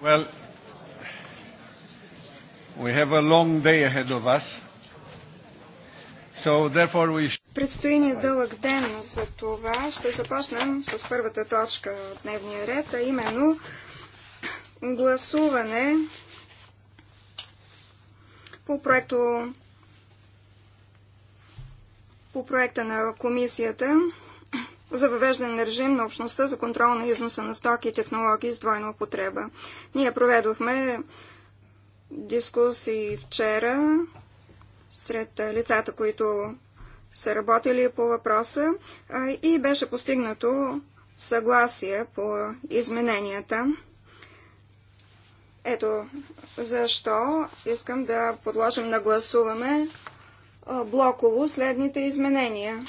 Well, we have a long day ahead of us. So therefore we Предстои ни дълъг ден, за това ще започнем с първата точка от дневния ред, а именно гласуване по проекто по проекта на комисията за въвеждане на режим на общността за контрол на износа на стоки и технологии с двойна употреба. Ние проведохме дискусии вчера сред лицата, които са работили по въпроса и беше постигнато съгласие по измененията. Ето защо искам да подложим на гласуване блоково следните изменения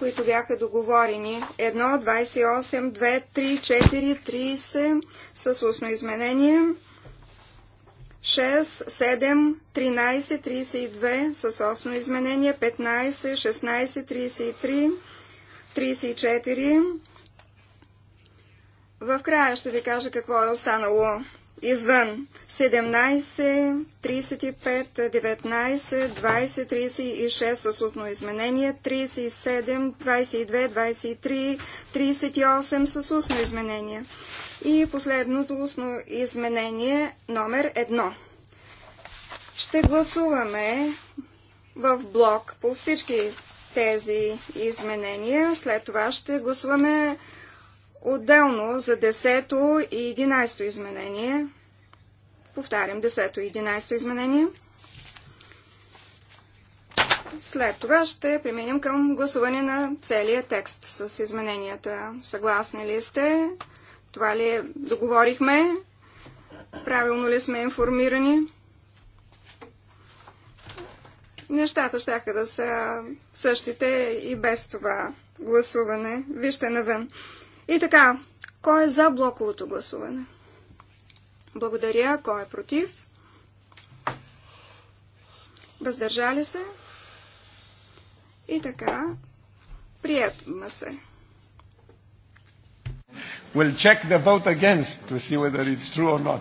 които бяха договорени. 1, 28, 2, 3, 4, 30 с устно изменение. 6, 7, 13, 32 с осно изменение, 15, 16, 33, 34. В края ще ви кажа какво е останало извън 17, 35, 19, 20, 36 с сутно изменение, 37, 22, 23, 38 с устно изменение. И последното устно изменение номер 1. Ще гласуваме в блок по всички тези изменения. След това ще гласуваме отделно за 10 и 11 изменение. Повтарям, 10-то и 11-то изменение. След това ще преминем към гласуване на целия текст с измененията. Съгласни ли сте? Това ли е? договорихме? Правилно ли сме информирани? Нещата ще да са същите и без това гласуване. Вижте навън. И така, кой е за блоковото гласуване? Благодаря. Кой е против? Въздържали се? И така, приятна се. We'll check the vote against to see whether it's true or not.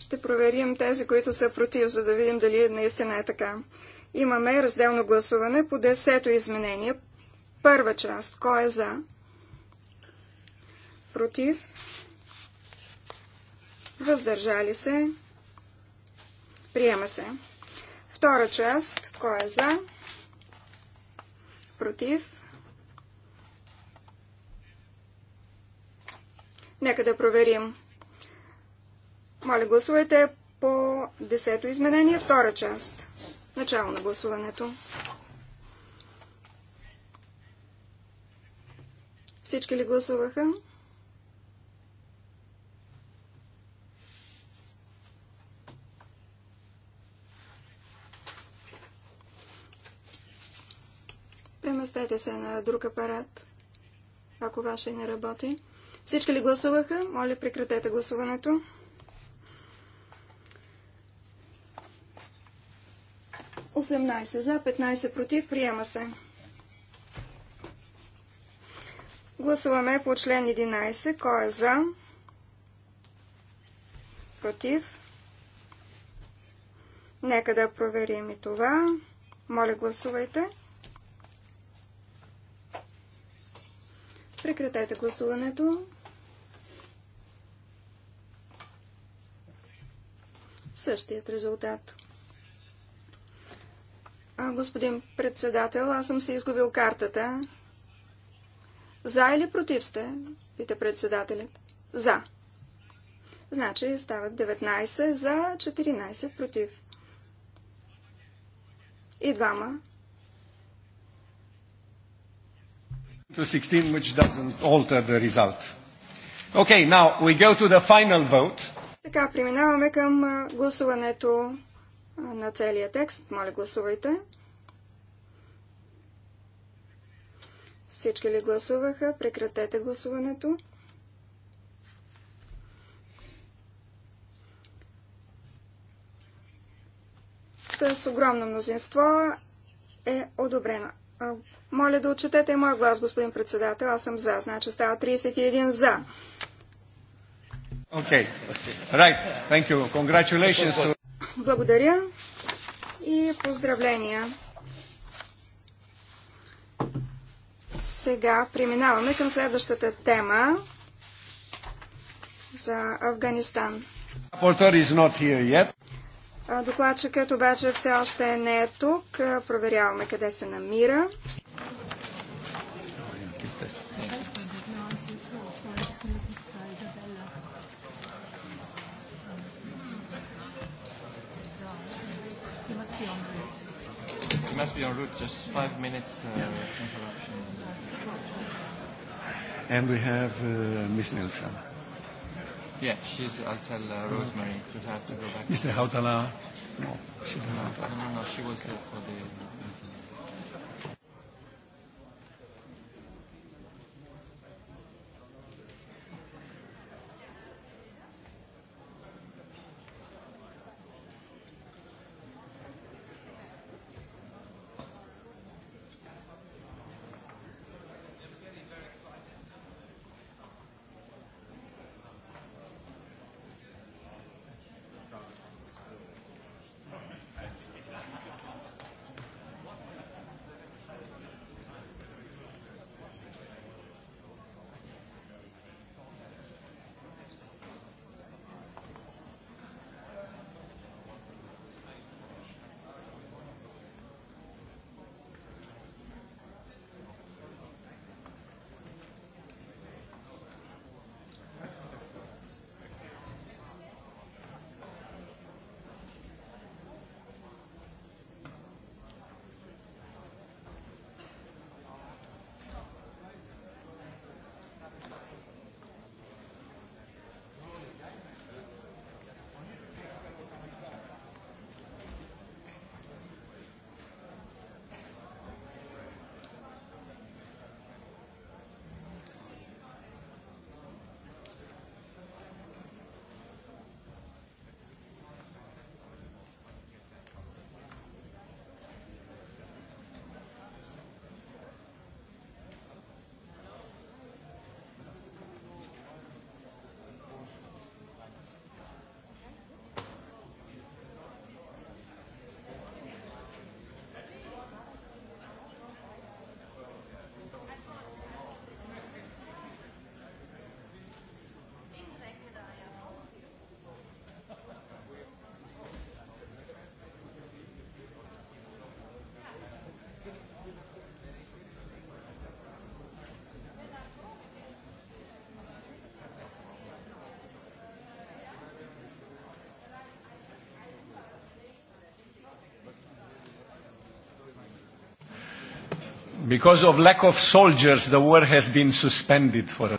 Ще проверим тези, които са против, за да видим дали наистина е така. Имаме разделно гласуване по 10-то изменение. Първа част. Кой е за? Против? въздържали се, приема се. Втора част, кой е за, против, Нека да проверим. Моля, гласувайте по 10-то изменение, втора част. Начало на гласуването. Всички ли гласуваха? Преместете се на друг апарат, ако ваше не работи. Всички ли гласуваха? Моля, прекратете гласуването. Осемнайсет за, 15 против. Приема се. Гласуваме по член 11. Кой е за? Против? Нека да проверим и това. Моля, гласувайте. Прекратете гласуването. Същият резултат. А, господин председател, аз съм си изгубил картата. За или против сте? Пита председателят. За. Значи стават 19 за, 14 против. И двама to 16, which doesn't alter the result. Okay, now we go to the final vote. Така, преминаваме към гласуването на целия текст. Моля, гласувайте. Всички ли гласуваха? Прекратете гласуването. С огромно мнозинство е одобрено. Моля да отчетете моя глас, господин председател. Аз съм за, значи става 31 за. Okay. Right. Thank you. Congratulations to... Благодаря и поздравления. Сега преминаваме към следващата тема за Афганистан. Докладчикът обаче все още не е тук. Проверяваме къде се намира. must be en route, just five minutes uh, interruption. And we have uh, Miss Nilsson. Yeah, she's, I'll tell uh, Rosemary, because have to go back. Mr. Hautala? No, she doesn't. No, no, no, she was there for the... Because of lack of soldiers, the war has been suspended for a...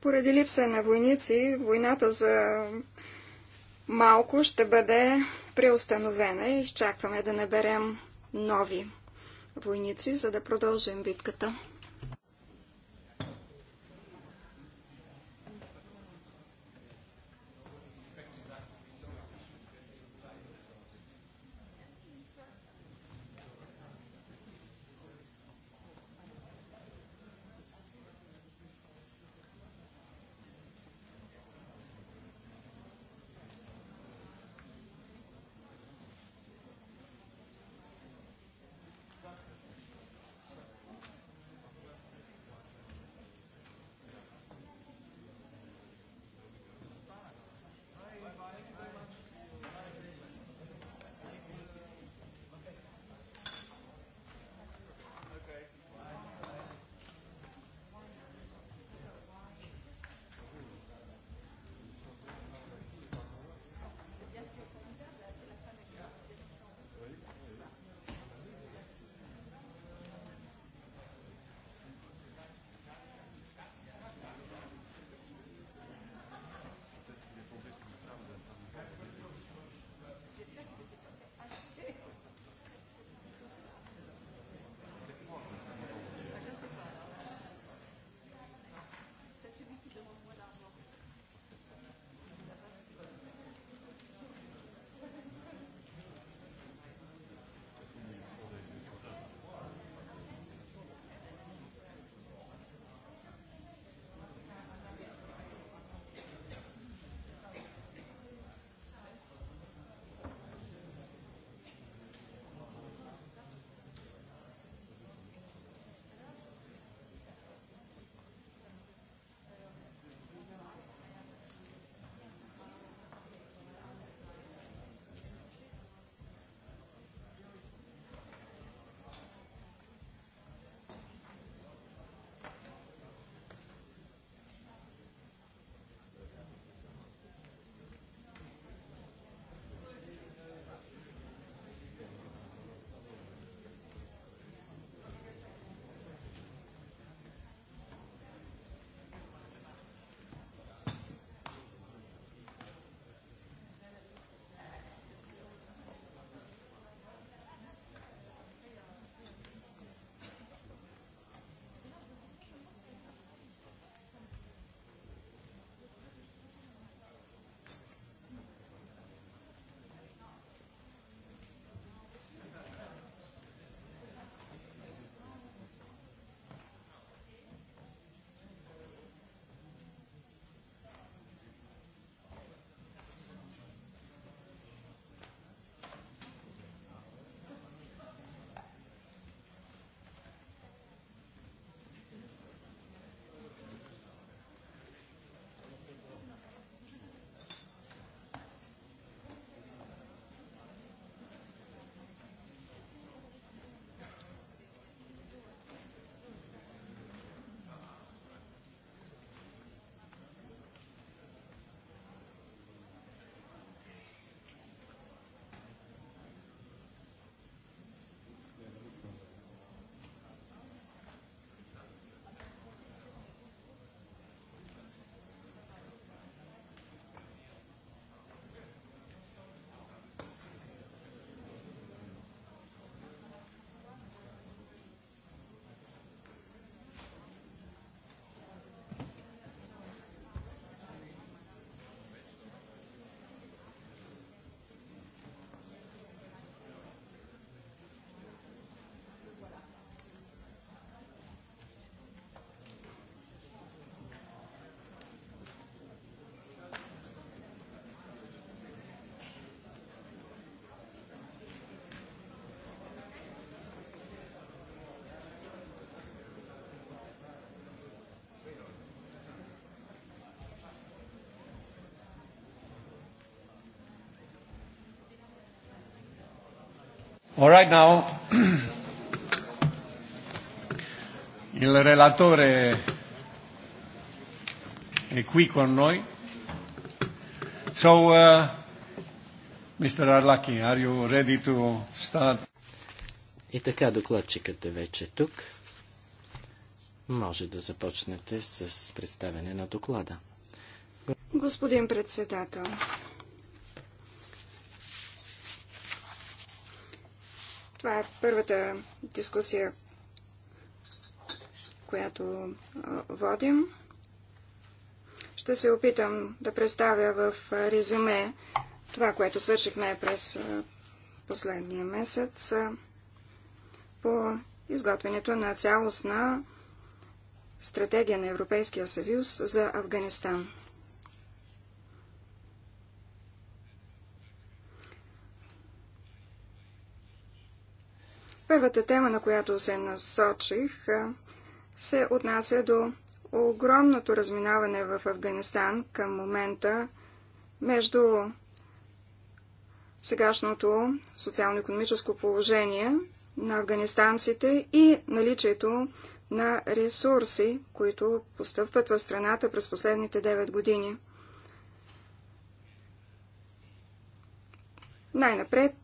Поради липса на войници, войната за малко ще бъде преустановена и изчакваме да наберем нови войници, за да продължим битката. All right now, il relatore è qui con noi. So, uh, Mr. Arlaki, are you ready to start? И така докладчикът е вече тук. Може да започнете с представяне на доклада. Господин председател, Това е първата дискусия, която водим. Ще се опитам да представя в резюме това, което свършихме през последния месец по изготвянето на цялостна стратегия на Европейския съюз за Афганистан. Първата тема, на която се насочих, се отнася до огромното разминаване в Афганистан към момента между сегашното социално-економическо положение на афганистанците и наличието на ресурси, които постъпват в страната през последните 9 години. Най-напред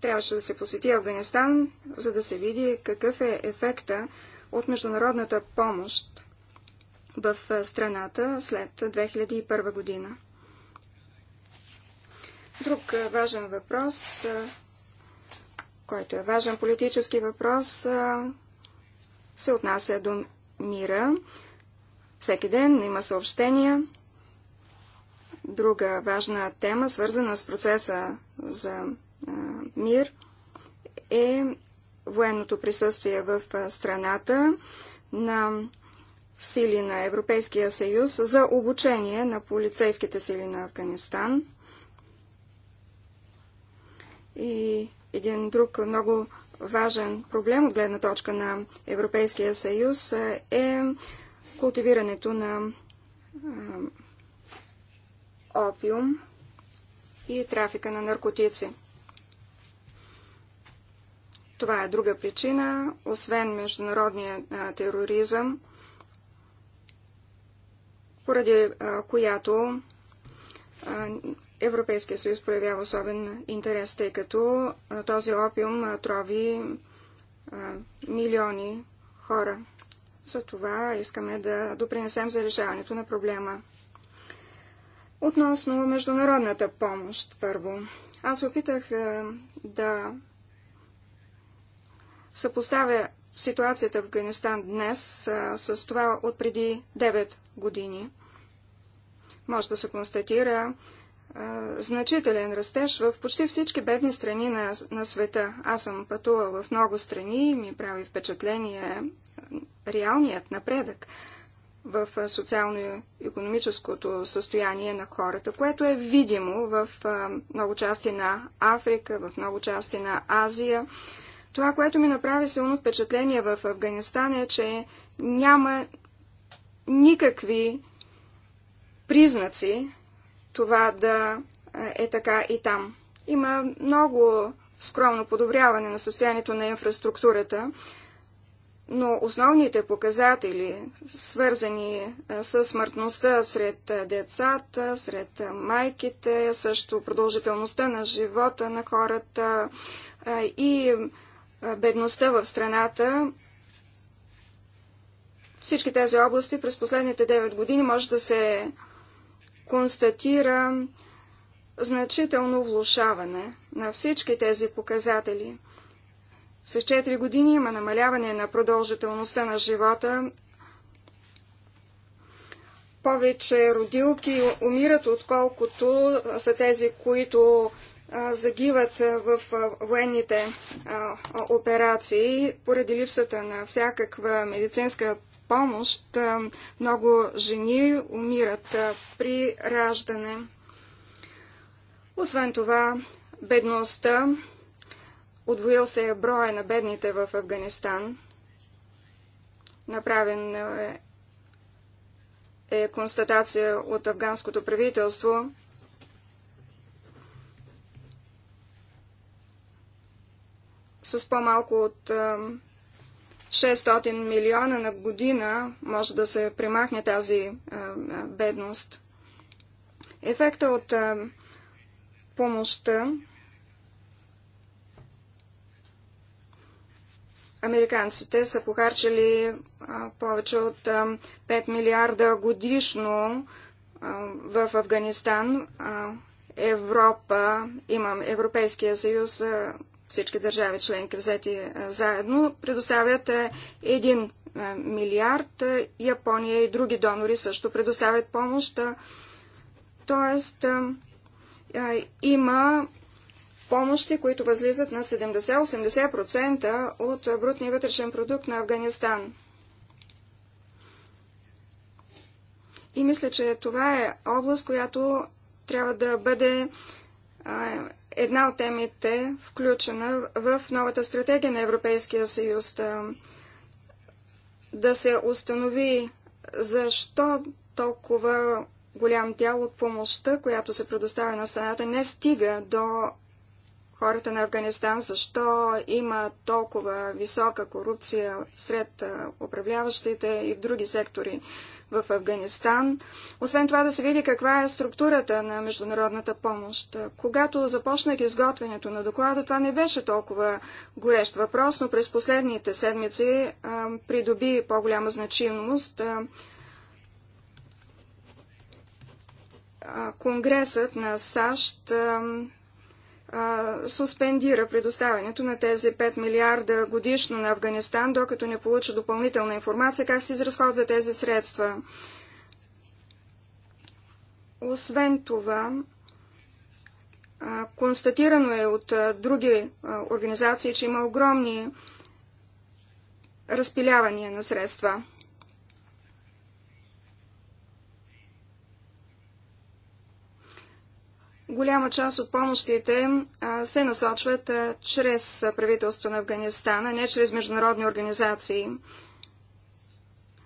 трябваше да се посети Афганистан, за да се види какъв е ефекта от международната помощ в страната след 2001 година. Друг важен въпрос, който е важен политически въпрос, се отнася до мира. Всеки ден има съобщения Друга важна тема, свързана с процеса за а, мир, е военното присъствие в страната на сили на Европейския съюз за обучение на полицейските сили на Афганистан. И един друг много важен проблем от гледна точка на Европейския съюз е култивирането на опиум и трафика на наркотици. Това е друга причина, освен международния тероризъм, поради която Европейския съюз проявява особен интерес, тъй като този опиум трови милиони хора. За това искаме да допринесем за решаването на проблема. Относно международната помощ, първо. Аз опитах е, да съпоставя ситуацията в Афганистан днес е, с това от преди 9 години. Може да се констатира е, значителен растеж в почти всички бедни страни на, на света. Аз съм пътувал в много страни и ми прави впечатление е, реалният напредък в социално-економическото състояние на хората, което е видимо в много части на Африка, в много части на Азия. Това, което ми направи силно впечатление в Афганистан е, че няма никакви признаци това да е така и там. Има много скромно подобряване на състоянието на инфраструктурата, но основните показатели, свързани с смъртността сред децата, сред майките, също продължителността на живота на хората и бедността в страната, всички тези области през последните 9 години може да се констатира значително влушаване на всички тези показатели – с 4 години има намаляване на продължителността на живота. Повече родилки умират, отколкото са тези, които загиват в военните операции поради липсата на всякаква медицинска помощ. Много жени умират при раждане. Освен това, бедността Отвоил се е броя на бедните в Афганистан. Направен е, е констатация от афганското правителство. С по-малко от 600 е, милиона на година може да се примахне тази е, е, бедност. Ефекта от помощта американците са похарчили повече от 5 милиарда годишно в Афганистан. Европа, имам Европейския съюз, всички държави членки взети заедно, предоставят 1 милиард. Япония и други донори също предоставят помощ. Тоест, има помощи, които възлизат на 70-80% от брутния вътрешен продукт на Афганистан. И мисля, че това е област, която трябва да бъде една от темите, включена в новата стратегия на Европейския съюз. Да, да се установи защо толкова голям дял от помощта, която се предоставя на страната, не стига до хората на Афганистан, защо има толкова висока корупция сред управляващите и в други сектори в Афганистан. Освен това да се види каква е структурата на международната помощ. Когато започнах изготвянето на доклада, това не беше толкова горещ въпрос, но през последните седмици а, придоби по-голяма значимост. А, а, Конгресът на САЩ а, а, суспендира предоставянето на тези 5 милиарда годишно на Афганистан, докато не получи допълнителна информация как се изразходват тези средства. Освен това, а, констатирано е от а, други организации, че има огромни разпилявания на средства. Голяма част от помощите се насочват чрез правителство на Афганистана, не чрез международни организации.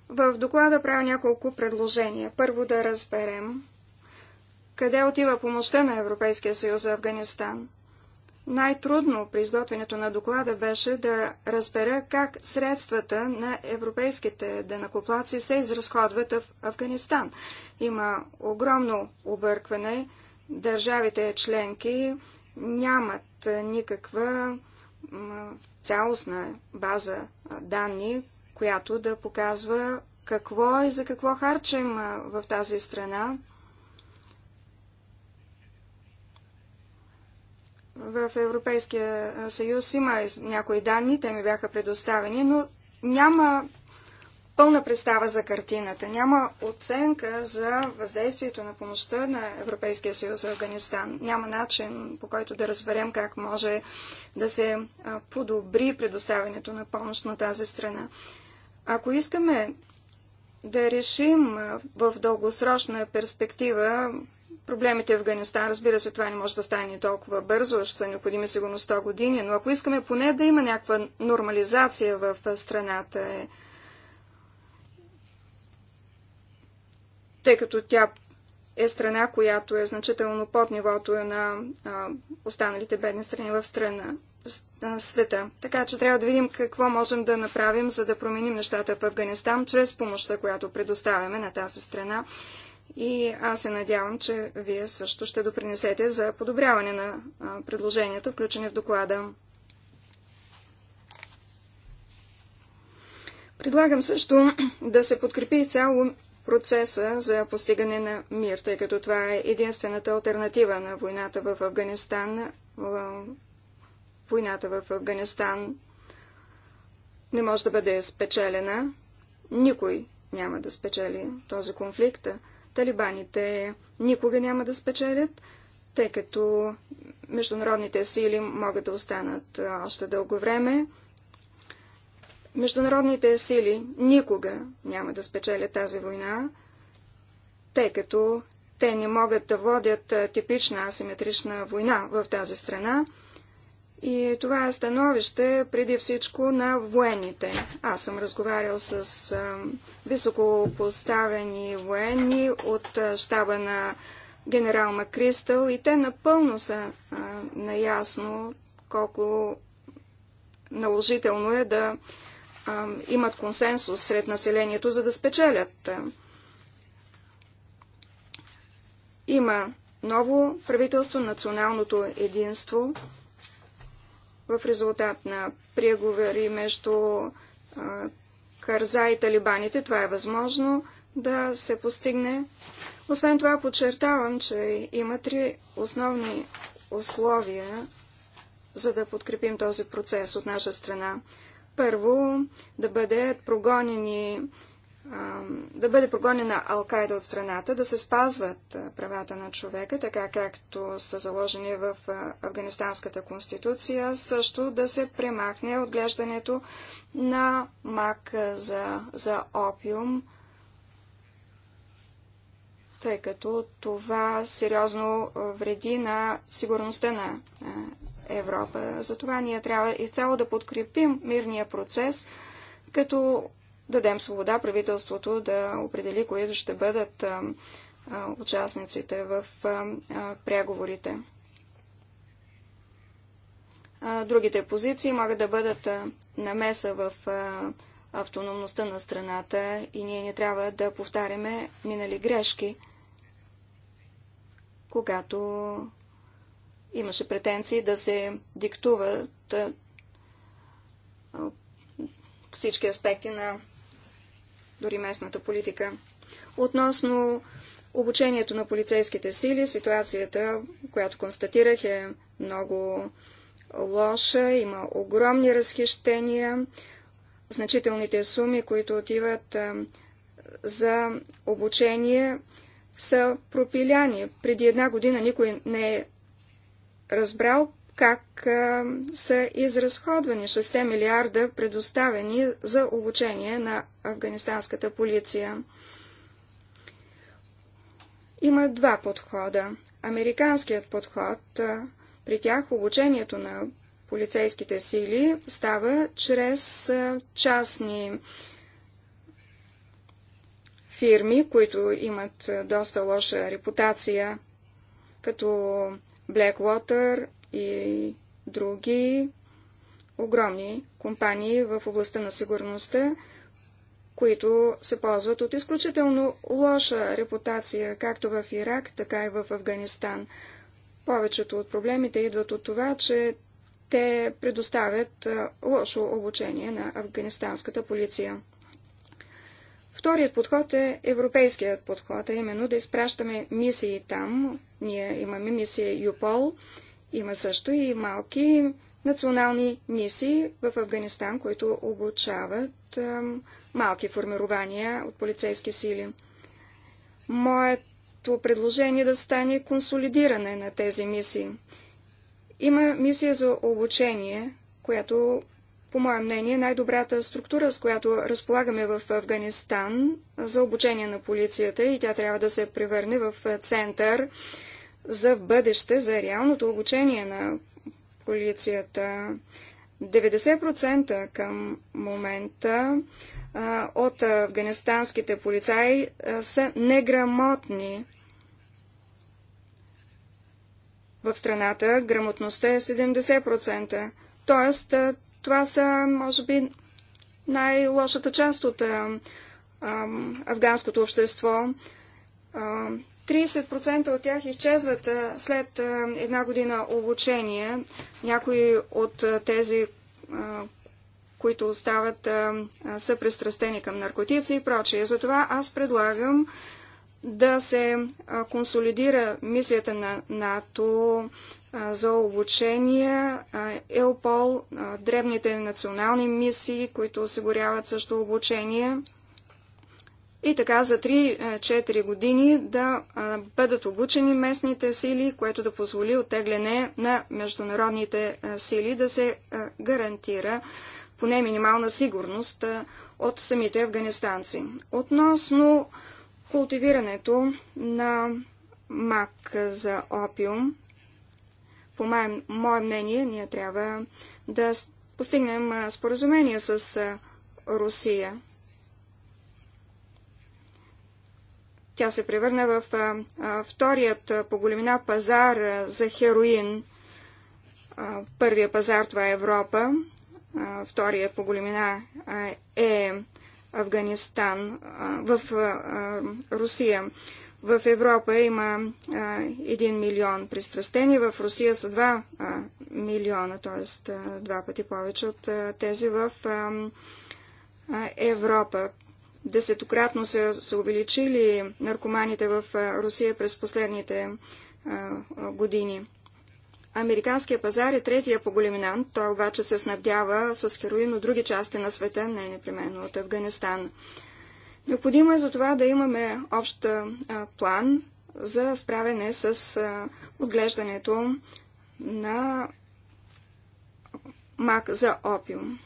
В доклада правя няколко предложения. Първо да разберем къде отива помощта на Европейския съюз за Афганистан. Най-трудно при изготвянето на доклада беше да разбера как средствата на европейските денакоплаци се изразходват в Афганистан. Има огромно объркване държавите членки нямат никаква цялостна база данни, която да показва какво и за какво харчим в тази страна. В Европейския съюз има някои данни, те ми бяха предоставени, но няма пълна представа за картината. Няма оценка за въздействието на помощта на Европейския съюз за Афганистан. Няма начин по който да разберем как може да се подобри предоставянето на помощ на тази страна. Ако искаме да решим в дългосрочна перспектива проблемите в Афганистан, разбира се, това не може да стане толкова бързо, ще са необходими сигурно 100 години, но ако искаме поне да има някаква нормализация в страната, е, тъй като тя е страна, която е значително под нивото на останалите бедни страни в страна, света. Така че трябва да видим какво можем да направим, за да променим нещата в Афганистан, чрез помощта, която предоставяме на тази страна. И аз се надявам, че вие също ще допринесете за подобряване на предложенията, включени в доклада. Предлагам също да се подкрепи цяло процеса за постигане на мир, тъй като това е единствената альтернатива на войната в Афганистан. Войната в Афганистан не може да бъде спечелена. Никой няма да спечели този конфликт. Талибаните никога няма да спечелят, тъй като международните сили могат да останат още дълго време. Международните сили никога няма да спечелят тази война, тъй като те не могат да водят типична асиметрична война в тази страна. И това е становище преди всичко на военните. Аз съм разговарял с а, високопоставени военни от а, щаба на генерал Макристъл и те напълно са а, наясно колко наложително е да а, имат консенсус сред населението, за да спечелят. Има ново правителство, националното единство, в резултат на преговори между а, Карза и талибаните. Това е възможно да се постигне. Освен това, подчертавам, че има три основни условия, за да подкрепим този процес от наша страна. Първо, да бъде прогонени да бъде прогонена Алкайда от страната, да се спазват правата на човека, така както са заложени в Афганистанската конституция, също да се премахне отглеждането на мак за, за опиум, тъй като това сериозно вреди на сигурността на Европа. Затова ние трябва изцяло да подкрепим мирния процес, като дадем свобода правителството да определи които ще бъдат а, а, участниците в а, преговорите. Другите позиции могат да бъдат намеса в автономността на страната и ние не трябва да повтаряме минали грешки, когато имаше претенции да се диктуват всички аспекти на дори местната политика. Относно обучението на полицейските сили, ситуацията, която констатирах, е много лоша, има огромни разхищения, значителните суми, които отиват за обучение, са пропиляни. Преди една година никой не е разбрал как са изразходвани 6 милиарда предоставени за обучение на афганистанската полиция. Има два подхода. Американският подход, при тях обучението на полицейските сили става чрез частни фирми, които имат доста лоша репутация като Blackwater и други огромни компании в областта на сигурността, които се ползват от изключително лоша репутация, както в Ирак, така и в Афганистан. Повечето от проблемите идват от това, че те предоставят лошо обучение на афганистанската полиция. Вторият подход е европейският подход, а именно да изпращаме мисии там. Ние имаме мисия ЮПОЛ, има също и малки национални мисии в Афганистан, които обучават а, малки формирования от полицейски сили. Моето предложение е да стане консолидиране на тези мисии. Има мисия за обучение, която по мое мнение, най-добрата структура, с която разполагаме в Афганистан за обучение на полицията и тя трябва да се превърне в център за в бъдеще, за реалното обучение на полицията. 90% към момента от афганистанските полицаи са неграмотни. В страната грамотността е 70%. Тоест, това са, може би, най-лошата част от а, а, афганското общество. А, 30% от тях изчезват след една година обучение. Някои от тези, които остават, са пристрастени към наркотици и прочие. Затова аз предлагам да се консолидира мисията на НАТО, за обучение, ЕОПОЛ, древните национални мисии, които осигуряват също обучение. И така за 3-4 години да бъдат обучени местните сили, което да позволи оттегляне на международните сили, да се гарантира поне минимална сигурност от самите афганистанци. Относно култивирането на мак за опиум, по мое, мнение, ние трябва да постигнем споразумение с Русия. Тя се превърна в вторият по големина пазар за хероин. Първия пазар това е Европа, вторият по големина е Афганистан, в Русия. В Европа има а, 1 милион пристрастени, в Русия са 2 а, милиона, т.е. два пъти повече от а, тези в а, Европа. Десетократно са се увеличили наркоманите в Русия през последните а, години. Американския пазар е третия по големина, той обаче се снабдява с хероин от други части на света, не непременно от Афганистан. Необходимо е за това да имаме общ план за справяне с отглеждането на мак за опиум.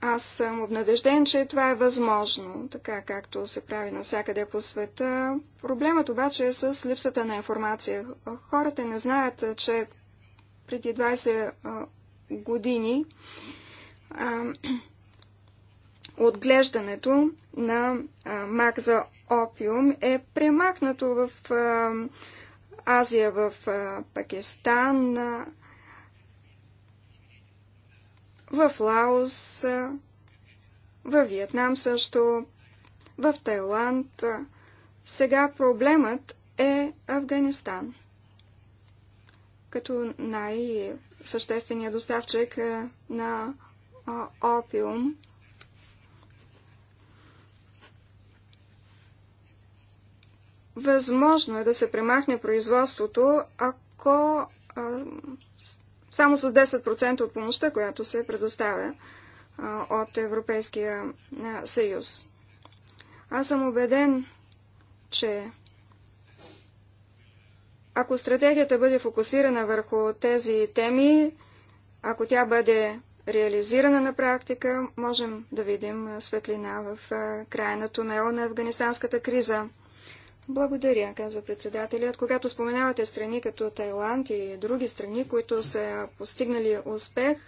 Аз съм обнадежден, че това е възможно, така както се прави навсякъде по света. Проблемът обаче е с липсата на информация. Хората не знаят, че преди 20 години отглеждането на мак за опиум е премахнато в Азия, в Пакистан, в Лаос, в Виетнам също, в Тайланд. Сега проблемът е Афганистан. Като най-същественият доставчик на опиум Възможно е да се премахне производството, ако а, само с 10% от помощта, която се предоставя а, от Европейския а, съюз. Аз съм убеден, че ако стратегията бъде фокусирана върху тези теми, ако тя бъде реализирана на практика, можем да видим светлина в края на тунела на афганистанската криза. Благодаря, казва председателят. Когато споменавате страни като Тайланд и други страни, които са постигнали успех,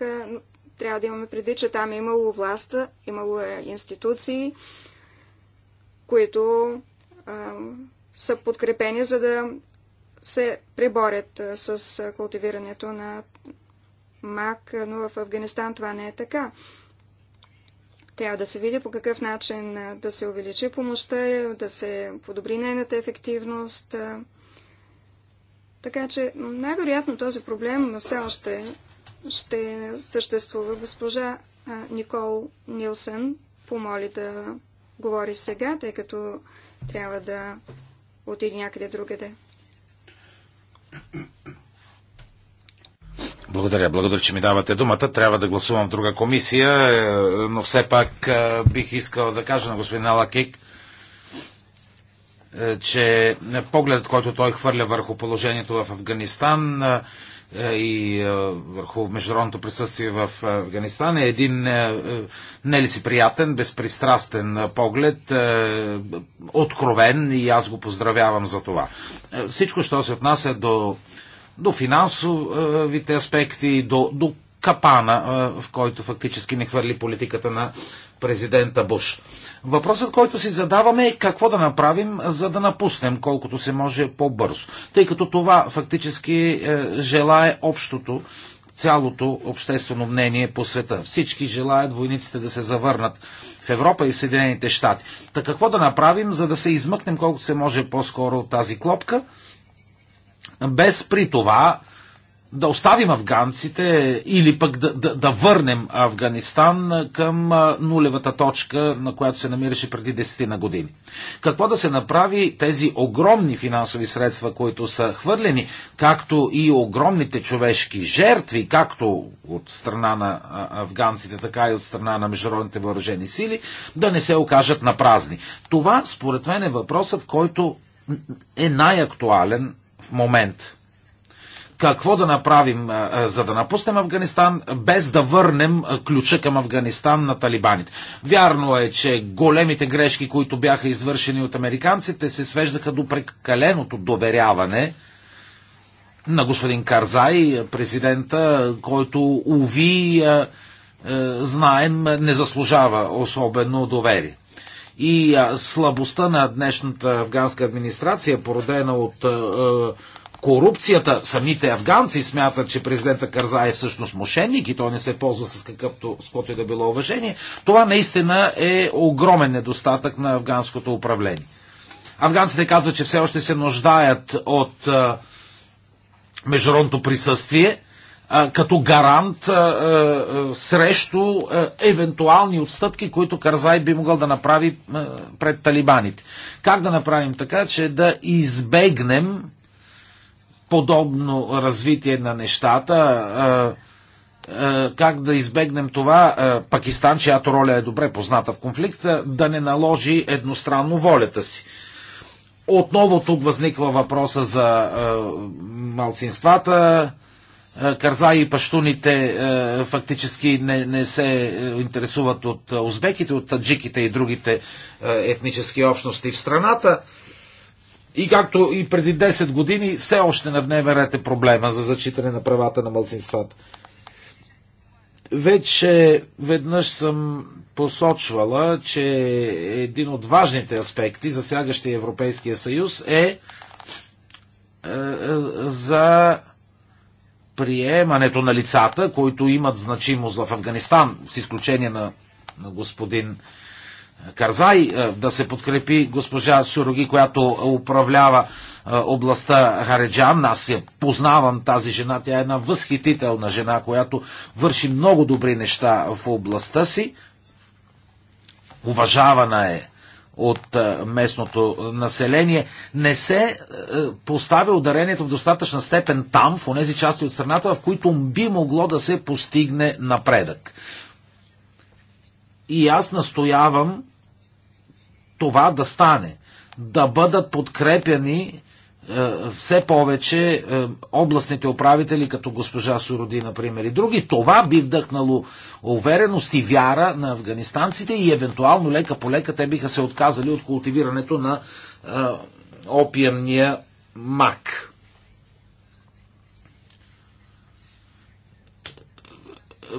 трябва да имаме предвид, че там е имало власт, имало е институции, които а, са подкрепени, за да се преборят с култивирането на мак, но в Афганистан това не е така. Трябва да се види по какъв начин да се увеличи помощта, да се подобри нейната ефективност. Така че най-вероятно този проблем все още ще съществува. Госпожа Никол Нилсън помоли да говори сега, тъй като трябва да отиде някъде другаде. Благодаря, благодаря, че ми давате думата. Трябва да гласувам в друга комисия, е, но все пак е, бих искал да кажа на господин Алакик, е, че погледът, който той хвърля върху положението в Афганистан и върху международното присъствие в Афганистан е един нелицеприятен, безпристрастен поглед, откровен и аз го поздравявам за това. Всичко, що се отнася до до финансовите аспекти, до, до капана, в който фактически не хвърли политиката на президента Буш. Въпросът, който си задаваме е какво да направим, за да напуснем колкото се може по-бързо. Тъй като това фактически е, желае общото, цялото обществено мнение по света. Всички желаят войниците да се завърнат в Европа и в Съединените щати. Та какво да направим, за да се измъкнем колкото се може по-скоро от тази клопка? без при това да оставим афганците или пък да, да, да върнем Афганистан към нулевата точка, на която се намираше преди 10 на години. Какво да се направи тези огромни финансови средства, които са хвърлени, както и огромните човешки жертви, както от страна на афганците, така и от страна на международните въоръжени сили, да не се окажат на празни. Това, според мен, е въпросът, който е най-актуален в момент. Какво да направим, за да напуснем Афганистан, без да върнем ключа към Афганистан на талибаните? Вярно е, че големите грешки, които бяха извършени от американците, се свеждаха до прекаленото доверяване на господин Карзай, президента, който, уви, знаем, не заслужава особено доверие и слабостта на днешната афганска администрация, породена от корупцията. Самите афганци смятат, че президента Карзай е всъщност мошенник и той не се ползва с какъвто, с каквото и е да било уважение. Това наистина е огромен недостатък на афганското управление. Афганците казват, че все още се нуждаят от а, международното присъствие като гарант срещу евентуални отстъпки, които Карзай би могъл да направи пред талибаните. Как да направим така, че да избегнем подобно развитие на нещата? как да избегнем това Пакистан, чиято роля е добре позната в конфликта, да не наложи едностранно волята си. Отново тук възниква въпроса за малцинствата, е, Карзай и паштуните е, фактически не, не се е, интересуват от узбеките, от таджиките и другите етнически общности в страната. И както и преди 10 години, все още на дневен ред е проблема за зачитане на правата на мълцинствата. Вече веднъж съм посочвала, че един от важните аспекти, засягащи Европейския съюз, е, е за приемането на лицата, които имат значимост в Афганистан, с изключение на, на господин Карзай, да се подкрепи госпожа Сюроги, която управлява областта Хареджан. Аз я познавам тази жена. Тя е една възхитителна жена, която върши много добри неща в областта си. Уважавана е от е, местното население. Не се е, поставя ударението в достатъчна степен там, в тези части от страната, в които би могло да се постигне напредък. И аз настоявам това да стане, да бъдат подкрепяни е, все повече е, областните управители, като госпожа Суроди, например, и други. Това би вдъхнало увереност и вяра на афганистанците и евентуално лека по лека те биха се отказали от култивирането на е, опиемния мак.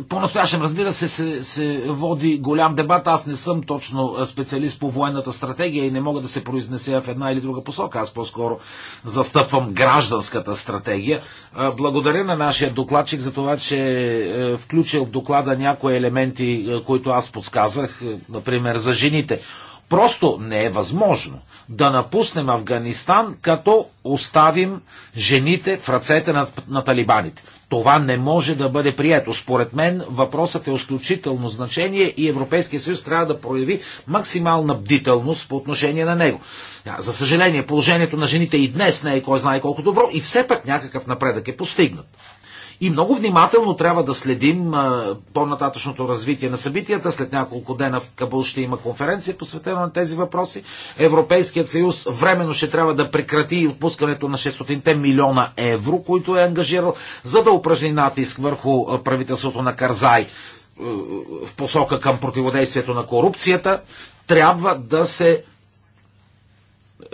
По-настоящем, разбира се, се, се води голям дебат. Аз не съм точно специалист по военната стратегия и не мога да се произнеся в една или друга посока. Аз по-скоро застъпвам гражданската стратегия. Благодаря на нашия докладчик за това, че е, включил в доклада някои елементи, е, които аз подсказах, е, например за жените. Просто не е възможно да напуснем Афганистан, като оставим жените в ръцете на, на талибаните. Това не може да бъде прието. Според мен въпросът е изключително значение и Европейския съюз трябва да прояви максимална бдителност по отношение на него. За съжаление, положението на жените и днес не е кой знае колко добро и все пък някакъв напредък е постигнат. И много внимателно трябва да следим по-нататъчното развитие на събитията. След няколко дена в Кабул ще има конференция посветена на тези въпроси. Европейският съюз временно ще трябва да прекрати отпускането на 600 милиона евро, които е ангажирал, за да упражни натиск върху правителството на Карзай в посока към противодействието на корупцията, трябва да се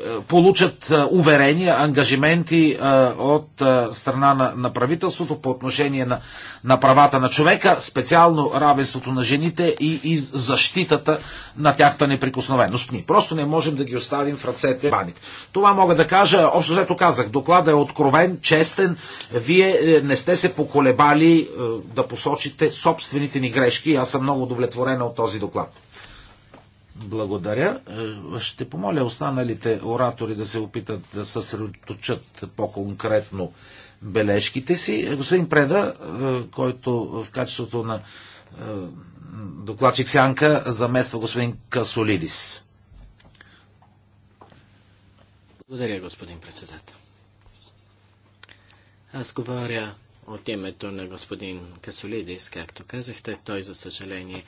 е, получат е, уверения, ангажименти е, от страна на, на правителството по отношение на, на правата на човека, специално равенството на жените и, и защитата на тяхта неприкосновеност. Ние просто не можем да ги оставим в ръцете баните. Това мога да кажа, общо взето казах, докладът е откровен, честен, вие не сте се поколебали да посочите собствените ни грешки, аз съм много удовлетворена от този доклад. Благодаря. Е, ще помоля останалите оратори да се опитат да съсредоточат по-конкретно бележките си. Е, господин Преда, е, който в качеството на докладчик Сянка замества господин Касолидис. Благодаря, господин председател. Аз говоря от името на господин Касолидис, както казахте, той за съжаление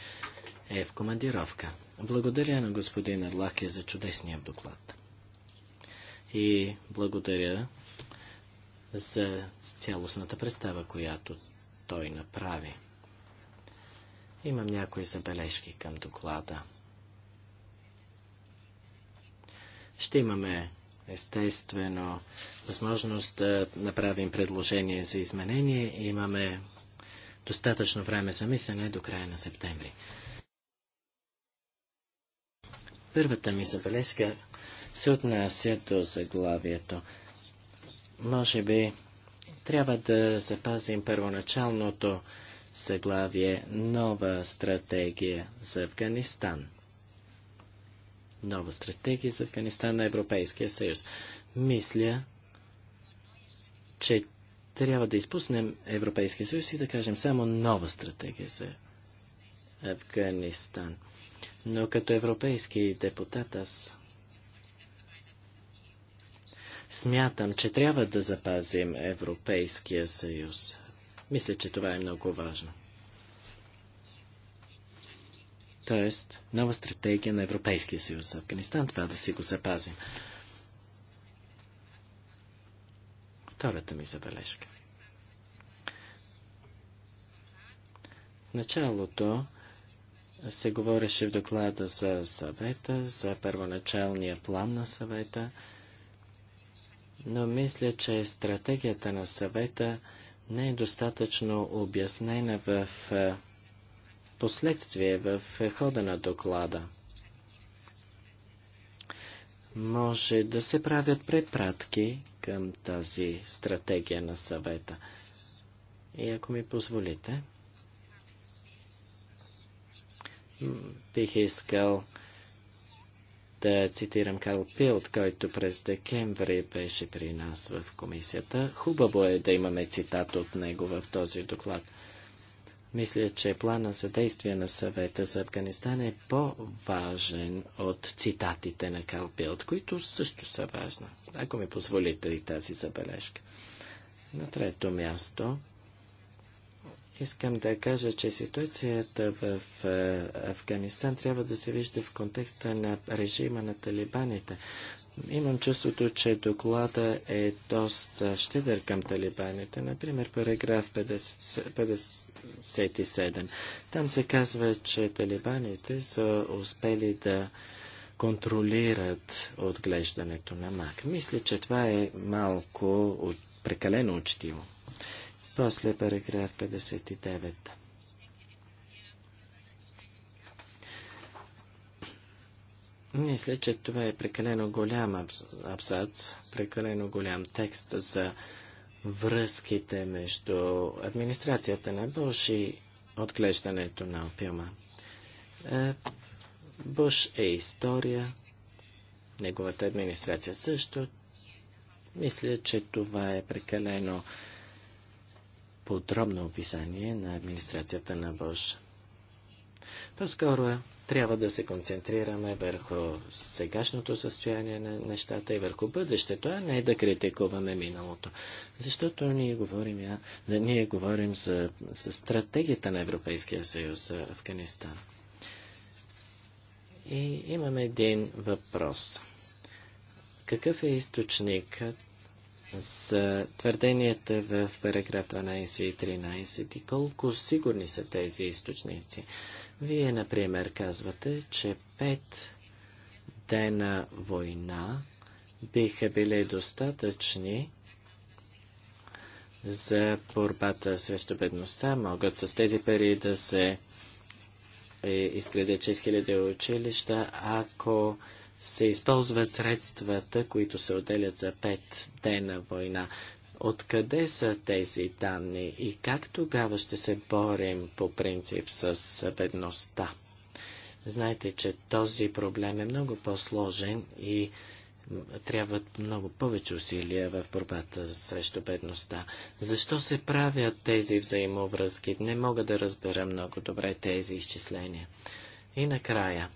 е в командировка. Благодаря на господина Лаке за чудесния доклад. И благодаря за цялостната представа, която той направи. Имам някои забележки към доклада. Ще имаме, естествено, възможност да направим предложение за изменение. Имаме достатъчно време за мислене до края на септември. Първата ми забележка се отнася до заглавието. Може би трябва да запазим първоначалното заглавие Нова стратегия за Афганистан. Нова стратегия за Афганистан на Европейския съюз. Мисля, че трябва да изпуснем Европейския съюз и да кажем само нова стратегия за Афганистан. Но като европейски депутат аз смятам, че трябва да запазим Европейския съюз. Мисля, че това е много важно. Тоест, нова стратегия на Европейския съюз за Афганистан, това да си го запазим. Втората ми забележка. началото се говореше в доклада за съвета, за първоначалния план на съвета, но мисля, че стратегията на съвета не е достатъчно обяснена в е, последствие, в е, хода на доклада. Може да се правят препратки към тази стратегия на съвета. И ако ми позволите, Бих искал да цитирам Карл Пилт, който през декември беше при нас в комисията. Хубаво е да имаме цитат от него в този доклад. Мисля, че плана за действие на съвета за Афганистан е по-важен от цитатите на Карл Пилт, които също са важни. Ако ми позволите и тази забележка. На трето място Искам да кажа, че ситуацията в е, Афганистан трябва да се вижда в контекста на режима на талибаните. Имам чувството, че доклада е доста щедър към талибаните. Например, параграф 57. Там се казва, че талибаните са успели да контролират отглеждането на мак. Мисля, че това е малко прекалено учтиво. После параграф 59. Мисля, че това е прекалено голям абзац, прекалено голям текст за връзките между администрацията на Бош и отглеждането на опиума. Е, Буш е история, неговата администрация също. Мисля, че това е прекалено подробно описание на администрацията на Бош. По-скоро трябва да се концентрираме върху сегашното състояние на нещата и върху бъдещето, а не да критикуваме миналото. Защото ние говорим, да ние говорим за, за стратегията на Европейския съюз за Афганистан. И имам един въпрос. Какъв е източникът за твърденията в параграф 12 и 13 и колко сигурни са тези източници. Вие, например, казвате, че пет дена война биха били достатъчни за борбата срещу бедността. Могат с тези пари да се е, изградят 6000 училища, ако се използват средствата, които се отделят за пет дена война. Откъде са тези данни и как тогава ще се борим по принцип с бедността? Знаете, че този проблем е много по-сложен и трябват много повече усилия в борбата срещу бедността. Защо се правят тези взаимовръзки? Не мога да разбера много добре тези изчисления. И накрая,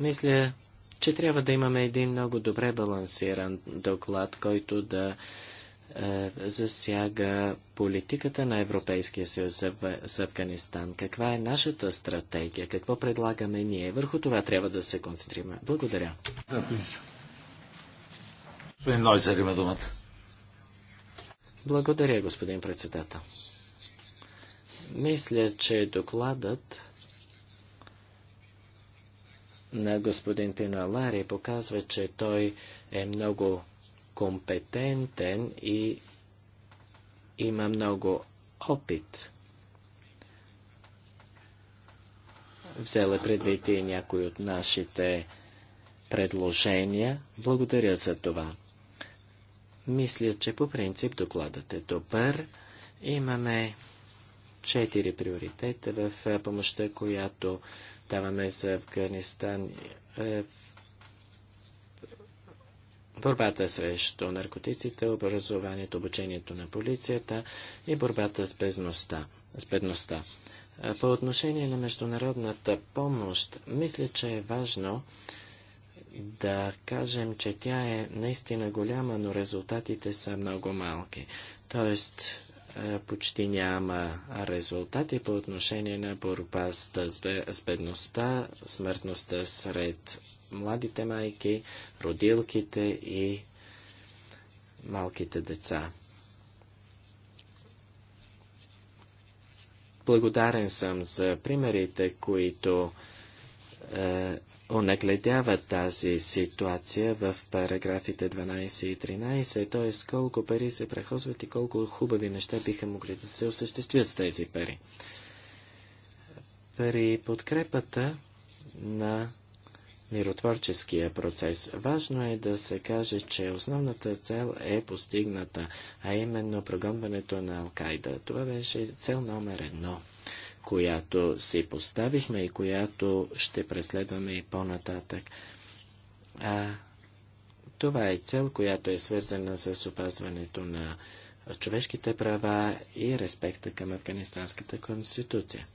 Мисля, че трябва да имаме един много добре балансиран доклад, който да е, засяга политиката на Европейския съюз с Афганистан. Каква е нашата стратегия? Какво предлагаме ние? Върху това трябва да се концентрираме. Благодаря. Благодаря, господин председател. Мисля, че докладът на господин Пинуалари показва, че той е много компетентен и има много опит. Взела предвид и някои от нашите предложения. Благодаря за това. Мисля, че по принцип докладът е добър. Имаме четири приоритета в помощта, която даваме за Афганистан е, борбата срещу наркотиците, образованието, обучението на полицията и борбата с бедността. С бедността. Е, по отношение на международната помощ, мисля, че е важно да кажем, че тя е наистина голяма, но резултатите са много малки. Тоест, почти няма резултати по отношение на борба с бедността, смъртността сред младите майки, родилките и малките деца. Благодарен съм за примерите, които е, онагледява тази ситуация в параграфите 12 и 13, т.е. колко пари се прехозват и колко хубави неща биха могли да се осъществят с тези пари. При подкрепата на миротворческия процес. Важно е да се каже, че основната цел е постигната, а именно прогонването на Алкайда. Това беше цел номер едно – която си поставихме и която ще преследваме и по-нататък. А, това е цел, която е свързана с опазването на човешките права и респекта към Афганистанската конституция.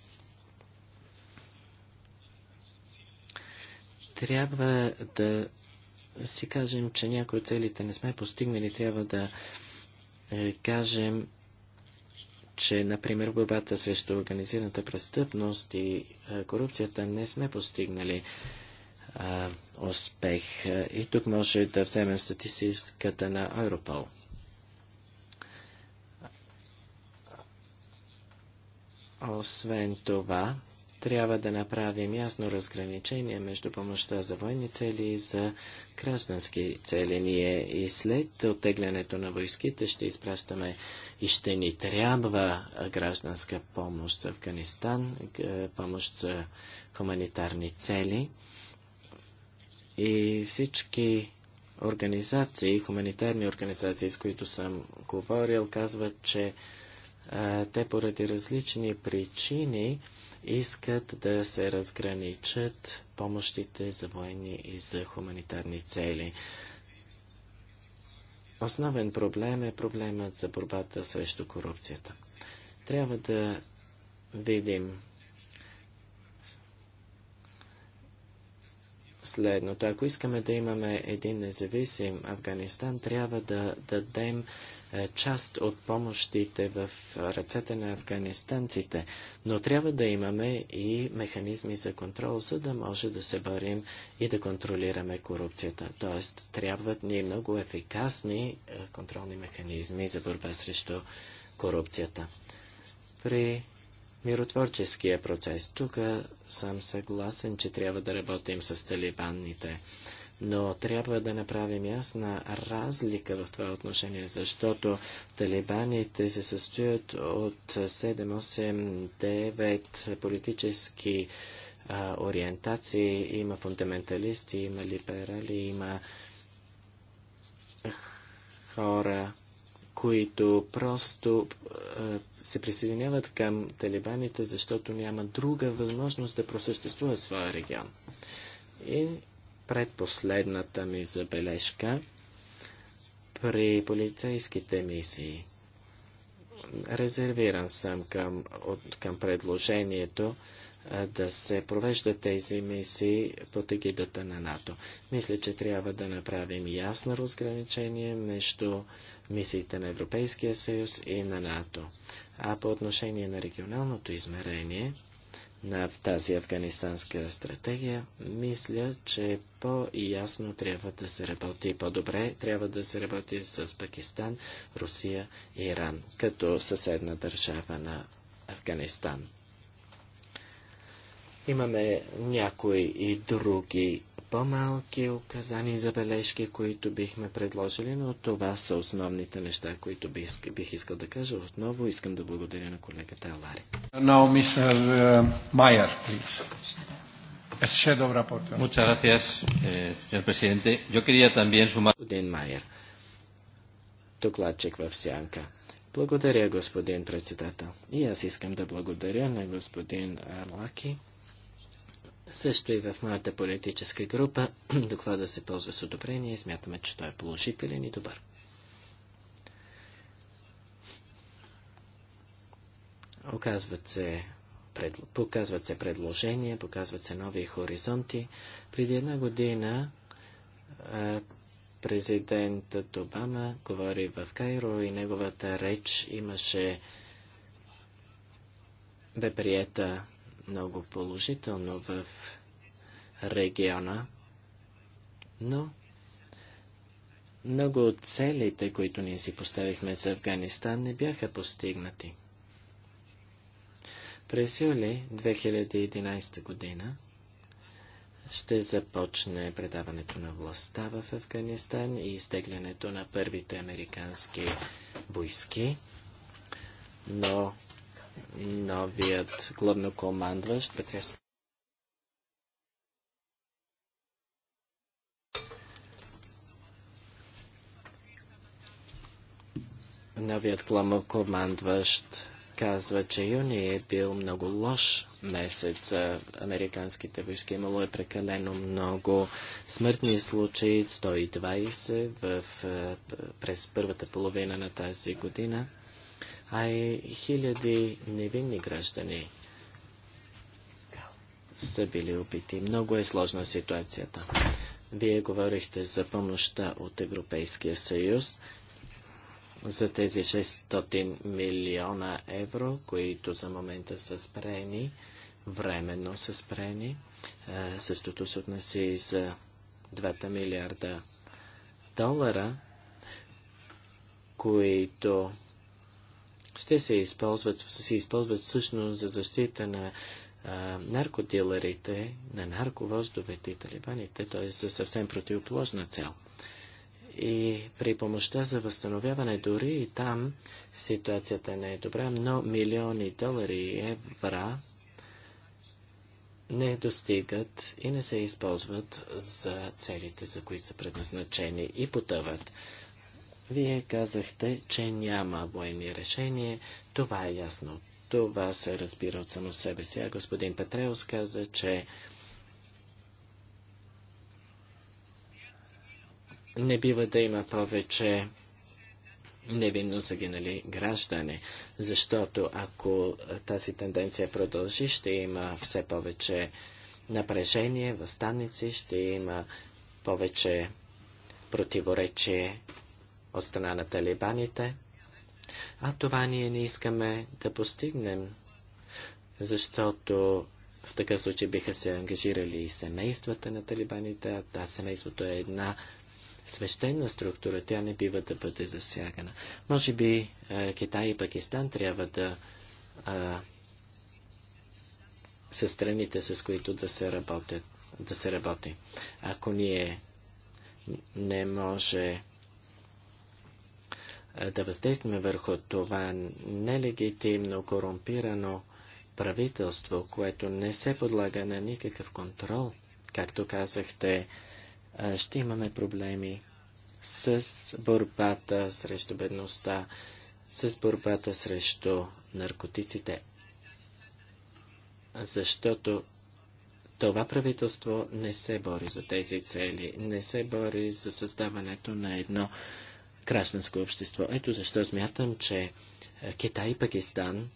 Трябва да си кажем, че някои от целите не сме постигнали, трябва да е, кажем, че, например, в борбата срещу организираната престъпност и корупцията не сме постигнали а, успех. И тук може да вземем статистиката на Европол. Освен това, трябва да направим ясно разграничение между помощта за военни цели и за граждански цели. Ние и след оттеглянето на войските ще изпращаме и ще ни трябва гражданска помощ за Афганистан, помощ за хуманитарни цели. И всички организации, хуманитарни организации, с които съм говорил, казват, че те поради различни причини искат да се разграничат помощите за войни и за хуманитарни цели. Основен проблем е проблемът за борбата срещу корупцията. Трябва да видим следното. Ако искаме да имаме един независим Афганистан, трябва да дадем е, част от помощите в ръцете на афганистанците, но трябва да имаме и механизми за контрол, за да може да се борим и да контролираме корупцията. Тоест, трябват ни много ефикасни е, контролни механизми за борба срещу корупцията. При миротворческия процес. Тук съм съгласен, че трябва да работим с талибанните. Но трябва да направим ясна разлика в това отношение, защото талибаните се състоят от 7, 8, 9 политически а, ориентации. Има фундаменталисти, има либерали, има хора, които просто а, се присъединяват към талибаните, защото няма друга възможност да просъществуват своя регион. И предпоследната ми забележка при полицейските мисии. Резервиран съм към, от, към предложението а, да се провеждат тези мисии под егидата на НАТО. Мисля, че трябва да направим ясно разграничение между мисиите на Европейския съюз и на НАТО. А по отношение на регионалното измерение на тази афганистанска стратегия, мисля, че по-ясно трябва да се работи по-добре, трябва да се работи с Пакистан, Русия и Иран, като съседна държава на Афганистан. Имаме някои и други по-малки указания и забележки, които бихме предложили, но това са основните неща, които бих, бих искал да кажа. Отново искам да благодаря на колегата Алари. Now, Mr. Meyer, uh, please. As shadow rapporteur. Muchas gracias, eh, señor presidente. Yo quería también sumar... Господин Майер, докладчик в Сянка. Благодаря, господин председател. И аз искам да благодаря на господин Арлаки също и в моята политическа група доклада се ползва с одобрение и смятаме, че той е положителен и добър. Оказват се пред... Показват се предложения, показват се нови хоризонти. Преди една година президентът Обама говори в Кайро и неговата реч имаше бе приета много положително в региона, но много от целите, които ние си поставихме за Афганистан, не бяха постигнати. През юли 2011 година ще започне предаването на властта в Афганистан и изтеглянето на първите американски войски, но новият главнокомандващ Петрес. Новият главнокомандващ казва, че юни е бил много лош месец за американските войски. Имало е прекалено много смъртни случаи, 120 в, през първата половина на тази година а и хиляди невинни граждани са били убити. Много е сложна ситуацията. Вие говорихте за помощта от Европейския съюз за тези 600 милиона евро, които за момента са спрени, временно са спрени. същото се отнесе и за 2 милиарда долара, които ще се използват, се използват всъщност за защита на а, наркодилерите, на нарковождовете и талибаните, т.е. за съвсем противоположна цел. И при помощта за възстановяване, дори и там ситуацията не е добра, но милиони долари и евра не достигат и не се използват за целите, за които са предназначени и потъват. Вие казахте, че няма военни решения. Това е ясно. Това се разбира от само себе си. А господин Петреус каза, че не бива да има повече невинно загинали граждани, защото ако тази тенденция продължи, ще има все повече напрежение, възстаници, ще има повече противоречие от страна на талибаните, а това ние не искаме да постигнем, защото в такъв случай биха се ангажирали и семействата на талибаните, а семейството е една свещена структура, тя не бива да бъде засягана. Може би е, Китай и Пакистан трябва да а, са страните, с които да се, работят, да се работи. Ако ние не може е, да въздействаме върху това нелегитимно, корумпирано правителство, което не се подлага на никакъв контрол. Както казахте, е, ще имаме проблеми с борбата срещу бедността, с борбата срещу наркотиците, защото това правителство не се бори за тези цели, не се бори за създаването на едно гражданско общество. Ето защо смятам, че е, Китай и Пакистан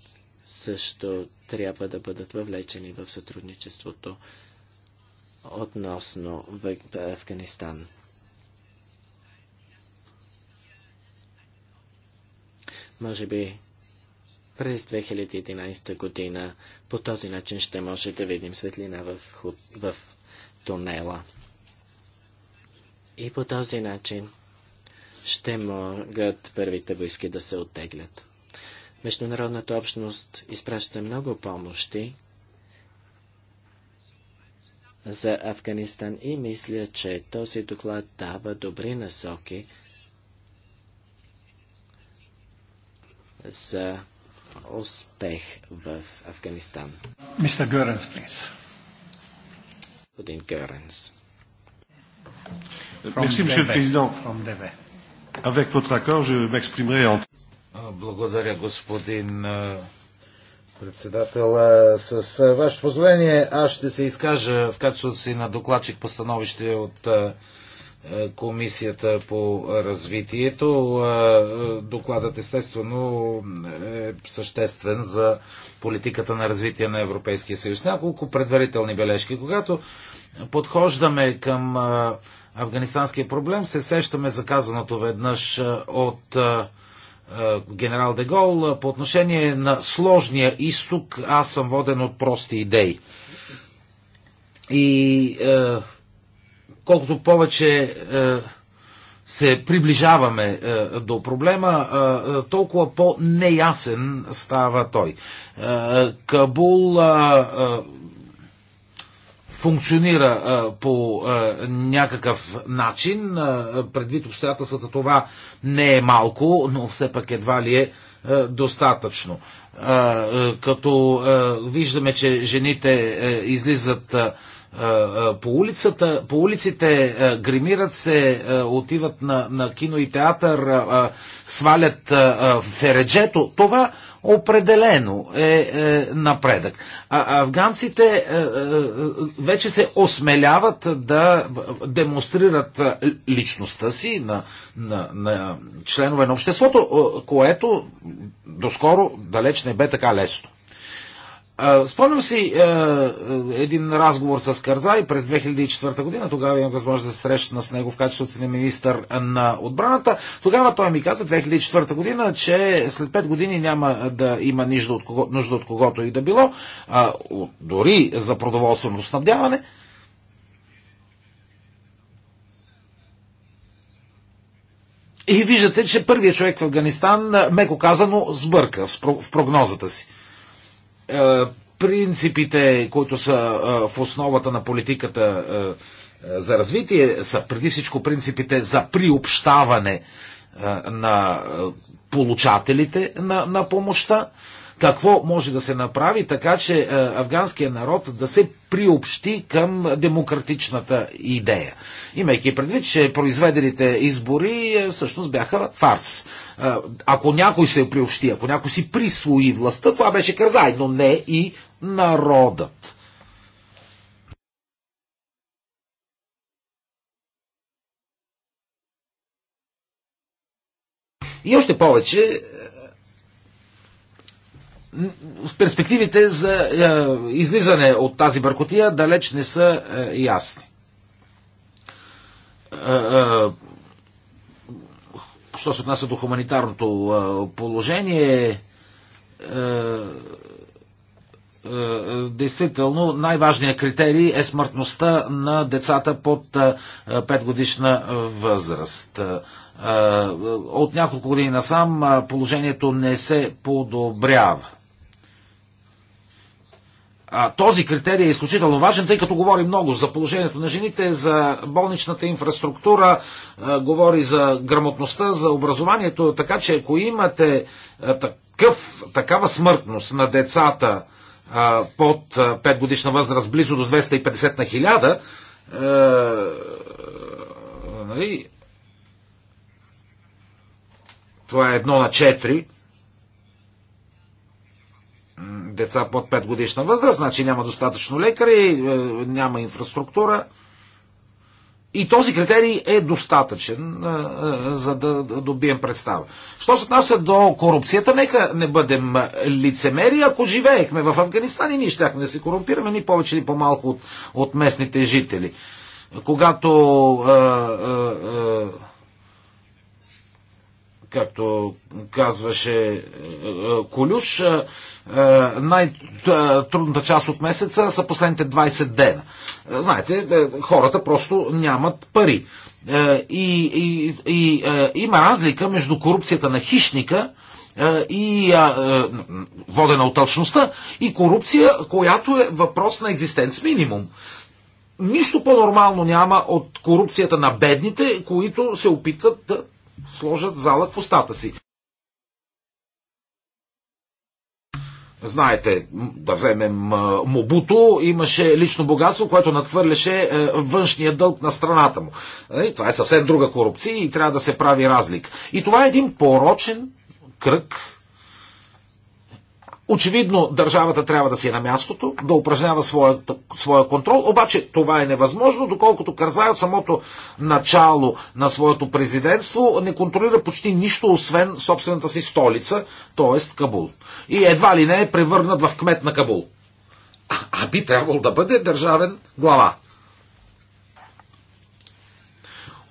също трябва да бъдат въвлечени в сътрудничеството относно в Афганистан. Може би през 2011 година по този начин ще може да видим светлина в, в тунела. И по този начин ще могат първите войски да се оттеглят. Международната общност изпраща много помощи за Афганистан и мисля, че този доклад дава добри насоки за успех в Афганистан. Мистер Гъренс, please. Господин Гъренс. From Merci, Avec votre accord, je m'exprimerai en... Благодаря, господин председател. С ваше позволение, аз ще се изкажа в качеството си на докладчик по становище от Комисията по развитието. Докладът естествено е съществен за политиката на развитие на Европейския съюз. Няколко предварителни бележки. Когато подхождаме към афганистанския проблем, се сещаме за казаното веднъж от генерал Дегол по отношение на сложния изток, аз съм воден от прости идеи. И колкото повече се приближаваме до проблема, толкова по-неясен става той. Кабул функционира а, по а, някакъв начин. А, предвид обстоятелствата това не е малко, но все пак едва ли е а, достатъчно. А, а, като а, виждаме, че жените а, излизат. А, по, улицата, по улиците гримират се, отиват на, на кино и театър, свалят фереджето. Това определено е, е напредък. А, афганците е, е, е вече се осмеляват да демонстрират е, личността си на, на, на членове на обществото, е, което доскоро далеч не бе така лесно. Спомням си е, е, един разговор с Карзай през 2004 година. Тогава имам възможност да се срещна с него в качеството си на министър на отбраната. Тогава той ми каза 2004 година, че след 5 години няма да има нужда от, кого, нужда от когото и да било, а, дори за продоволствено снабдяване. И виждате, че първият човек в Афганистан, меко казано, сбърка в прогнозата си. Е, принципите, които са е, в основата на политиката е, за развитие, са преди всичко принципите за приобщаване на получателите на, на помощта какво може да се направи, така че е, афганския народ да се приобщи към демократичната идея. Имайки предвид, че произведените избори е, всъщност бяха фарс. Е, ако някой се приобщи, ако някой си присвои властта, това беше Кързай, но не и народът. И още повече, перспективите за е, излизане от тази бъркотия далеч не са е, ясни. Е, що се отнася до хуманитарното положение, действително най-важният критерий е смъртността на децата под 5 годишна възраст. От няколко години насам положението не се подобрява. А, този критерий е изключително важен, тъй като говори много за положението на жените, за болничната инфраструктура, а, говори за грамотността, за образованието, така че ако имате а, такъв, такава смъртност на децата а, под 5 годишна възраст, близо до 250 на 1000, нали, това е едно на деца под 5 годишна възраст, значи няма достатъчно лекари, е, няма инфраструктура. И този критерий е достатъчен, е, е, за да добием представа. Що се отнася до корупцията, нека не бъдем лицемери. Ако живеехме в Афганистан и ние щяхме да се корумпираме ни повече или по-малко от, от местните жители. Когато А, а, а, както казваше е, е, Колюш, е, най-трудната част от месеца са последните 20 дена. Знаете, хората просто нямат пари. И, и, и има разлика между корупцията на хищника и водена от точността и корупция, която е въпрос на екзистенц минимум. Нищо по-нормално няма от корупцията на бедните, които се опитват да сложат залък в устата си. Знаете, да вземем Мобуто, имаше лично богатство, което надхвърляше е, външния дълг на страната му. Е, това е съвсем друга корупция и трябва да се прави разлика. И това е един порочен кръг Очевидно държавата трябва да си е на мястото, да упражнява своя, своя контрол, обаче това е невъзможно, доколкото Карзай от самото начало на своето президентство не контролира почти нищо, освен собствената си столица, т.е. Кабул. И едва ли не е превърнат в кмет на Кабул. А, а би трябвало да бъде държавен глава.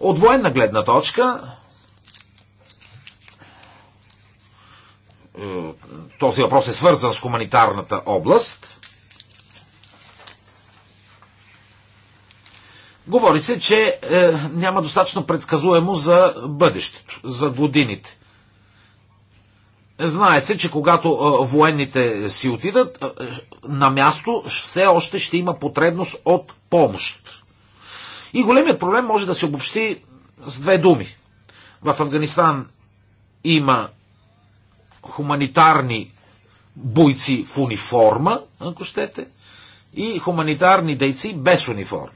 От военна гледна точка, Е, този въпрос е свързан с хуманитарната област. Говори се, че е, няма достатъчно предсказуемо за бъдещето, за годините. Знае се, че когато е, военните си отидат, е, на място все още ще има потребност от помощ. И големият проблем може да се обобщи с две думи. В Афганистан има хуманитарни бойци в униформа, ако щете, и хуманитарни дейци без униформа.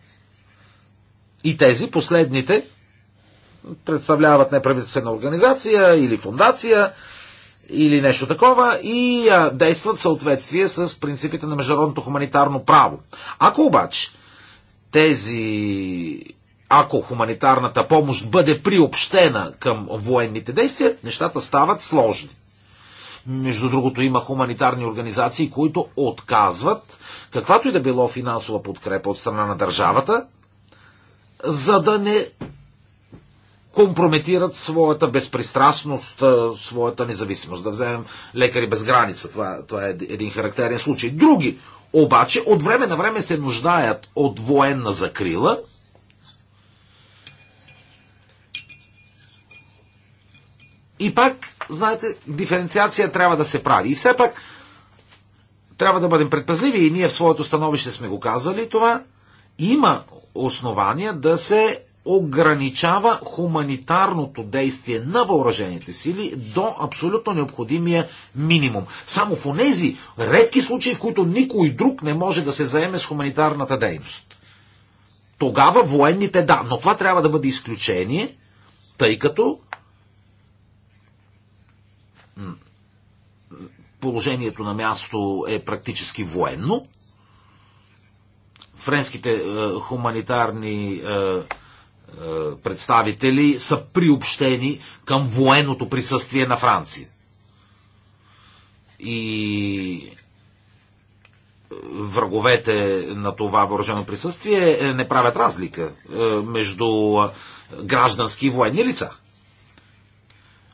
И тези, последните, представляват неправителствена организация или фундация, или нещо такова и а, действат в съответствие с принципите на международното хуманитарно право. Ако обаче тези, ако хуманитарната помощ бъде приобщена към военните действия, нещата стават сложни. Между другото има хуманитарни организации, които отказват каквато и да било финансова подкрепа от страна на държавата, за да не компрометират своята безпристрастност, своята независимост. Да вземем лекари без граница, това, това е един характерен случай. Други обаче от време на време се нуждаят от военна закрила, И пак знаете, диференциация трябва да се прави. И все пак трябва да бъдем предпазливи и ние в своето становище сме го казали това. Има основания да се ограничава хуманитарното действие на въоръжените сили до абсолютно необходимия минимум. Само в онези редки случаи, в които никой друг не може да се заеме с хуманитарната дейност. Тогава военните да, но това трябва да бъде изключение, тъй като положението на място е практически военно. Френските е, хуманитарни е, е, представители са приобщени към военното присъствие на Франция. И враговете на това въоръжено присъствие е, не правят разлика е, между е, граждански и военни лица.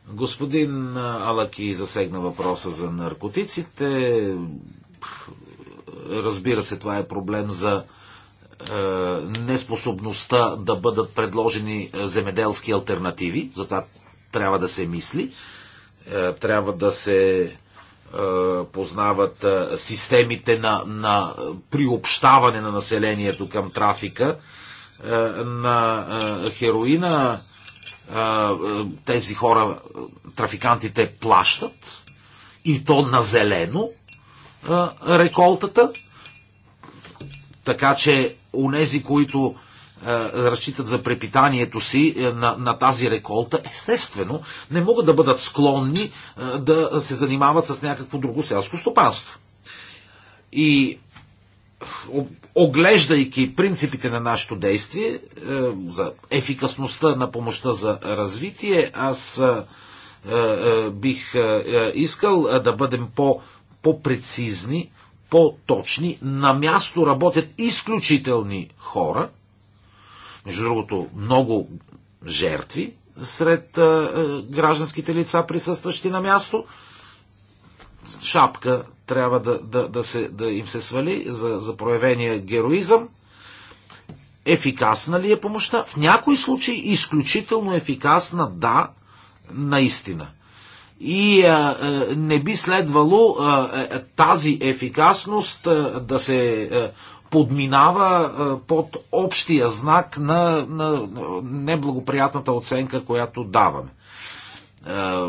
Господин Алаки засегна въпроса за наркотиците. Разбира се, това е проблем за е, неспособността да бъдат предложени земеделски альтернативи. Затова трябва да се мисли. Е, трябва да се е, познават е, системите на, на приобщаване на населението към трафика е, на е, хероина. Е, тези хора, трафикантите плащат и то на зелено реколтата, така че унези, които разчитат за препитанието си е, на, на тази реколта, естествено, не могат да бъдат склонни да се занимават с някакво друго селско стопанство. И оглеждайки принципите на нашето действие е, за ефикасността на помощта за развитие, аз е, е, бих искал да бъдем по, по-прецизни, по-точни. На място работят изключителни хора, между другото, много жертви сред гражданските лица, присъстващи на място. Шапка трябва да, да, да, се, да им се свали за, за проявения героизъм. Ефикасна ли е помощта? В някои случаи изключително ефикасна, да, наистина. И а, а, не би следвало а, а, тази ефикасност а, да се а, подминава а, под общия знак на, на неблагоприятната оценка, която даваме. А,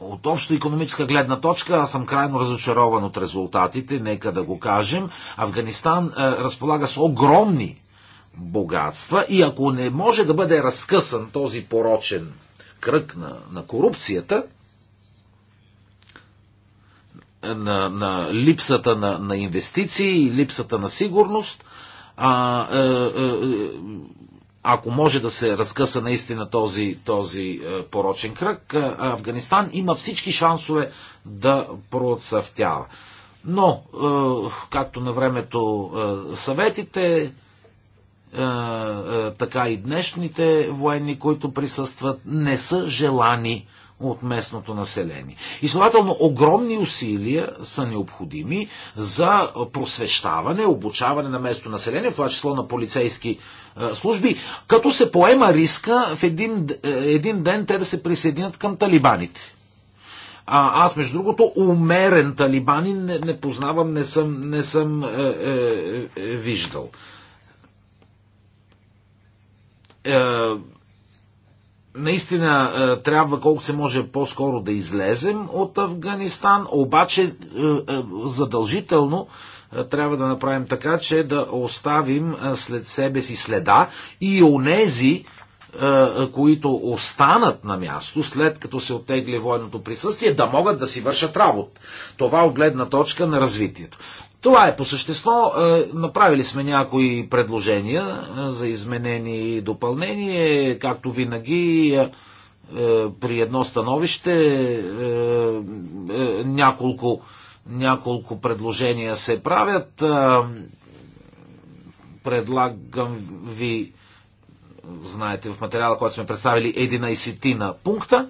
от общо економическа гледна точка аз съм крайно разочарован от резултатите, нека да го кажем. Афганистан а, е, разполага с огромни богатства и ако не може да бъде разкъсан този порочен кръг на, на корупцията, на, на липсата на, на инвестиции и липсата на сигурност, а, е, е, е ако може да се разкъса наистина този, този е, порочен кръг, е, Афганистан има всички шансове да процъфтява. Но, е, както на времето съветите, така и днешните военни, които присъстват, не са желани от местното население. И следователно огромни усилия са необходими за просвещаване, обучаване на местното население, в това число на полицейски е, служби, като се поема риска в един, е, един ден те да се присъединят към талибаните. А аз, между другото, умерен талибанин не, не познавам, не съм, не съм е, е, е, е виждал. Е, наистина е, трябва колко се може по-скоро да излезем от Афганистан, обаче е, е, задължително трябва да направим така, че да оставим след себе си следа и онези, които останат на място, след като се отегли военното присъствие, да могат да си вършат работа. Това от гледна точка на развитието. Това е по същество. Направили сме някои предложения за изменение и допълнение. Както винаги, при едно становище няколко няколко предложения се правят. Предлагам ви, знаете, в материала, който сме представили, 11 на пункта.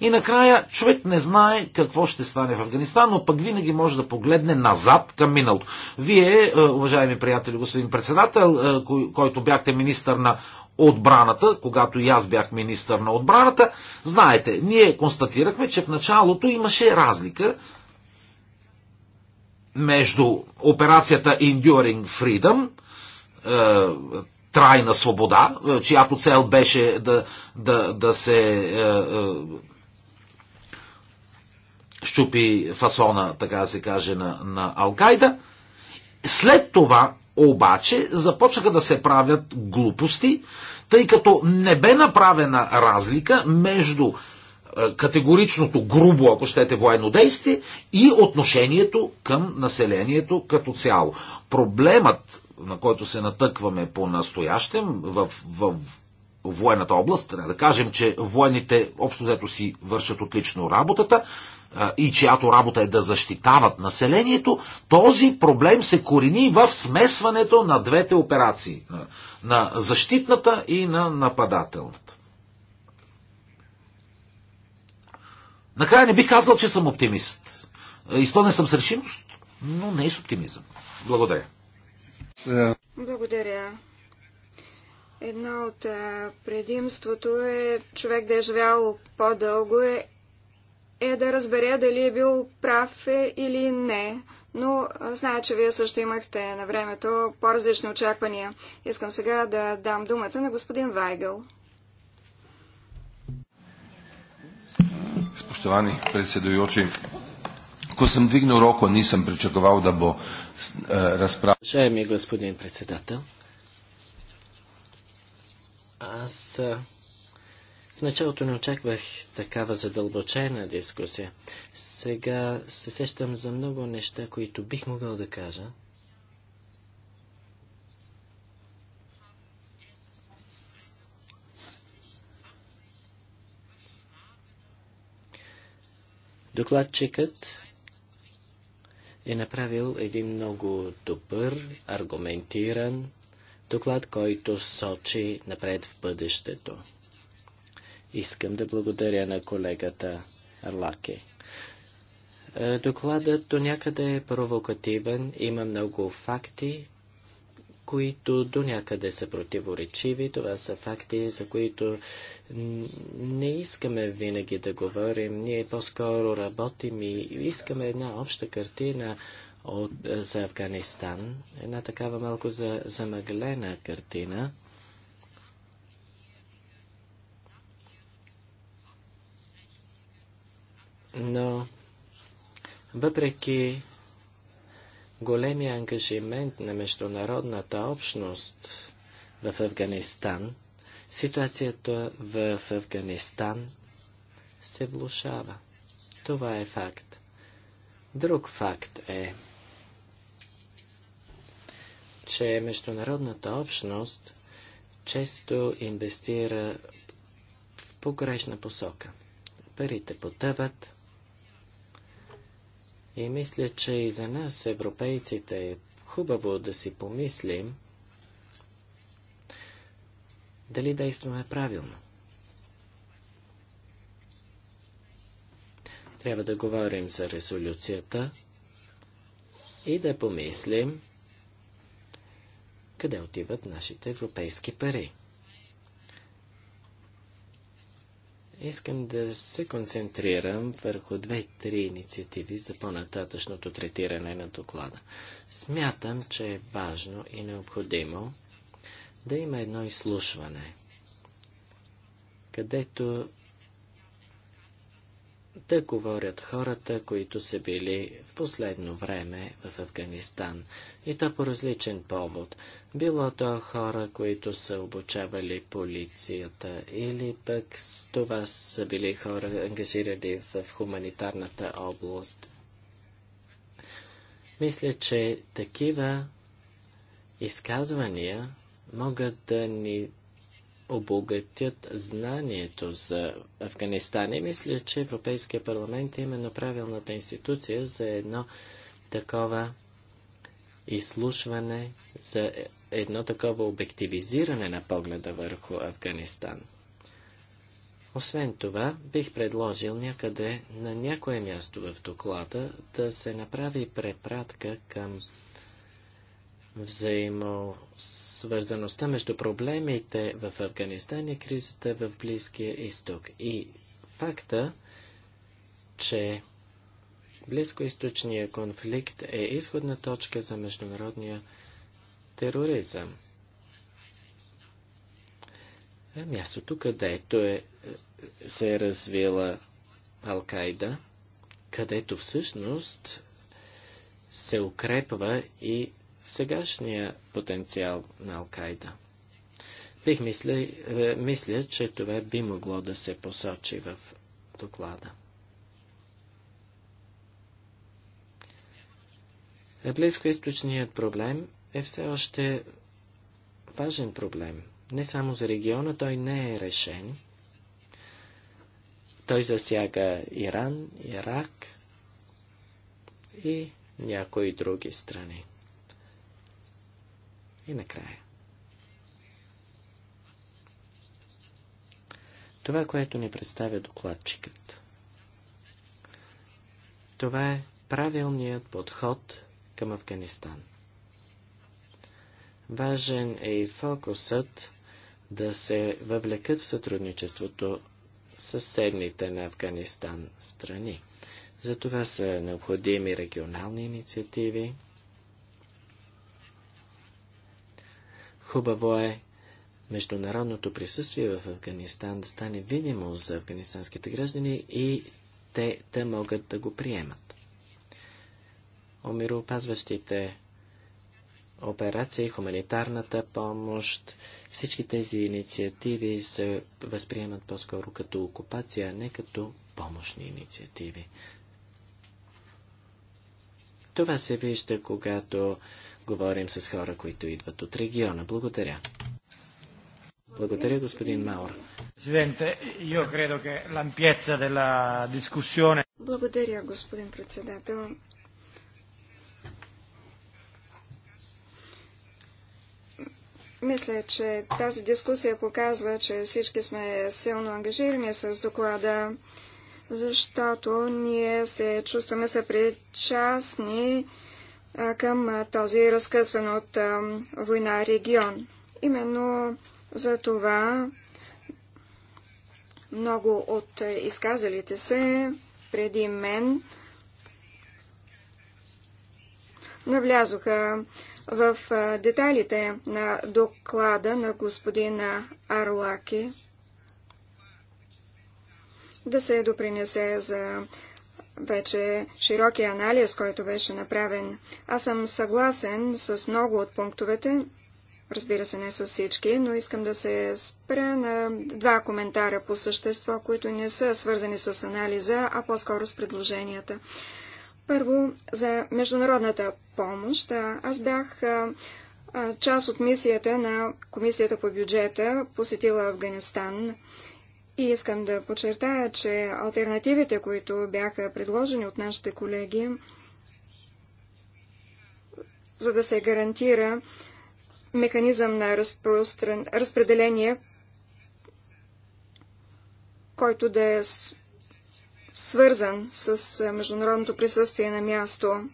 И накрая човек не знае какво ще стане в Афганистан, но пък винаги може да погледне назад към миналото. Вие, уважаеми приятели, господин председател, който бяхте министър на отбраната, когато и аз бях министър на отбраната, знаете, ние констатирахме, че в началото имаше разлика между операцията Enduring Freedom, е, трайна свобода, е, чиято цел беше да, да, да се е, щупи фасона, така да се каже, на, на Алкайда. След това обаче започнаха да се правят глупости, тъй като не бе направена разлика между е, категоричното, грубо, ако щете, военно действие и отношението към населението като цяло. Проблемът, на който се натъкваме по-настоящем в, в военната област, трябва да кажем, че военните общо взето си вършат отлично работата е, и чиято работа е да защитават населението, този проблем се корени в смесването на двете операции на защитната и на нападателната. Накрая не бих казал, че съм оптимист. Е, изпълнен съм с решимост, но не и с оптимизъм. Благодаря. Благодаря. Едно от предимството е човек да е живял по-дълго е, е да разбере дали е бил прав е, или не. Но зная, че вие също имахте на времето по-различни очаквания. Искам сега да дам думата на господин Вайгъл. Spoštovani predsedujoči, ko sem dvignil roko, nisem pričakoval, da bo eh, razprava. Уважаеми господин председател, аз в началото не очаквах такава задълбочена дискусия. Сега се сещам за много неща, които бих могъл да кажа. Докладчикът е направил един много добър, аргументиран доклад, който сочи напред в бъдещето. Искам да благодаря на колегата Арлаки. Е, докладът до някъде е провокативен, има много факти, които до някъде са противоречиви. Това са факти, за които не искаме винаги да говорим. Ние по-скоро работим и искаме една обща картина от, е, за Афганистан. Една такава малко за, замъглена картина. Но въпреки Големия ангажимент на международната общност в Афганистан, ситуацията в Афганистан се влушава. Това е факт. Друг факт е, че международната общност често инвестира в погрешна посока. Парите потъват, и мисля, че и за нас, европейците, е хубаво да си помислим дали действаме правилно. Трябва да говорим за резолюцията и да помислим къде отиват нашите европейски пари. Искам да се концентрирам върху две-три инициативи за по-нататъчното третиране на доклада. Смятам, че е важно и необходимо да има едно изслушване, където да говорят хората, които са били в последно време в Афганистан. И то по различен повод. Било то хора, които са обучавали полицията, или пък това са били хора, ангажирани в, в хуманитарната област. Мисля, че такива изказвания могат да ни обогатят знанието за Афганистан. И мисля, че Европейския парламент е именно правилната институция за едно такова изслушване, за едно такова обективизиране на погледа върху Афганистан. Освен това, бих предложил някъде на някое място в доклада да се направи препратка към взаимосвързаността между проблемите в Афганистан и кризата в Близкия изток. И факта, че близкоисточния конфликт е изходна точка за международния тероризъм. Мястото, където е, се е развила Алкайда, където всъщност се укрепва и сегашния потенциал на Алкайда. Бих мисля, е, мисля, че това би могло да се посочи в доклада. Е, Близкоисточният проблем е все още важен проблем. Не само за региона, той не е решен. Той засяга Иран, Ирак и някои други страни. И накрая. Това, което ни представя докладчикът. Това е правилният подход към Афганистан. Важен е и фокусът да се въвлекат в сътрудничеството съседните на Афганистан страни. За това са необходими регионални инициативи, Хубаво е международното присъствие в Афганистан да стане видимо за афганистанските граждани и те да могат да го приемат. Омироопазващите операции, хуманитарната помощ, всички тези инициативи се възприемат по-скоро като окупация, а не като помощни инициативи. Това се вижда, когато говорим с хора, които идват от региона. Благодаря. Благодаря, господин Маур. Благодаря, господин председател. Мисля, че тази дискусия показва, че всички сме силно ангажирани с доклада, защото ние се чувстваме съпричастни към този разкъсван от война регион. Именно за това много от изказалите се преди мен навлязоха в детайлите на доклада на господина Арлаки да се допринесе за вече широкия анализ, който беше направен. Аз съм съгласен с много от пунктовете, разбира се не с всички, но искам да се спра на два коментара по същество, които не са свързани с анализа, а по-скоро с предложенията. Първо, за международната помощ. Аз бях а, част от мисията на Комисията по бюджета, посетила Афганистан и искам да подчертая, че альтернативите, които бяха предложени от нашите колеги, за да се гарантира механизъм на разпростран... разпределение, който да е свързан с международното присъствие на място.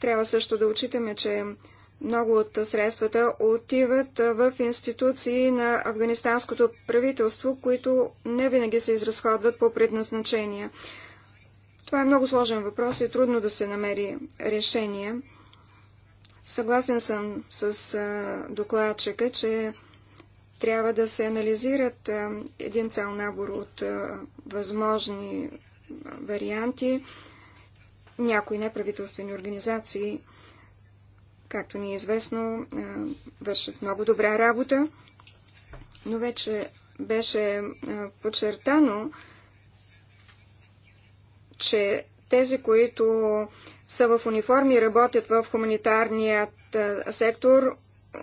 Трябва също да учитаме, че много от средствата отиват в институции на афганистанското правителство, които не винаги се изразходват по предназначение. Това е много сложен въпрос и трудно да се намери решение. Съгласен съм с докладчика, че трябва да се анализират един цял набор от възможни варианти. Някои неправителствени организации – както ни е известно, вършат много добра работа, но вече беше подчертано, че тези, които са в униформи и работят в хуманитарният сектор,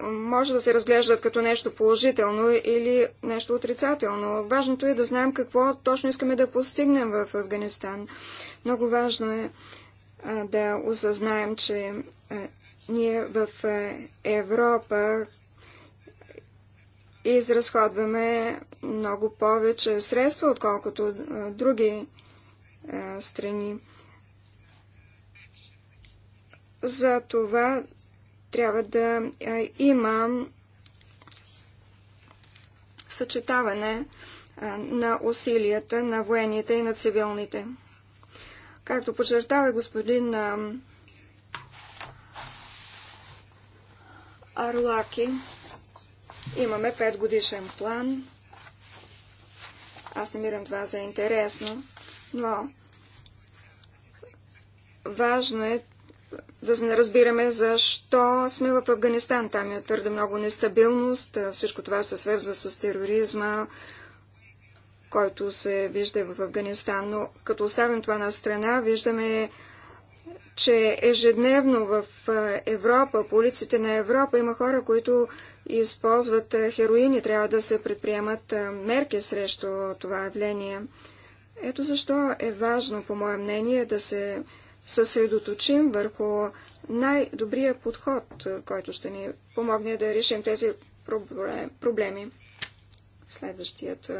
може да се разглеждат като нещо положително или нещо отрицателно. Важното е да знаем какво точно искаме да постигнем в Афганистан. Много важно е да осъзнаем, че ние в е, Европа изразходваме много повече средства, отколкото е, други е, страни. За това трябва да има съчетаване на усилията на военните и на цивилните. Както подчертава господин Арлаки. Имаме 5 годишен план. Аз намирам това за интересно, но важно е да не разбираме защо сме в Афганистан. Там е твърде много нестабилност. Всичко това се свързва с тероризма, който се вижда в Афганистан. Но като оставим това на страна, виждаме че ежедневно в Европа, по улиците на Европа, има хора, които използват хероини. Трябва да се предприемат мерки срещу това явление. Ето защо е важно, по мое мнение, да се съсредоточим върху най-добрия подход, който ще ни помогне да решим тези проблеми. Следващият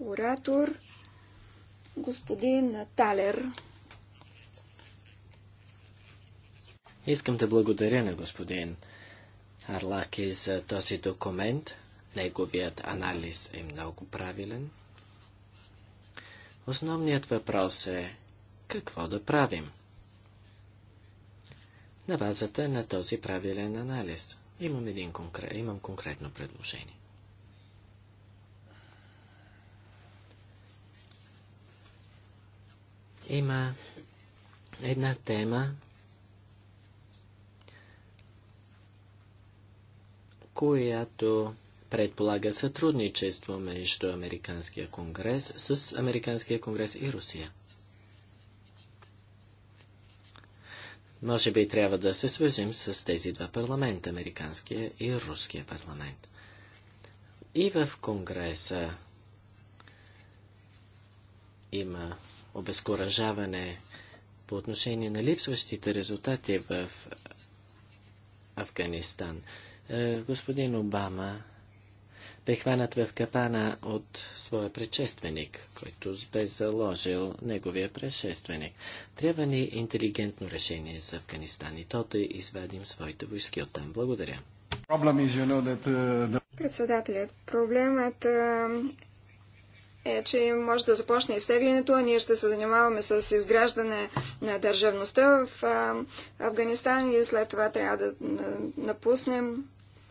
оратор, господин Талер. Искам да благодаря на господин Арлаки за този документ. Неговият анализ е много правилен. Основният въпрос е какво да правим? На базата на този правилен анализ имам, един конкрет, имам конкретно предложение. Има една тема, която предполага сътрудничество между Американския конгрес с Американския конгрес и Русия. Може би трябва да се свържим с тези два парламента, Американския и Руския парламент. И в Конгреса има обезкуражаване по отношение на липсващите резултати в Афганистан. Е, господин Обама бе хванат в капана от своя предшественик, който бе заложил неговия предшественик. Трябва ни интелигентно решение за Афганистан и то да извадим своите войски оттам. Благодаря. Е, е, Председателят, проблемът е, че може да започне изтеглянето, а ние ще се занимаваме с изграждане на държавността в Афганистан и след това трябва да напуснем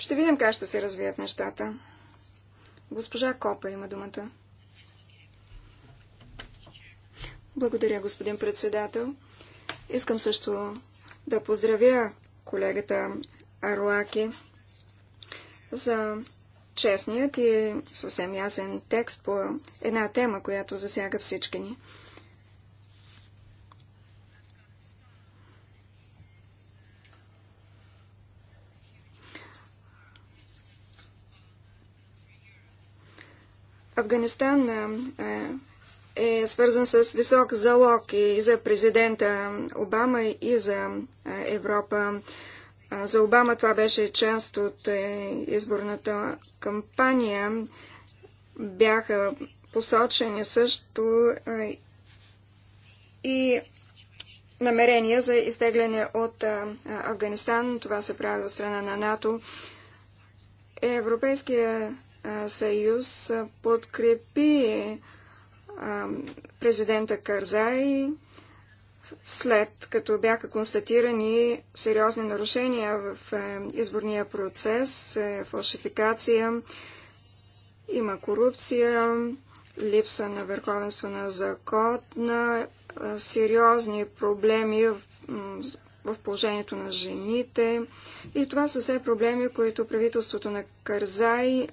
ще видим как ще се развият нещата. Госпожа Копа има думата. Благодаря, господин председател. Искам също да поздравя колегата Арлаки за честният и съвсем ясен текст по една тема, която засяга всички ни. Афганистан е, е свързан с висок залог и за президента Обама, и за е, Европа. За Обама това беше част от е, изборната кампания. Бяха посочени също и намерения за изтегляне от Афганистан. Това се прави от страна на НАТО. Европейския съюз подкрепи президента Карзай след като бяха констатирани сериозни нарушения в изборния процес, е, фалшификация, има корупция, липса на върховенство на закона, сериозни проблеми в, в положението на жените. И това са все проблеми, които правителството на Карзай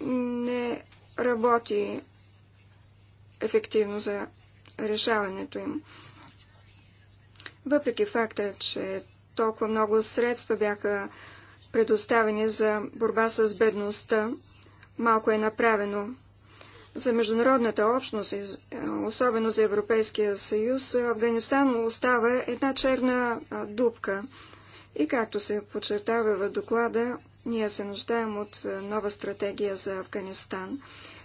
не работи ефективно за решаването им. Въпреки факта, че толкова много средства бяха предоставени за борба с бедността, малко е направено. За международната общност, особено за Европейския съюз, Афганистан остава една черна дупка. И както се подчертава в доклада, ние се нуждаем от е, нова стратегия за Афганистан.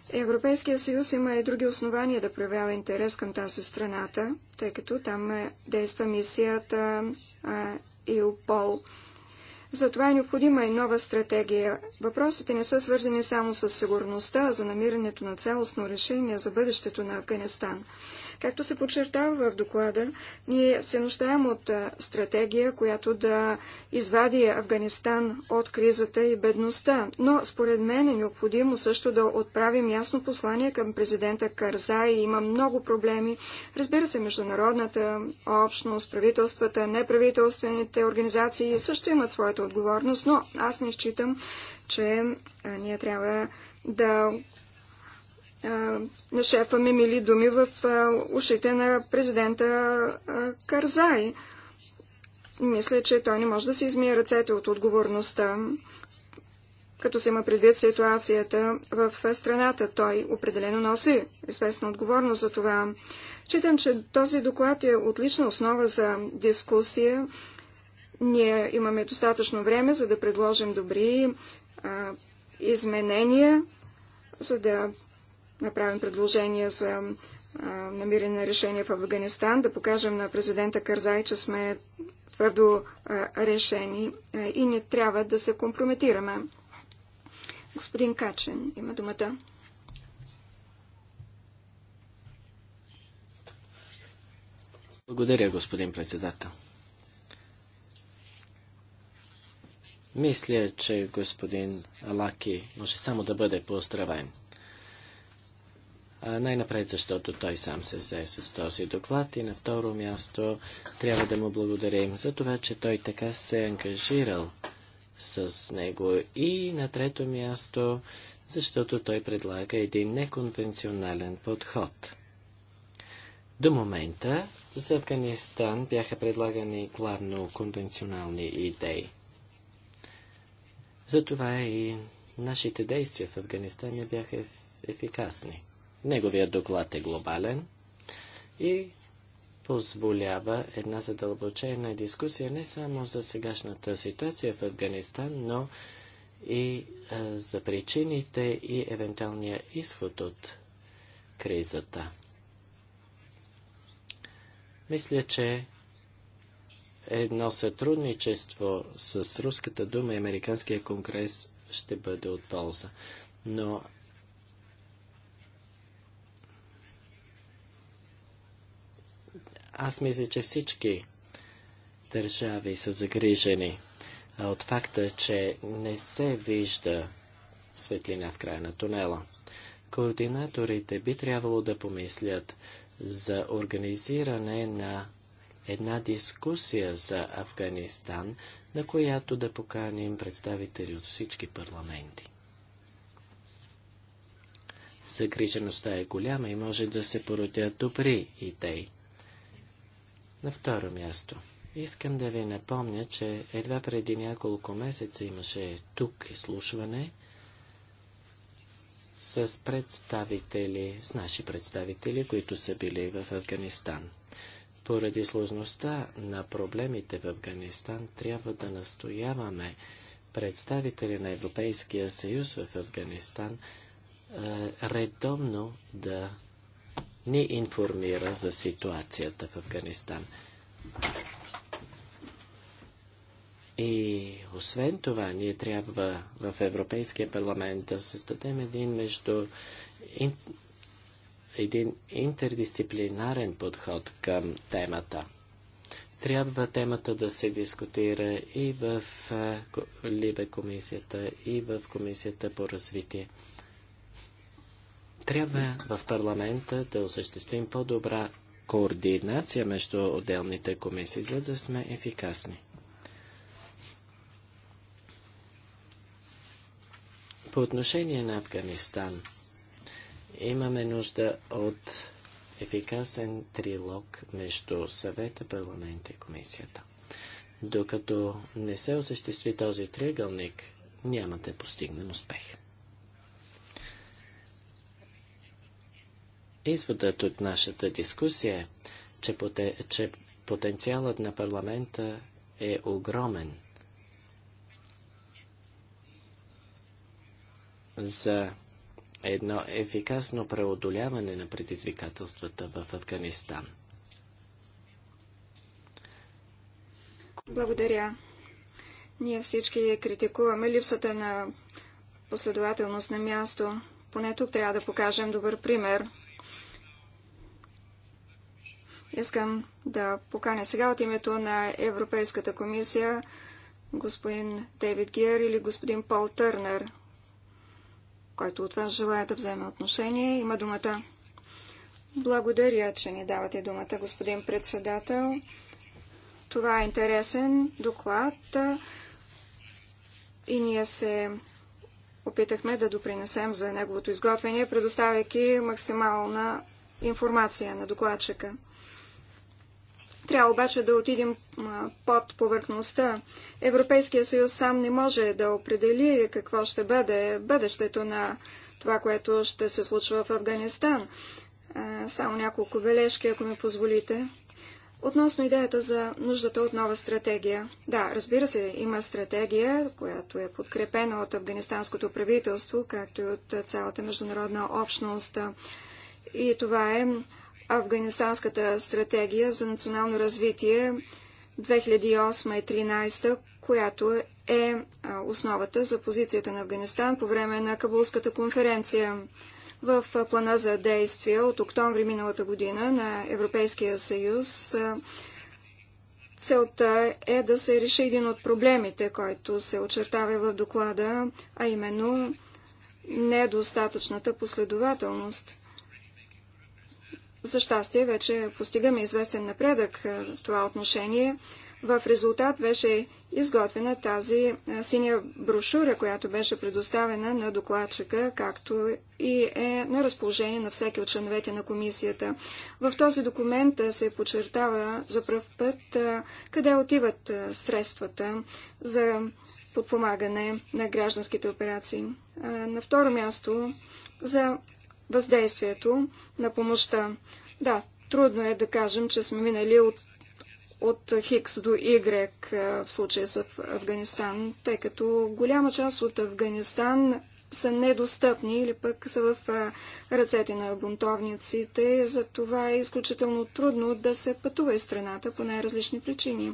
Европейския съюз има и други основания да проявява интерес към тази страната, тъй като там е, действа мисията ИОПОЛ. Затова е необходима и нова стратегия. Въпросите не са свързани само с сигурността, а за намирането на цялостно решение за бъдещето на Афганистан. Както се подчертава в доклада, ние се нуждаем от стратегия, която да извади Афганистан от кризата и бедността, но според мен е необходимо също да отправим ясно послание към президента Карзай. Има много проблеми. Разбира се, международната общност, правителствата, неправителствените организации също имат своята отговорност, но аз не считам, че ние трябва да на шефа ми мили думи в ушите на президента Карзай. Мисля, че той не може да се измие ръцете от отговорността, като се има предвид ситуацията в страната. Той определено носи известна отговорност за това. Читам, че този доклад е отлична основа за дискусия. Ние имаме достатъчно време, за да предложим добри а, изменения, за да направим предложение за намиране на решение в Афганистан, да покажем на президента Карзай, че сме твърдо решени и не трябва да се компрометираме. Господин Качен има думата. Благодаря, господин председател. Мисля, че господин Алаки може само да бъде поздравен. Най-напред, защото той сам се взе с този доклад и на второ място трябва да му благодарим за това, че той така се е ангажирал с него и на трето място, защото той предлага един неконвенционален подход. До момента за Афганистан бяха предлагани главно конвенционални идеи. Затова и нашите действия в Афганистан не бяха ефикасни. Неговият доклад е глобален и позволява една задълбочена дискусия не само за сегашната ситуация в Афганистан, но и а, е, за причините и евентуалния изход от кризата. Мисля, че едно сътрудничество с Руската дума и Американския конгрес ще бъде от полза. Но Аз мисля, че всички държави са загрижени от факта, че не се вижда светлина в края на тунела. Координаторите би трябвало да помислят за организиране на една дискусия за Афганистан, на която да поканим представители от всички парламенти. Загрижеността е голяма и може да се породят добри идеи. На второ място. Искам да ви напомня, че едва преди няколко месеца имаше тук изслушване с представители, с наши представители, които са били в Афганистан. Поради сложността на проблемите в Афганистан трябва да настояваме представители на Европейския съюз в Афганистан редовно да ни информира за ситуацията в Афганистан. И освен това, ние трябва в Европейския парламент да създадем един между един интердисциплинарен подход към темата. Трябва темата да се дискутира и в Либе комисията, и в комисията по развитие. Трябва в парламента да осъществим по-добра координация между отделните комисии, за да сме ефикасни. По отношение на Афганистан, имаме нужда от ефикасен трилог между съвета, парламента и комисията. Докато не се осъществи този триъгълник, няма да постигнем успех. Изводът от нашата дискусия е, че, поте, че потенциалът на парламента е огромен за едно ефикасно преодоляване на предизвикателствата в Афганистан. Благодаря. Ние всички критикуваме липсата на последователност на място. Поне тук трябва да покажем добър пример. Искам да поканя сега от името на Европейската комисия господин Дейвид Гиер или господин Пол Търнер. Който от вас желая да вземе отношение, има думата. Благодаря, че ни давате думата, господин председател. Това е интересен доклад и ние се опитахме да допринесем за неговото изготвяне, предоставяйки максимална информация на докладчика. Трябва обаче да отидем под повърхността. Европейския съюз сам не може да определи какво ще бъде бъдещето на това, което ще се случва в Афганистан. Само няколко бележки, ако ми позволите. Относно идеята за нуждата от нова стратегия. Да, разбира се, има стратегия, която е подкрепена от афганистанското правителство, както и от цялата международна общност. И това е Афганистанската стратегия за национално развитие 2008-2013, която е основата за позицията на Афганистан по време на Кабулската конференция. В плана за действие от октомври миналата година на Европейския съюз целта е да се реши един от проблемите, който се очертава в доклада, а именно недостатъчната последователност – за щастие, вече постигаме известен напредък е, в това отношение. В резултат беше изготвена тази е, синя брошура, която беше предоставена на докладчика, както и е на разположение на всеки от членовете на комисията. В този документ е, се подчертава за пръв път къде отиват средствата за подпомагане на гражданските операции. На второ място за въздействието на помощта. Да, трудно е да кажем, че сме минали от, от Хикс до Y е, в случая с Афганистан, тъй като голяма част от Афганистан са недостъпни или пък са в ръцете на бунтовниците. Затова е изключително трудно да се пътува из страната по най-различни причини.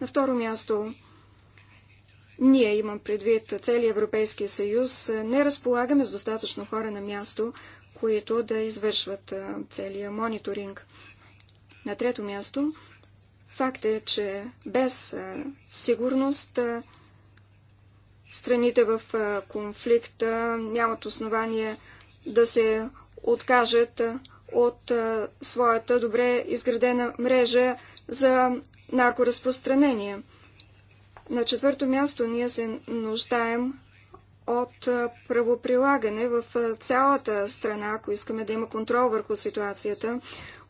На второ място, ние имам предвид целият Европейския съюз, не разполагаме с достатъчно хора на място, които да извършват целия мониторинг. На трето място, факт е, че без сигурност страните в конфликта нямат основание да се откажат от своята добре изградена мрежа за наркоразпространение. На четвърто място ние се нуждаем от правоприлагане в цялата страна, ако искаме да има контрол върху ситуацията.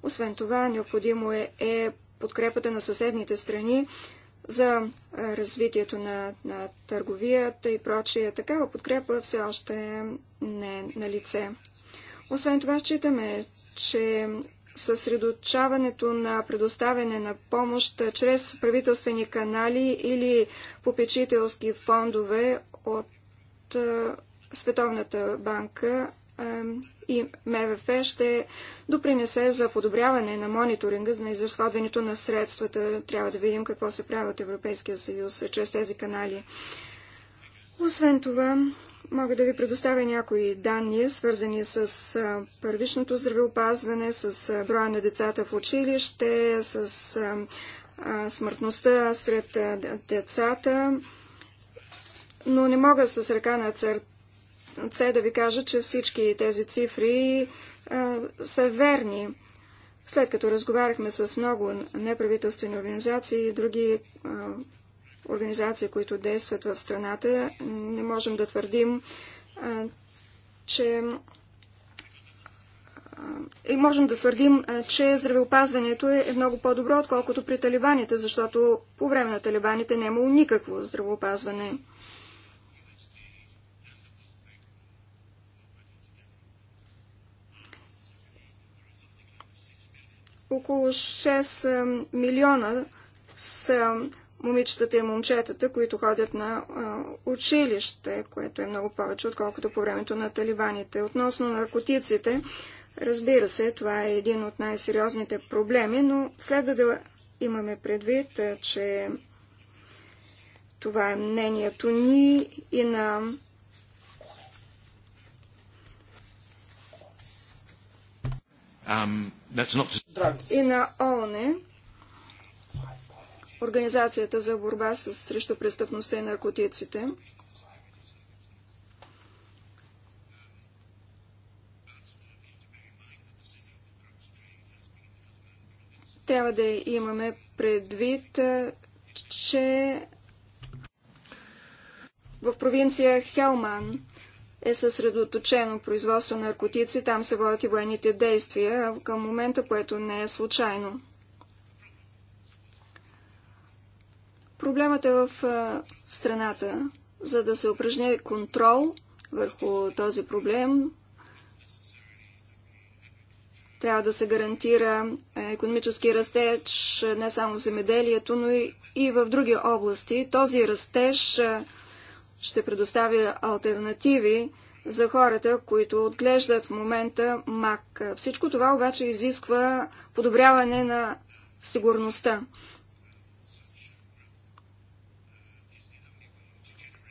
Освен това, необходимо е, е подкрепата на съседните страни за развитието на, на търговията и прочие. Такава подкрепа все още не е на лице. Освен това, считаме, че съсредоточаването на предоставяне на помощ чрез правителствени канали или попечителски фондове от от Световната банка и МВФ ще допринесе за подобряване на мониторинга на изразходването на средствата. Трябва да видим какво се прави от Европейския съюз чрез тези канали. Освен това, мога да ви предоставя някои данни, свързани с първичното здравеопазване, с броя на децата в училище, с смъртността сред децата но не мога с ръка на сърце да ви кажа, че всички тези цифри а, са верни. След като разговаряхме с много неправителствени организации и други а, организации, които действат в страната, не можем да твърдим, а, че и можем да твърдим, че здравеопазването е, е много по-добро, отколкото при талибаните, защото по време на талибаните не е имало никакво здравеопазване. около 6 милиона са момичетата и момчетата, които ходят на училище, което е много повече, отколкото по времето на талибаните. Относно наркотиците, разбира се, това е един от най-сериозните проблеми, но следва да имаме предвид, че това е мнението ни и на Um, Not... И на ООН, е Организацията за борба с, срещу престъпността и наркотиците, трябва да имаме предвид, е, че в провинция Хелман е съсредоточено производство на наркотици, там се водят и военните действия към момента, което не е случайно. Проблемът е в страната. За да се упражни контрол върху този проблем, трябва да се гарантира економически растеж не само в земеделието, но и, и в други области. Този растеж ще предоставя альтернативи за хората, които отглеждат в момента мак. Всичко това обаче изисква подобряване на сигурността.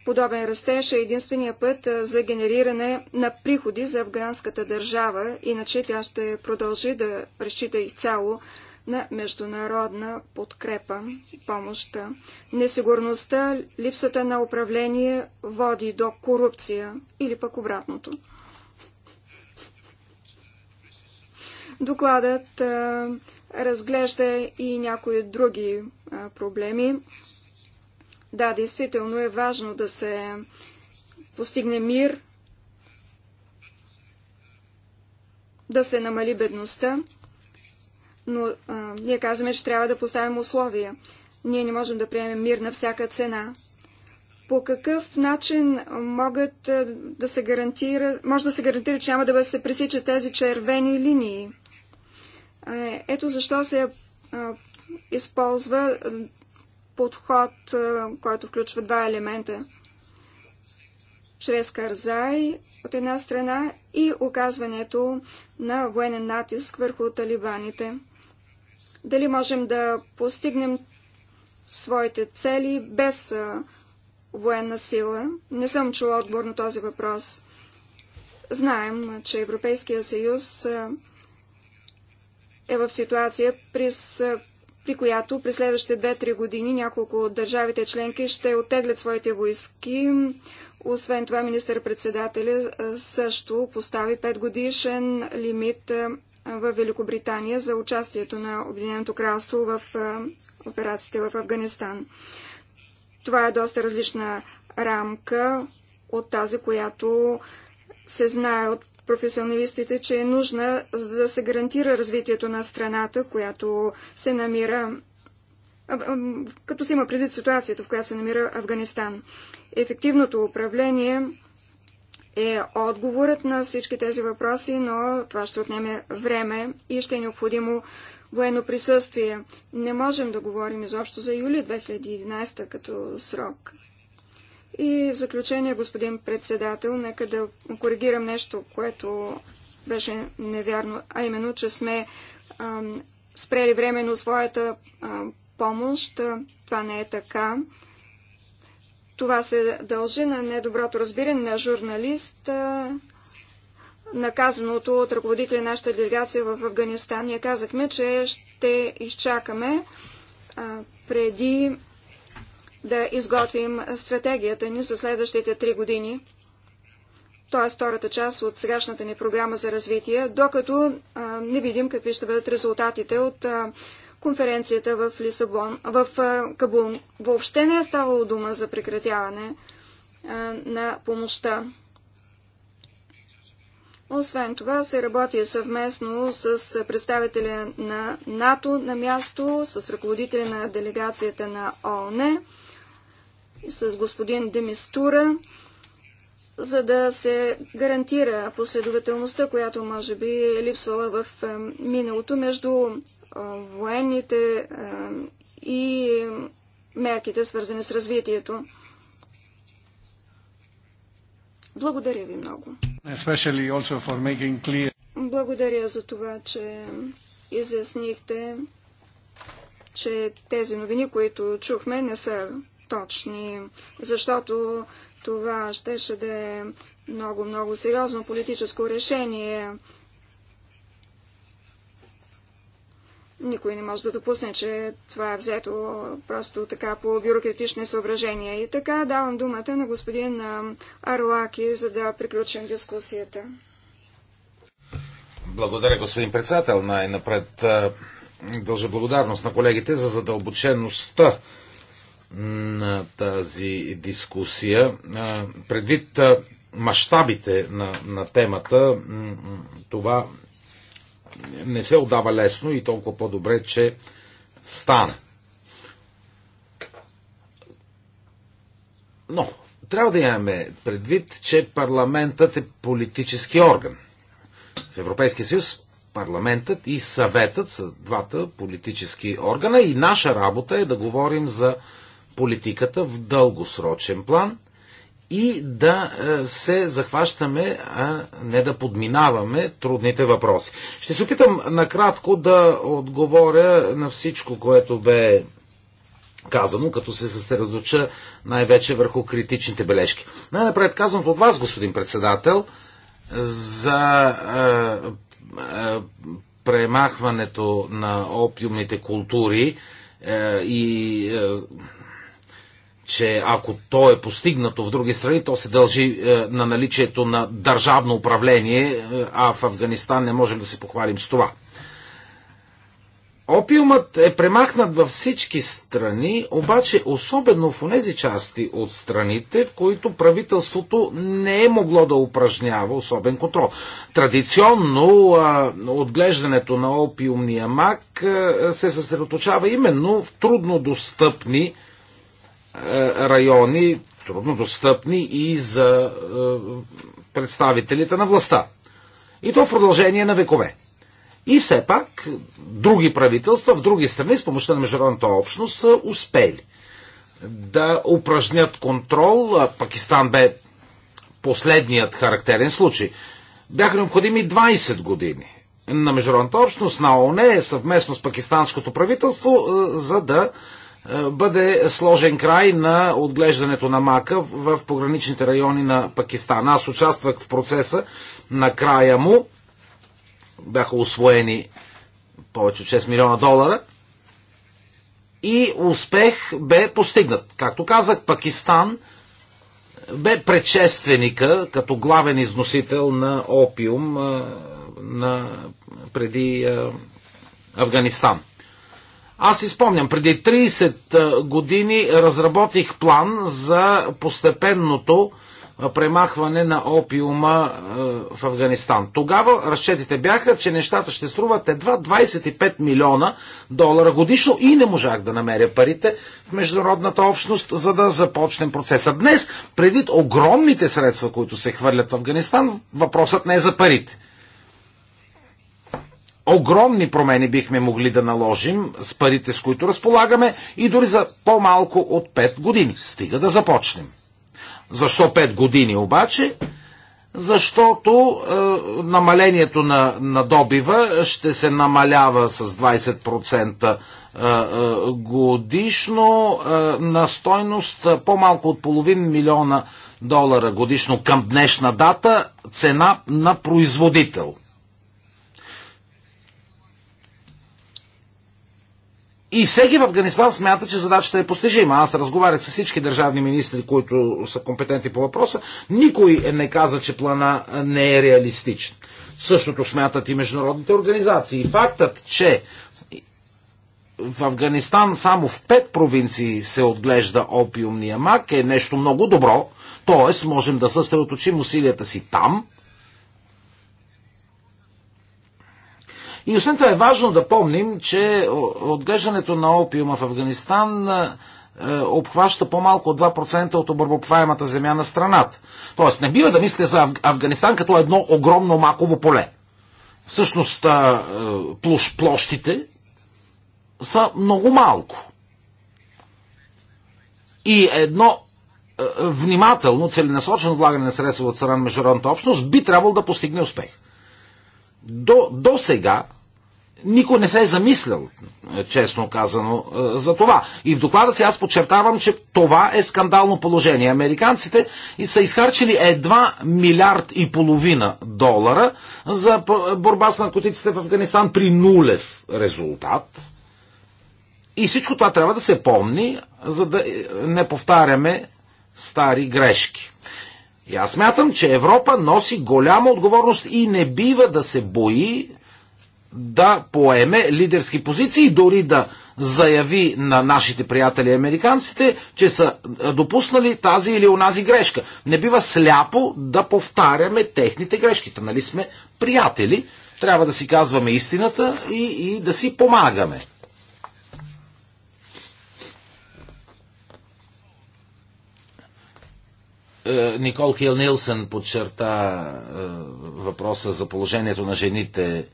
Подобен растеж е единствения път за генериране на приходи за афганската държава, иначе тя ще продължи да разчита изцяло на международна подкрепа, помощта. Несигурността, липсата на управление води до корупция или пък обратното. Докладът а, разглежда и някои други а, проблеми. Да, действително е важно да се постигне мир, да се намали бедността, но а, ние казваме, че трябва да поставим условия. Ние не можем да приемем мир на всяка цена. По какъв начин могат да се гарантира, може да се гарантира, че няма да се пресичат тези червени линии? ето защо се използва подход, който включва два елемента. Чрез Карзай от една страна и оказването на военен натиск върху талибаните дали можем да постигнем своите цели без военна сила. Не съм чула отбор на този въпрос. Знаем, че Европейския съюз е в ситуация, при, при която през следващите 2-3 години няколко от държавите членки ще оттеглят своите войски. Освен това, министър-председателя също постави 5 годишен лимит в Великобритания за участието на Обединеното кралство в операциите в Афганистан. Това е доста различна рамка от тази, която се знае от професионалистите, че е нужна, за да се гарантира развитието на страната, която се намира, като се има предвид ситуацията, в която се намира Афганистан. Ефективното управление е отговорът на всички тези въпроси, но това ще отнеме време и ще е необходимо военно присъствие. Не можем да говорим изобщо за юли 2011 като срок. И в заключение, господин председател, нека да коригирам нещо, което беше невярно, а именно, че сме ам, спрели временно своята ам, помощ. Това не е така. Това се дължи на недоброто разбиране на журналист, наказаното от ръководителя на нашата делегация в Афганистан. Ние казахме, че ще изчакаме преди да изготвим стратегията ни за следващите три години, т.е. втората част от сегашната ни програма за развитие, докато а, не видим какви ще бъдат резултатите от а, конференцията в Лисабон, в Кабул. Въобще не е ставало дума за прекратяване на помощта. Освен това се работи съвместно с представителя на НАТО на място, с ръководителя на делегацията на ООН, с господин Демистура за да се гарантира последователността, която може би е липсвала в е, миналото между е, военните е, и мерките, свързани с развитието. Благодаря ви много. Благодаря за това, че изяснихте, че тези новини, които чухме, не са точни, защото това щеше да е много-много сериозно политическо решение. Никой не може да допусне, че това е взето просто така по бюрократични съображения. И така давам думата на господин Арлаки, за да приключим дискусията. Благодаря, господин председател. Най-напред дължа благодарност на колегите за задълбочеността на тази дискусия. Предвид мащабите на, на темата, това не се отдава лесно и толкова по-добре, че стана. Но трябва да имаме предвид, че парламентът е политически орган. В Европейския съюз парламентът и съветът са двата политически органа и наша работа е да говорим за политиката в дългосрочен план и да е, се захващаме, а не да подминаваме трудните въпроси. Ще се опитам накратко да отговоря на всичко, което бе казано, като се съсредоча най-вече върху критичните бележки. Най-напред казвам от вас, господин председател, за е, е, премахването на опиумните култури и че ако то е постигнато в други страни, то се дължи е, на наличието на държавно управление, е, а в Афганистан не можем да се похвалим с това. Опиумът е премахнат във всички страни, обаче особено в тези части от страните, в които правителството не е могло да упражнява особен контрол. Традиционно а, отглеждането на опиумния мак а, се съсредоточава именно в труднодостъпни е, райони, труднодостъпни и за е, представителите на властта. И то в продължение на векове. И все пак други правителства в други страни с помощта на международната общност са успели да упражнят контрол. Пакистан бе последният характерен случай. Бяха необходими 20 години на международната общност, на ООН, съвместно с пакистанското правителство, е, за да е, бъде сложен край на отглеждането на мака в пограничните райони на Пакистан. Аз участвах в процеса на края му. Бяха освоени повече от 6 милиона долара. И успех бе постигнат. Както казах, Пакистан бе предшественика като главен износител на опиум е, на преди е, Афганистан. Аз изпомням, преди 30 години разработих план за постепенното премахване на опиума в Афганистан. Тогава разчетите бяха, че нещата ще струват едва 25 милиона долара годишно и не можах да намеря парите в международната общност, за да започнем процеса. Днес, предвид огромните средства, които се хвърлят в Афганистан, въпросът не е за парите огромни промени бихме могли да наложим с парите, с които разполагаме и дори за по-малко от 5 години. Стига да започнем. Защо 5 години обаче? Защото е, намалението на, на добива ще се намалява с 20% е, е, годишно е, на стойност е, по-малко от половин милиона долара годишно към днешна дата цена на производител – И всеки в Афганистан смята, че задачата е постижима. Аз разговарях с всички държавни министри, които са компетентни по въпроса. Никой е не каза, че плана не е реалистичен. Същото смятат и международните организации. Фактът, че в Афганистан само в пет провинции се отглежда опиумния мак е нещо много добро, т.е. можем да съсредоточим усилията си там, И освен това е важно да помним, че отглеждането на опиума в Афганистан е, обхваща по-малко от 2% от обработваемата земя на страната. Тоест, не бива да мисля за Афганистан като едно огромно маково поле. Всъщност, е, е, площ, площите са много малко. И едно внимателно, целенасочено влагане на средства от страна на международната общност би трябвало да постигне успех. До, до сега никой не се е замислял, честно казано, е, за това. И в доклада си аз подчертавам, че това е скандално положение. Американците са изхарчили едва милиард и половина долара за борба с наркотиците в Афганистан при нулев резултат. И всичко това трябва да се помни, за да е, не повтаряме стари грешки. И аз смятам, че Европа носи голяма отговорност и не бива да се бои да поеме лидерски позиции дори да заяви на нашите приятели американците, че са допуснали тази или онази грешка. Не бива сляпо да повтаряме техните грешки. Та, нали сме приятели, трябва да си казваме истината и, и да си помагаме. Е, Никол Хил Нилсен подчерта е, въпроса за положението на жените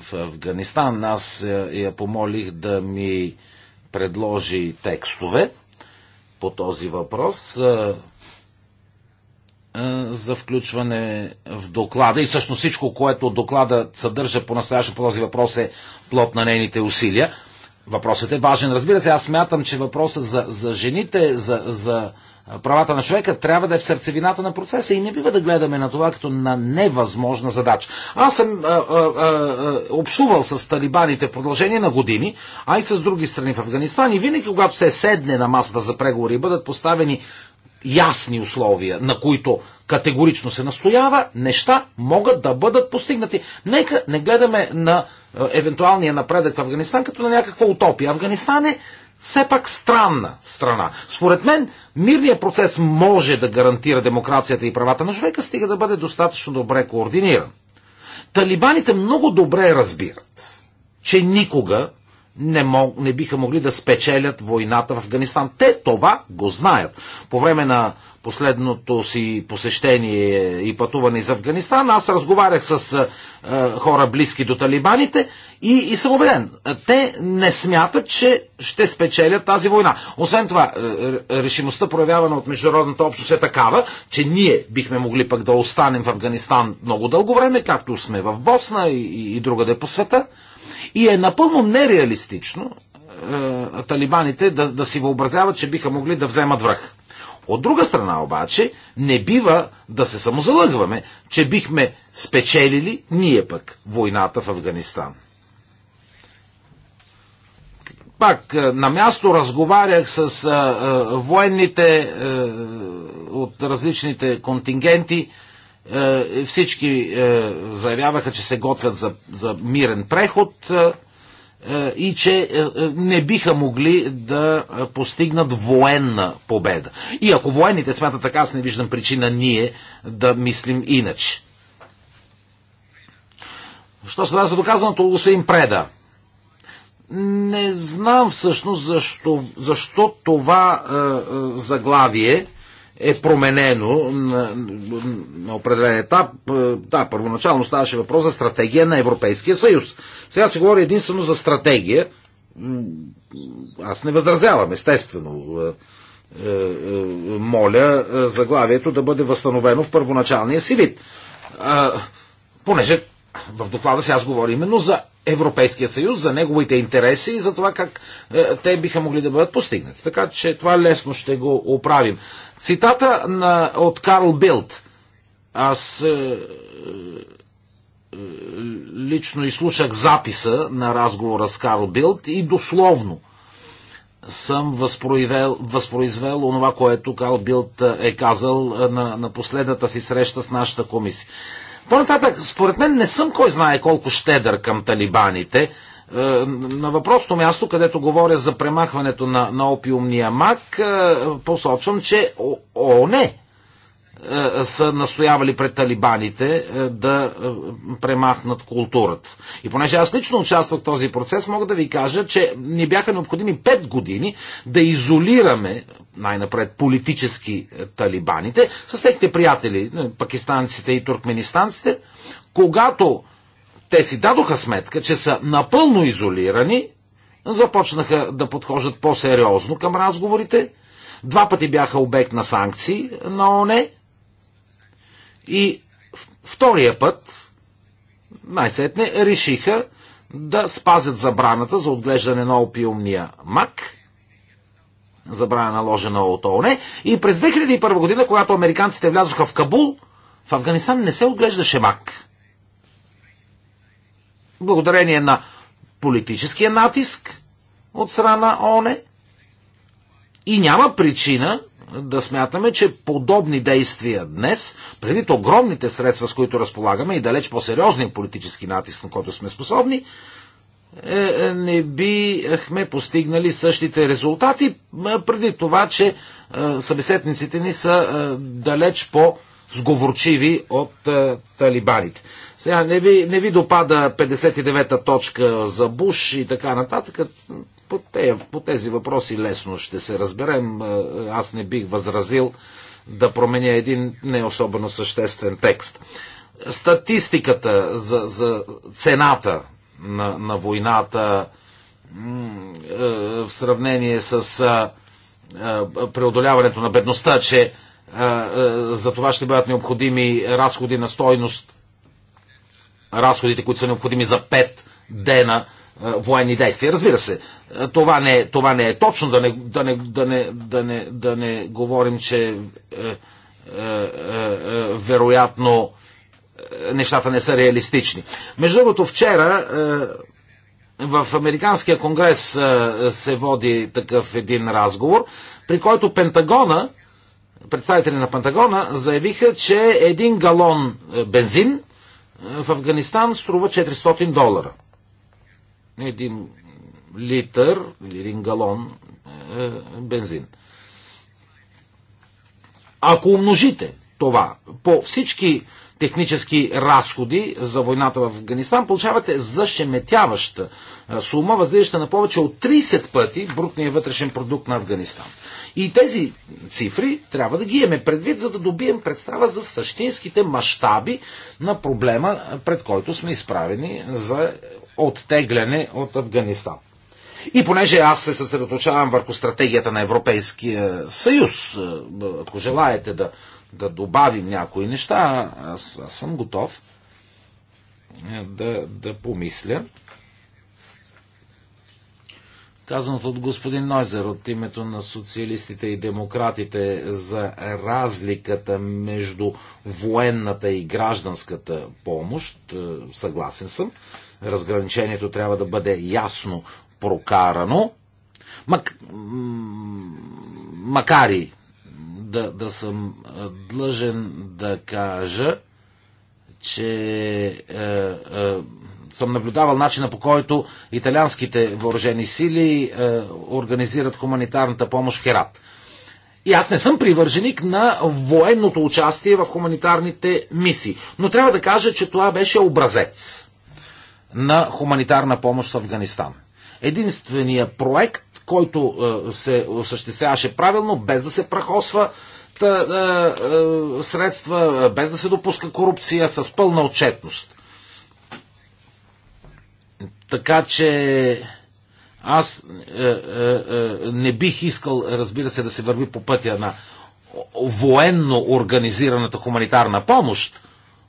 в Афганистан. Аз е, я помолих да ми предложи текстове по този въпрос е, е, за включване в доклада и всъщност всичко, което доклада съдържа по настоящен по този въпрос е плод на нейните усилия. Въпросът е важен. Разбира се, аз смятам, че въпросът за, за жените, за, за правата на човека трябва да е в сърцевината на процеса и не бива да гледаме на това като на невъзможна задача. Аз съм а, а, а, общувал с талибаните в продължение на години, а и с други страни в Афганистан и винаги когато се седне на масата за преговори и бъдат поставени ясни условия, на които категорично се настоява, неща могат да бъдат постигнати. Нека не гледаме на евентуалния напредък в Афганистан като на някаква утопия. Афганистан е все пак странна страна. Според мен, мирният процес може да гарантира демокрацията и правата на човека, стига да бъде достатъчно добре координиран. Талибаните много добре разбират, че никога не, мог, не биха могли да спечелят войната в Афганистан. Те това го знаят. По време на последното си посещение и пътуване из Афганистан, аз разговарях с хора близки до талибаните и, и съм убеден, те не смятат, че ще спечелят тази война. Освен това, решимостта проявявана от международната общност е такава, че ние бихме могли пък да останем в Афганистан много дълго време, както сме в Босна и, и другаде по света. И е напълно нереалистично е, талибаните да, да си въобразяват, че биха могли да вземат връх. От друга страна обаче, не бива да се самозалъгваме, че бихме спечелили ние пък войната в Афганистан. Пак е, на място разговарях с а, е, а, е, военните а, от различните контингенти, е, всички е, заявяваха, че се готвят за, за мирен преход е, и че не биха могли да постигнат военна победа. И ако военните смятат така, аз не виждам причина ние да мислим иначе. Що се да за доказаното господин Преда? Не знам всъщност защо, защо това е, е, заглавие е променено на, на определен етап. Е, да, първоначално ставаше въпрос за стратегия на Европейския съюз. Сега се говори единствено за стратегия. Аз не възразявам, естествено. Е, е, моля заглавието да бъде възстановено в първоначалния си вид. Понеже в доклада си аз говоря именно за Европейския съюз, за неговите интереси и за това как е, те биха могли да бъдат постигнати. Така че това лесно ще го оправим. Цитата на, от Карл Билд. Аз е, е, лично изслушах записа на разговора с Карл Билд и дословно съм възпроизвел, възпроизвел онова, което Карл Билд е казал е, на, на последната си среща с нашата комисия. По-нататък, според мен не съм кой знае колко щедър към талибаните. Е, на въпросното място, където говоря за премахването на, на опиумния мак, е, посочвам, че ООН е, са настоявали пред талибаните да премахнат културата. И понеже аз лично участвах в този процес, мога да ви кажа, че ни бяха необходими 5 години да изолираме най-напред политически е, талибаните, с техните приятели, е, пакистанците и туркменистанците, когато те си дадоха сметка, че са напълно изолирани, започнаха да подхождат по-сериозно към разговорите, два пъти бяха обект на санкции на ОНЕ и втория път, най-сетне, решиха да спазят забраната за отглеждане на опиумния мак – забрана наложена от ООН. И през 2001 година, когато американците влязоха в Кабул, в Афганистан не се отглеждаше мак. Благодарение на политическия натиск от страна на ООН и няма причина да смятаме, че подобни действия днес, преди огромните средства, с които разполагаме и далеч по-сериозния политически натиск, на който сме способни, е, е, не бихме постигнали същите резултати, е, преди това, че събеседниците ни са далеч по- сговорчиви от талибаните. Сега не ви, не ви допада 59-та точка за Буш и така нататък. По, те, по тези въпроси лесно ще се разберем. Аз не бих възразил да променя един не особено съществен текст. Статистиката за, за цената на, на войната е, в сравнение с преодоляването на бедността, че за това ще бъдат необходими разходи на стойност, разходите, които са необходими за 5 дена военни действия. Разбира се, това не, това не е точно, да не, да не, да не, да не, да не говорим, че е, е, е, е вероятно нещата не са реалистични. Между другото, вчера е, в Американския конгрес е, се води такъв един разговор, при който Пентагона, представители на Пентагона, заявиха, че един галон е, бензин в Афганистан струва 400 долара. Един литър или един галон бензин. Ако умножите това по всички технически разходи за войната в Афганистан, получавате зашеметяваща е, сума, възлизаща на повече от 30 пъти брутния вътрешен продукт на Афганистан. И тези цифри трябва да ги имаме предвид, за да добием представа за същинските мащаби на проблема, пред който сме изправени за оттегляне от Афганистан. И понеже аз се съсредоточавам върху стратегията на Европейския съюз, е, ако желаете да да добавим някои неща, аз, аз съм готов е, да, да помисля. Казаното от господин Нойзер от името на социалистите и демократите за разликата между военната и гражданската помощ, е, съгласен съм. Разграничението трябва да бъде ясно прокарано, мак... макар и да, да съм длъжен да кажа, че е, е, съм наблюдавал начина по който италианските въоръжени сили е, организират хуманитарната помощ в Херат. И аз не съм привърженик на военното участие в хуманитарните мисии. Но трябва да кажа, че това беше образец на хуманитарна помощ в Афганистан. Единственият проект, който е, се осъществяваше правилно, без да се прахосва е, е, средства, без да се допуска корупция, с пълна отчетност. Така че аз а, а, а, не бих искал, разбира се, да се върви по пътя на военно организираната хуманитарна помощ,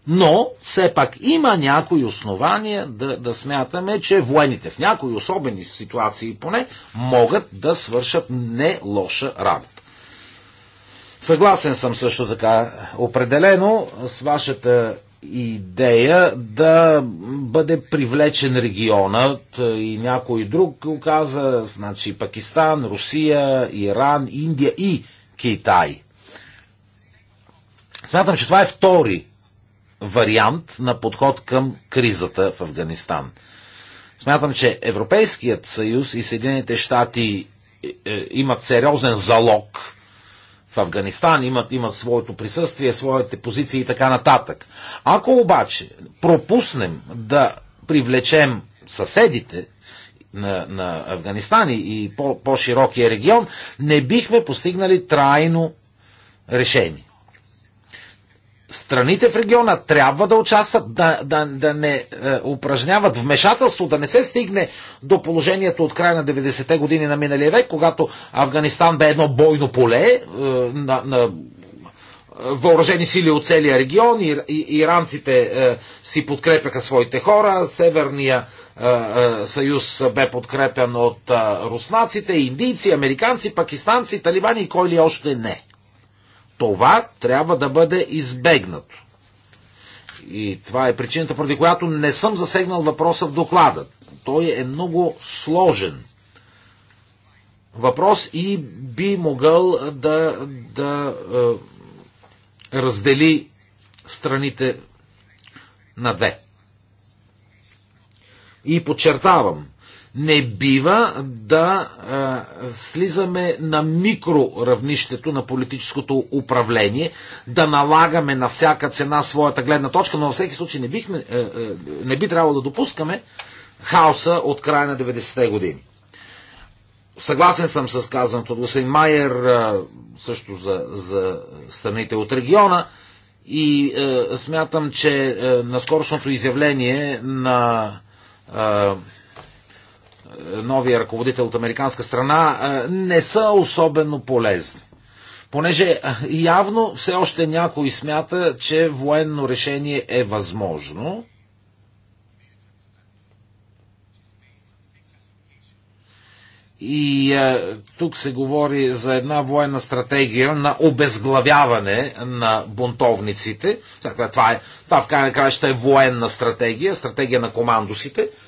но все пак има някои основания да, да смятаме, че военните в някои особени ситуации поне могат да свършат не лоша работа. Съгласен съм също така определено с вашата идея да бъде привлечен регионът е, и някой друг каза, значи Пакистан, Русия, Иран, Индия и Китай. Смятам, че това е втори вариант на подход към кризата в Афганистан. Смятам, че Европейският съюз и Съединените щати е, е, имат сериозен залог в Афганистан, имат, имат своето присъствие, своите позиции и така нататък. Ако обаче пропуснем да привлечем съседите на, на Афганистан и по, по-широкия регион, не бихме постигнали трайно решение страните в региона трябва да участват, да, да, да не е, упражняват вмешателство, да не се стигне до положението от края на 90-те години на миналия век, когато Афганистан бе едно бойно поле е, на, на е, въоръжени сили от целия регион, и, и, иранците е, си подкрепяха своите хора, Северния е, е, съюз бе подкрепен от е, руснаците, индийци, американци, пакистанци, талибани и кой ли още не. Това трябва да бъде избегнато. И това е причината, поради която не съм засегнал въпроса в доклада. Той е много сложен въпрос и би могъл да, да е, раздели страните на две. И подчертавам, не бива да а, слизаме на микроравнището на политическото управление, да налагаме на всяка цена своята гледна точка, но във всеки случай не, бихме, а, а, не би трябвало да допускаме хаоса от края на 90-те години. Съгласен съм с казаното от господин Майер, а, също за, за страните от региона. И е, смятам, че е, наскорошното изявление на е, новия ръководител от американска страна не са особено полезни. Понеже явно все още някой смята, че военно решение е възможно. И е, тук се говори за една военна стратегия на обезглавяване на бунтовниците. Това, е, това в крайна краща е военна стратегия, стратегия на командосите –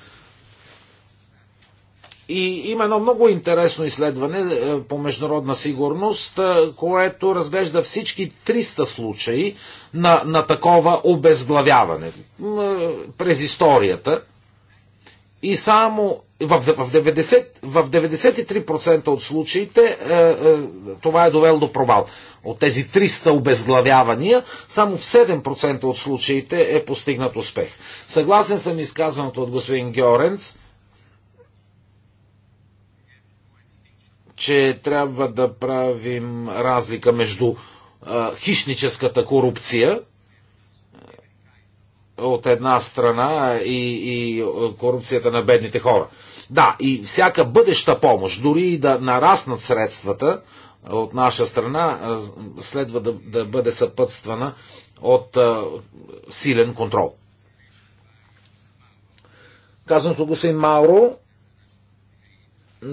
и има едно много интересно изследване е, по международна сигурност, е, което разглежда всички 300 случаи на, на такова обезглавяване е, през историята. И само в, в, 90, в 93% от случаите това е довело до провал. От тези 300 обезглавявания, само в 7% от случаите е постигнат успех. Съгласен съм изказаното от господин Георенц че трябва да правим разлика между хищническата корупция от една страна и, и корупцията на бедните хора. Да, и всяка бъдеща помощ, дори и да нараснат средствата от наша страна, следва да, да бъде съпътствана от а, силен контрол. Казаното господин Мауро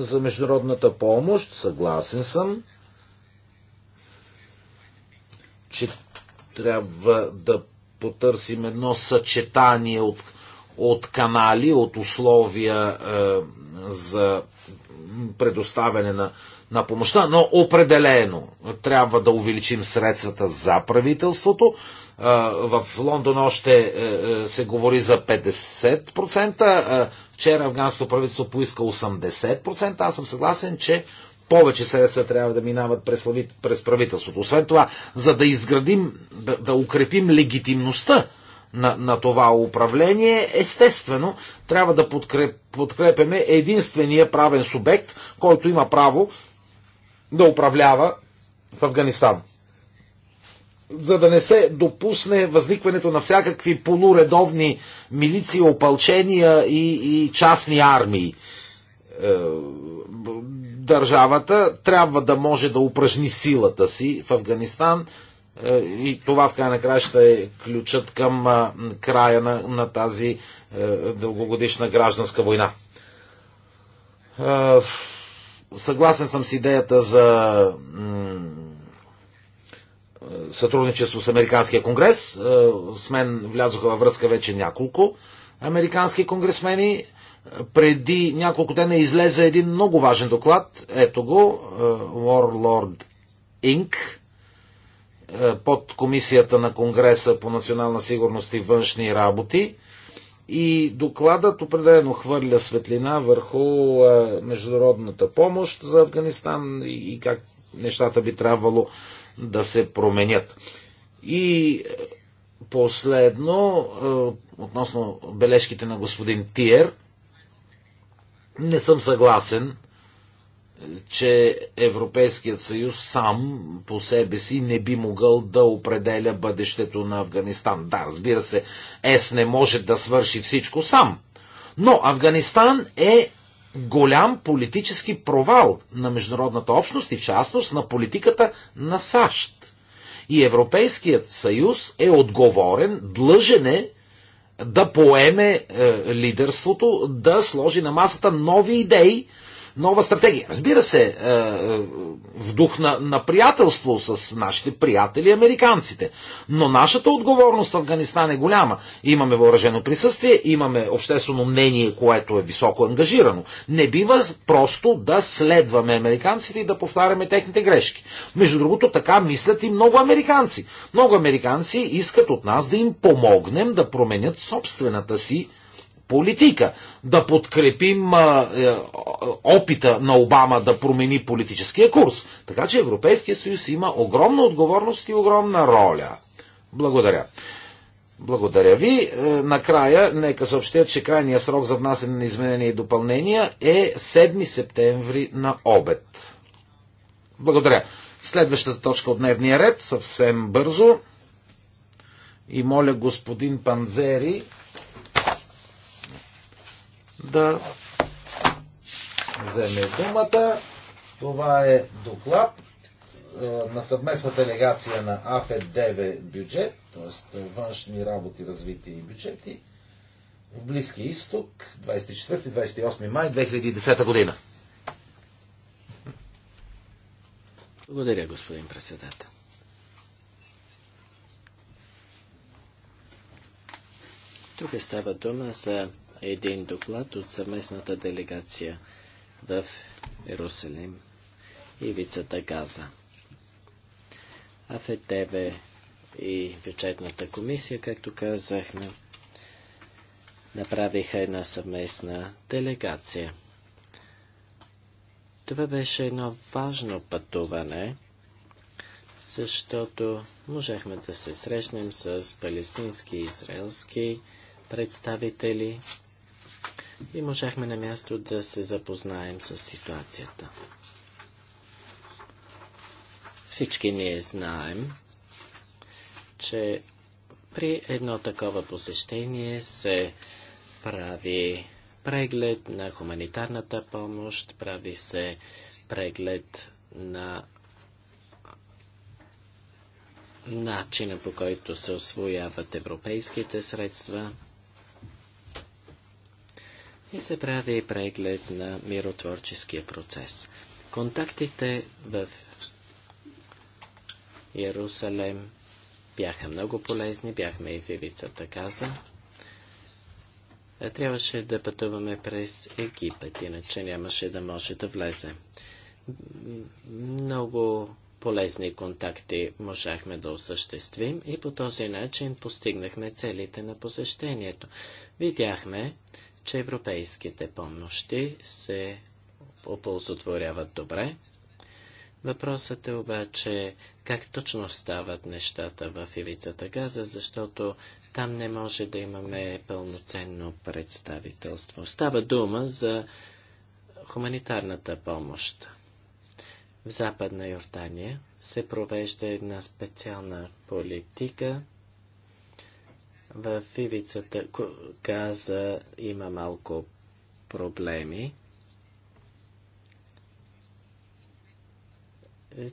за международната помощ, съгласен съм, че трябва да потърсим едно съчетание от, от канали, от условия е, за предоставяне на, на помощта, но определено трябва да увеличим средствата за правителството, в Лондон още е, е, се говори за 50%. Вчера афганското правителство поиска 80%. Аз съм съгласен, че повече средства трябва да минават през, правителството. Освен това, за да изградим, да, да укрепим легитимността на, на това управление, естествено, трябва да подкреп, подкрепяме единствения правен субект, който има право да управлява в Афганистан за да не се допусне възникването на всякакви полуредовни милиции, опълчения и, и частни армии. Е, държавата трябва да може да упражни силата си в Афганистан е, и това в край на краща е ключът към е, края на, на тази дългогодишна гражданска война. Съгласен съм с идеята за сътрудничество с Американския конгрес. Е, с мен влязоха във връзка вече няколко американски конгресмени. Е, преди няколко дена излезе един много важен доклад. Ето го. Е, Warlord Inc. под комисията на Конгреса по национална сигурност и външни работи. И докладът определено хвърля светлина върху международната помощ за Афганистан и как нещата би трябвало да се променят. И е, последно, е, относно бележките на господин Тиер, не съм съгласен, че Европейският съюз сам по себе си не би могъл да определя бъдещето на Афганистан. Да, разбира се, ЕС не може да свърши всичко сам. Но Афганистан е голям политически провал на международната общност и в частност на политиката на САЩ. И Европейският съюз е отговорен, длъжен е да поеме е, лидерството, да сложи на масата нови идеи, нова стратегия. Разбира се, е, е, в дух на, на приятелство с нашите приятели американците. Но нашата отговорност в Афганистан е голяма. Имаме въоръжено присъствие, имаме обществено мнение, което е високо ангажирано. Не бива просто да следваме американците и да повтаряме техните грешки. Между другото, така мислят и много американци. Много американци искат от нас да им помогнем да променят собствената си политика, да подкрепим а, е, опита на Обама да промени политическия курс. Така че Европейския съюз има огромна отговорност и огромна роля. Благодаря. Благодаря ви. Е, накрая, нека съобщя, че крайният срок за внасяне на изменения и допълнения е 7 септември на обед. Благодаря. Следващата точка от дневния ред, съвсем бързо. И моля господин Панзери да вземе думата. Това е доклад е, на съвместна делегация на афед бюджет, т.е. външни работи, развитие и бюджети в Близкия изток, 24-28 май 2010 година. Благодаря, господин председател. Тук е става дума за един доклад от съместната делегация в Иерусалим и вицата Газа. АФТВ и бюджетната комисия, както казахме, направиха една съвместна делегация. Това беше едно важно пътуване, защото можехме да се срещнем с палестински и израелски представители, и можахме на място да се запознаем с ситуацията. Всички ние знаем, че при едно такова посещение се прави преглед на хуманитарната помощ, прави се преглед на начина по който се освояват европейските средства и се прави и преглед на миротворческия процес. Контактите в Ярусалем бяха много полезни, бяхме и в ивицата Каза. Трябваше да пътуваме през Египет, иначе нямаше да може да влезе. Много полезни контакти можахме да осъществим и по този начин постигнахме целите на посещението. Видяхме, че европейските помощи се оползотворяват добре. Въпросът е обаче как точно стават нещата в ивицата Газа, защото там не може да имаме пълноценно представителство. Става дума за хуманитарната помощ. В Западна Йордания се провежда една специална политика в ивицата газа има малко проблеми.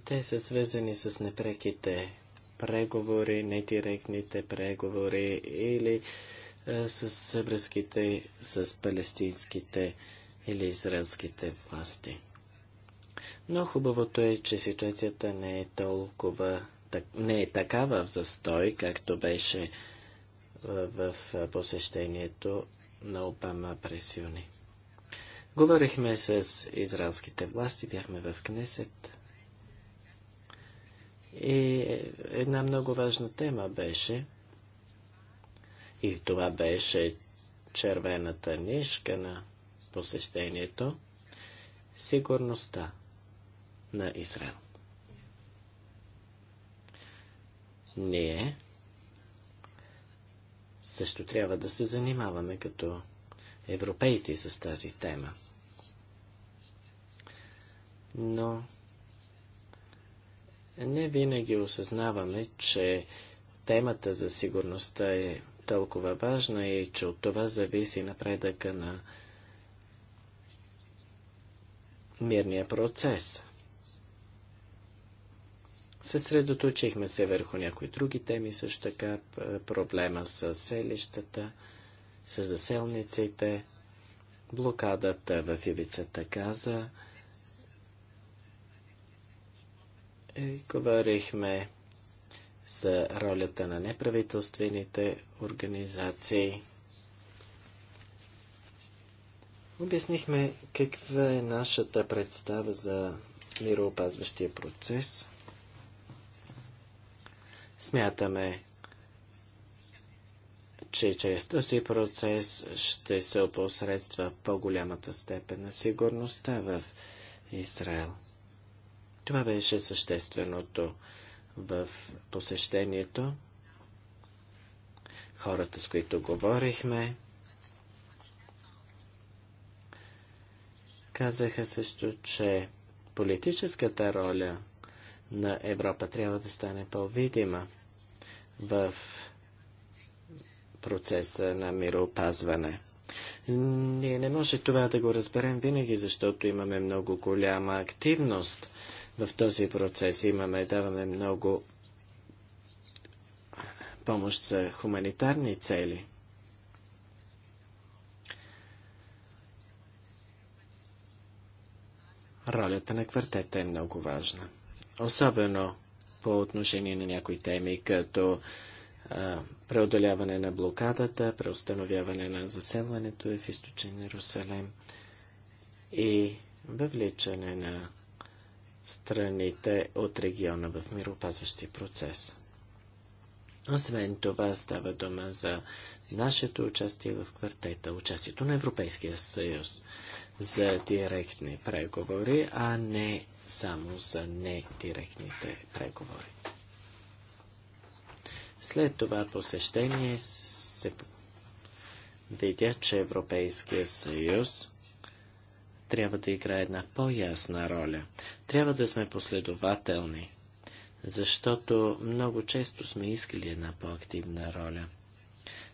Те са свързани с непреките преговори, недиректните преговори или а, с връзките с палестинските или израелските власти. Но хубавото е, че ситуацията не е толкова, так, не е такава в застой, както беше в посещението на Обама през юни. Говорихме с израелските власти, бяхме в Кнесет. И една много важна тема беше, и това беше червената нишка на посещението, сигурността на Израел. Ние също трябва да се занимаваме като европейци с тази тема. Но не винаги осъзнаваме, че темата за сигурността е толкова важна и че от това зависи напредъка на мирния процес. Съсредоточихме се върху някои други теми, също така проблема с селищата, с заселниците, блокадата в ивицата Газа. И е, говорихме за ролята на неправителствените организации. Обяснихме каква е нашата представа за мироопазващия процес – Смятаме, че чрез този процес ще се опосредства по-голямата степен на сигурността в Израел. Това беше същественото в посещението. Хората, с които говорихме, казаха също, че политическата роля на Европа трябва да стане по-видима в процеса на мироопазване. Ние не може това да го разберем винаги, защото имаме много голяма активност в този процес. Имаме, даваме много помощ за хуманитарни цели. Ролята на квартета е много важна особено по отношение на някои теми, като а, преодоляване на блокадата, преустановяване на заселването в източен Иерусалим и въвличане на страните от региона в миропазващи процес. Освен това става дума за нашето участие в квартета, участието на Европейския съюз за директни преговори, а не само за недиректните преговори. След това посещение се видя, че Европейския съюз трябва да играе една по-ясна роля. Трябва да сме последователни, защото много често сме искали една по-активна роля.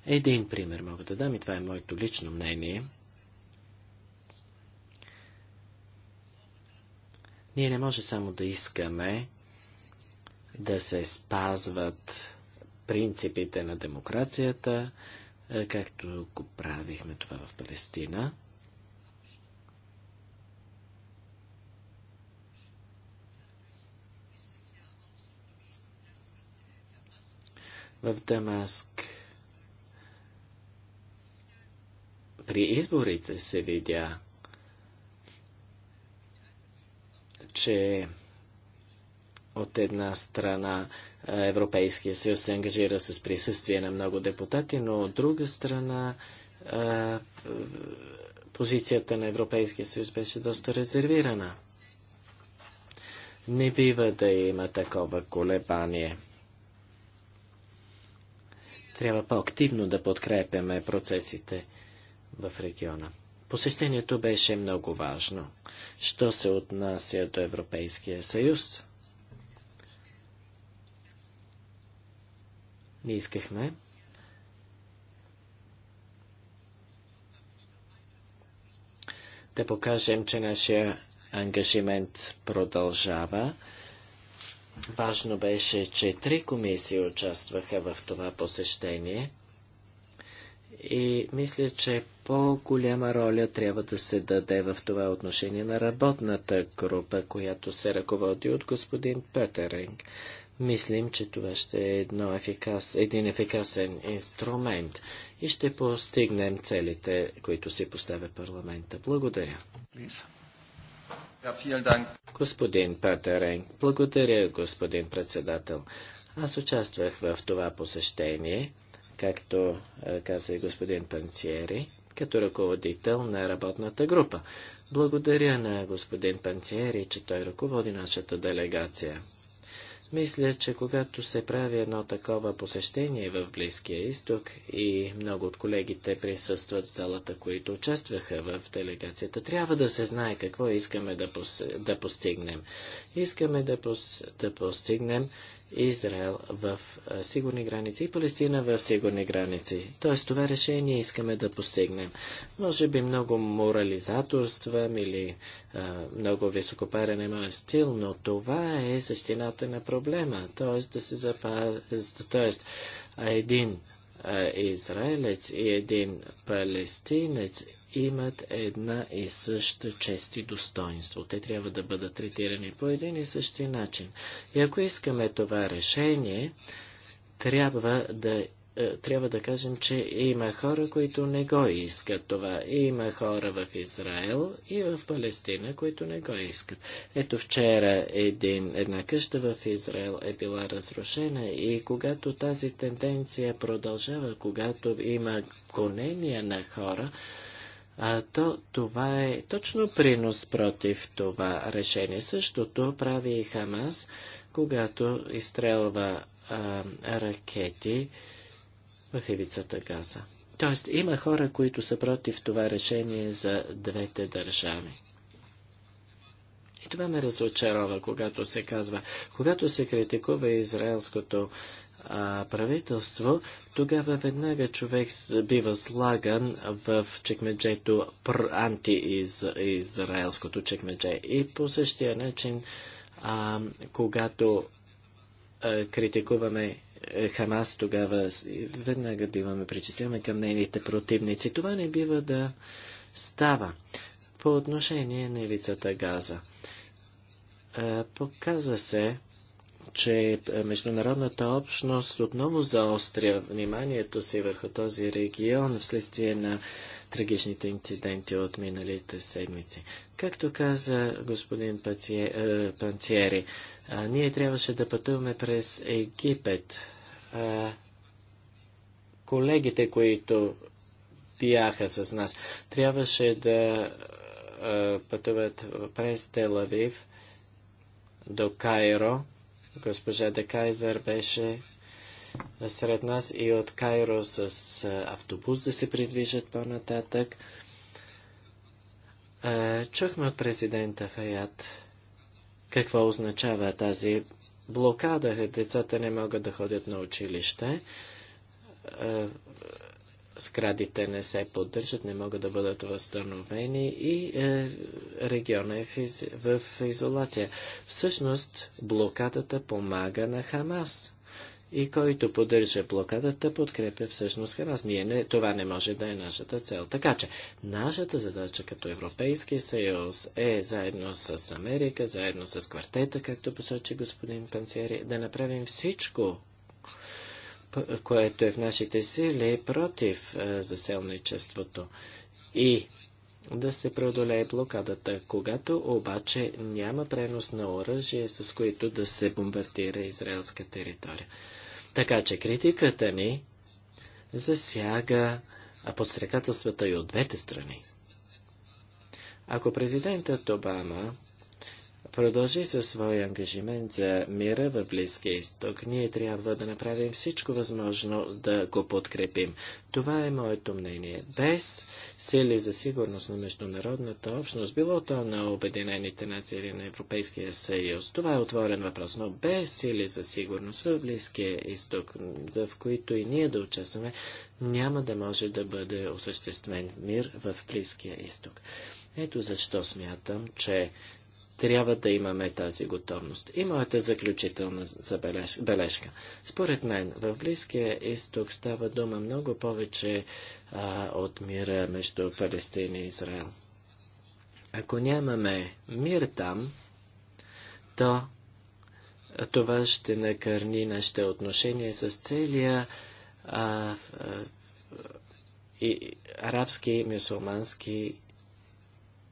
Един пример мога да дам и това е моето лично мнение – Ние не може само да искаме да се спазват принципите на демокрацията, е, както го правихме това в Палестина. В Дамаск при изборите се видя, че от една страна е, Европейския съюз се ангажира с присъствие на много депутати, но от друга страна е, позицията на Европейския съюз беше доста резервирана. Не бива да има такова колебание. Трябва по-активно да подкрепяме процесите в региона. Посещението беше много важно. Що се отнася до Европейския съюз? Ние искахме да покажем, че нашия ангажимент продължава. Важно беше, че три комисии участваха в това посещение. И мисля, че по-голяма роля трябва да се даде в това отношение на работната група, която се ръководи от господин Петеринг. Мислим, че това ще е едно ефикас, един ефикасен инструмент и ще постигнем целите, които си поставя парламента. Благодаря. Господин Петеринг, благодаря, господин председател. Аз участвах в това посещение както е, каза и господин Панциери, като ръководител на работната група. Благодаря на господин Панциери, че той ръководи нашата делегация. Мисля, че когато се прави едно такова посещение в Близкия изток и много от колегите присъстват в залата, които участваха в делегацията, трябва да се знае какво искаме да, пос... да постигнем. Искаме да, пос... да постигнем Израел в сигурни граници и Палестина в сигурни граници. Тоест това решение искаме да постигнем. Може би много морализаторствам или а, много високопарен е моят стил, но това е същината на проблема. Тоест да се запази, тоест един а, израелец и един палестинец имат една и съща чест и достоинство. Те трябва да бъдат третирани по един и същи начин. И ако искаме това решение, трябва да е, трябва да кажем, че има хора, които не го искат това. Има хора в Израел и в Палестина, които не го искат. Ето вчера един, една къща в Израел е била разрушена и когато тази тенденция продължава, когато има гонения на хора, то това е точно принос против това решение. Същото прави и Хамас, когато изстрелва а, ракети в ивицата Газа. Тоест има хора, които са против това решение за двете държави. И това ме разочарова, когато се казва, когато се критикува израелското а, правителство, тогава веднага човек бива слаган в чекмеджето антиизраелското -из чекмедже. И по същия начин, а, когато а, критикуваме е, Хамас, тогава веднага биваме причисляваме към нейните противници. Това не бива да става. По отношение на лицата Газа. Показа се, че е, международната общност отново заостря вниманието си върху този регион вследствие на трагичните инциденти от миналите седмици. Както каза господин е, Панциери, ние трябваше да пътуваме през Египет. колегите, които бяха с нас, трябваше да е, пътуват през Телавив до Кайро. Госпожа Декайзер беше сред нас и от Кайро с автобус да се придвижат по-нататък. Чухме от президента Фаят какво означава тази блокада. Децата не могат да ходят на училище сградите не се поддържат, не могат да бъдат възстановени и е, региона е в, из, в изолация. Всъщност, блокадата помага на Хамас. И който поддържа блокадата, подкрепя всъщност Хамас. Ние не, това не може да е нашата цел. Така че, нашата задача като Европейски съюз е заедно с Америка, заедно с квартета, както посочи господин Пансери, да направим всичко, което е в нашите сили е против е, заселничеството и да се преодолее блокадата, когато обаче няма пренос на оръжие, с които да се бомбардира израелска територия. Така че критиката ни засяга подстрекателствата и от двете страни. Ако президентът Обама продължи със своя ангажимент за мира в Близкия изток, ние трябва да направим всичко възможно да го подкрепим. Това е моето мнение. Без сили за сигурност на международната общност, било то на Обединените нации или на Европейския съюз, това е отворен въпрос, но без сили за сигурност в Близкия изток, в които и ние да участваме, няма да може да бъде осъществен мир в Близкия изток. Ето защо смятам, че трябва да имаме тази готовност. И моята заключителна забележка. бележка. Според мен, в Близкия изток става дума много повече а, от мира между Палестина и Израел. Ако нямаме мир там, то това ще накърни нашите отношения с целия а, а, и арабски, мюсулмански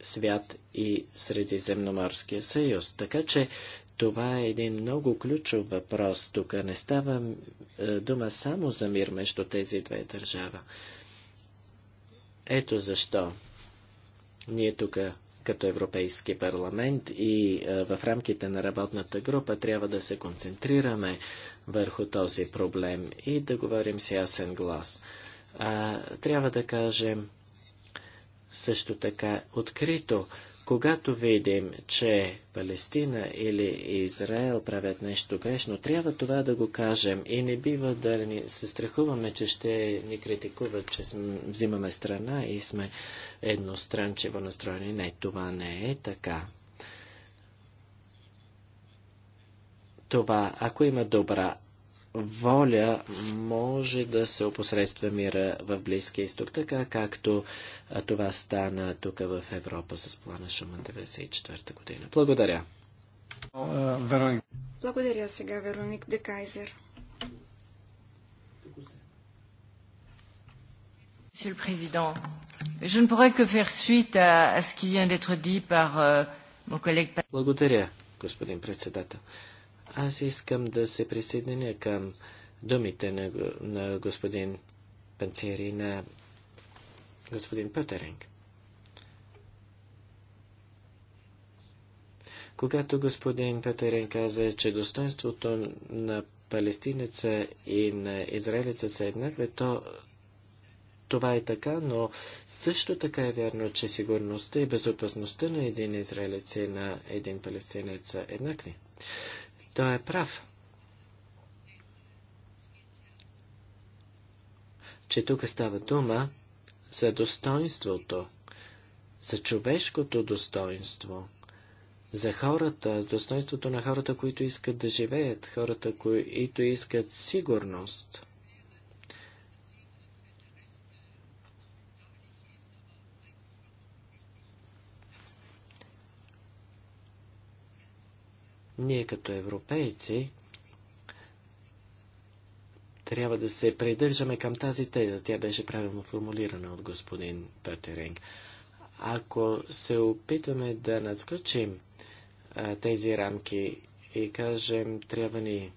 свят и Средиземноморския съюз. Така че това е един много ключов въпрос. Тук не става е, дума само за мир между тези две държава. Ето защо ние тук като Европейски парламент и е, в рамките на работната група трябва да се концентрираме върху този проблем и да говорим с ясен глас. А, трябва да кажем също така открито. Когато видим, че Палестина или Израел правят нещо грешно, трябва това да го кажем и не бива да ни се страхуваме, че ще ни критикуват, че взимаме страна и сме едностранчиво настроени. Не, това не е така. Това, ако има добра воля може да се опосредства мира в Близкия изток, така както това стана тук в Европа с плана Шуман 94 година. Благодаря. Благодаря сега, Вероник Декайзер. Monsieur le Président, je ne pourrais que faire suite à, à ce qui vient d'être dit par euh, mon collègue. Благодаря, господин председател. Euh, аз искам да се присъединя към думите на, на господин Панцири на господин Пътеринг. Когато господин Петерен каза, че достоинството на палестинеца и на израелеца са еднакви, то това е така, но също така е вярно, че сигурността и безопасността на един израелец и на един палестинец са еднакви. Той е прав. че тук става дума за достоинството, за човешкото достоинство, за хората, достоинството на хората, които искат да живеят, хората, които искат сигурност. Ние като европейци трябва да се придържаме към тази теза. Тя беше правилно формулирана от господин Петеринг. Ако се опитваме да надскочим а, тези рамки и кажем, трябва ни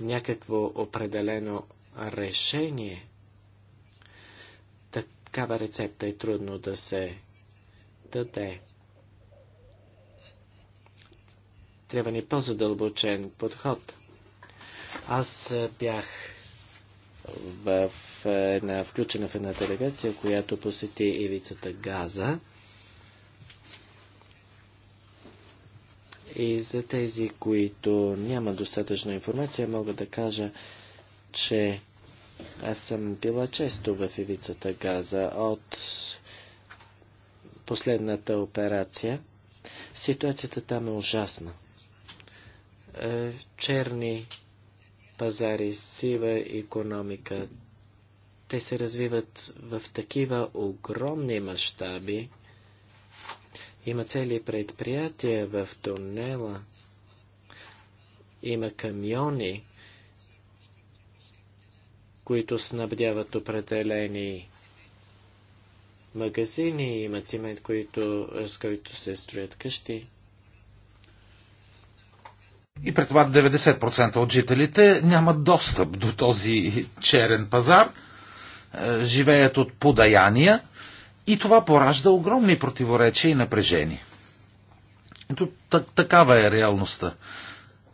някакво определено решение, такава рецепта е трудно да се даде. Трябва ни по-задълбочен подход. Аз бях в една, включена в една делегация, която посети ивицата Газа. И за тези, които няма достатъчно информация, мога да кажа, че аз съм била често в ивицата Газа от последната операция. Ситуацията там е ужасна. Е, черни пазари, сива економика. Те се развиват в такива огромни мащаби. Има цели предприятия в тунела. Има камиони, които снабдяват определени магазини. Има цимент, които, с които се строят къщи. И пред това 90% от жителите нямат достъп до този черен пазар, е, живеят от подаяния и това поражда огромни противоречия и напрежения. Ето такава е реалността.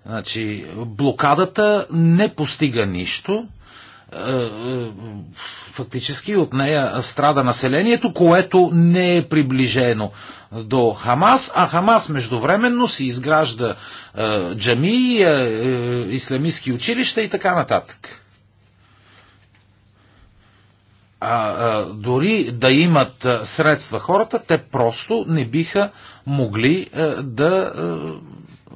Значи, блокадата не постига нищо, е, е, фактически от нея страда населението, което не е приближено до Хамас, а Хамас междувременно си изгражда е, джами, исламистски училища и така нататък. А, а, дори да имат средства хората, те просто не биха могли а, да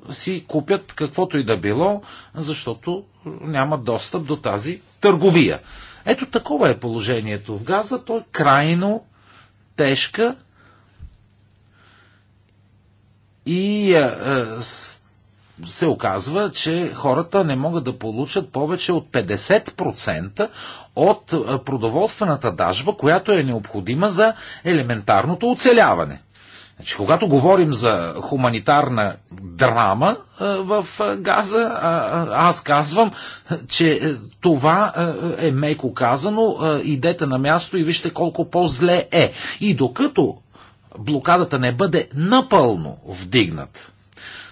а, си купят каквото и да било, защото няма достъп до тази търговия. Ето такова е положението в Газа. Той е крайно тежка и е, е се оказва, че хората не могат да получат повече от 50% от е, продоволствената дажба, която е необходима за елементарното оцеляване. Значи, когато говорим за хуманитарна драма е, в е, Газа, аз казвам, че е, това е меко казано. Идете на място и вижте колко по-зле е. И докато блокадата не бъде напълно вдигнат,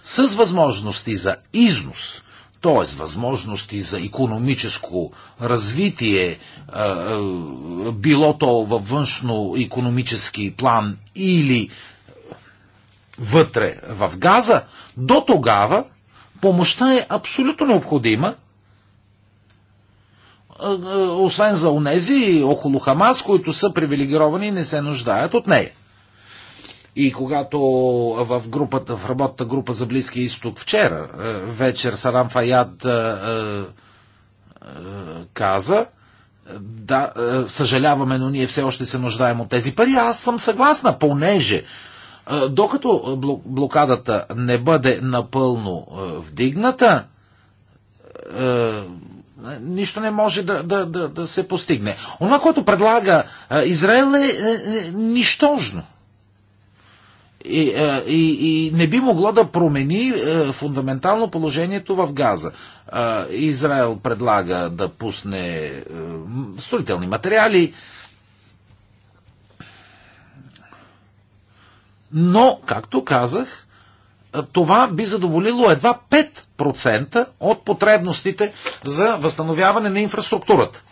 с възможности за износ, т.е. възможности за економическо развитие, било то във външно-економически план или вътре в газа, до тогава помощта е абсолютно необходима, е, е, освен за онези около Хамас, които са привилегировани и не се нуждаят от нея. И когато в групата, в работната група за Близки изток вчера е, вечер Сарам Фаяд каза, да, съжаляваме, но ние все още се нуждаем от тези пари. Аз съм съгласна, понеже докато блокадата не бъде напълно вдигната, нищо не може да, да, да, да се постигне. Онова, което предлага Израел е, е, е, нищожно. И, и, и не би могло да промени фундаментално положението в Газа. Израел предлага да пусне строителни материали, Но, както казах, това би задоволило едва 5% от потребностите за възстановяване на инфраструктурата.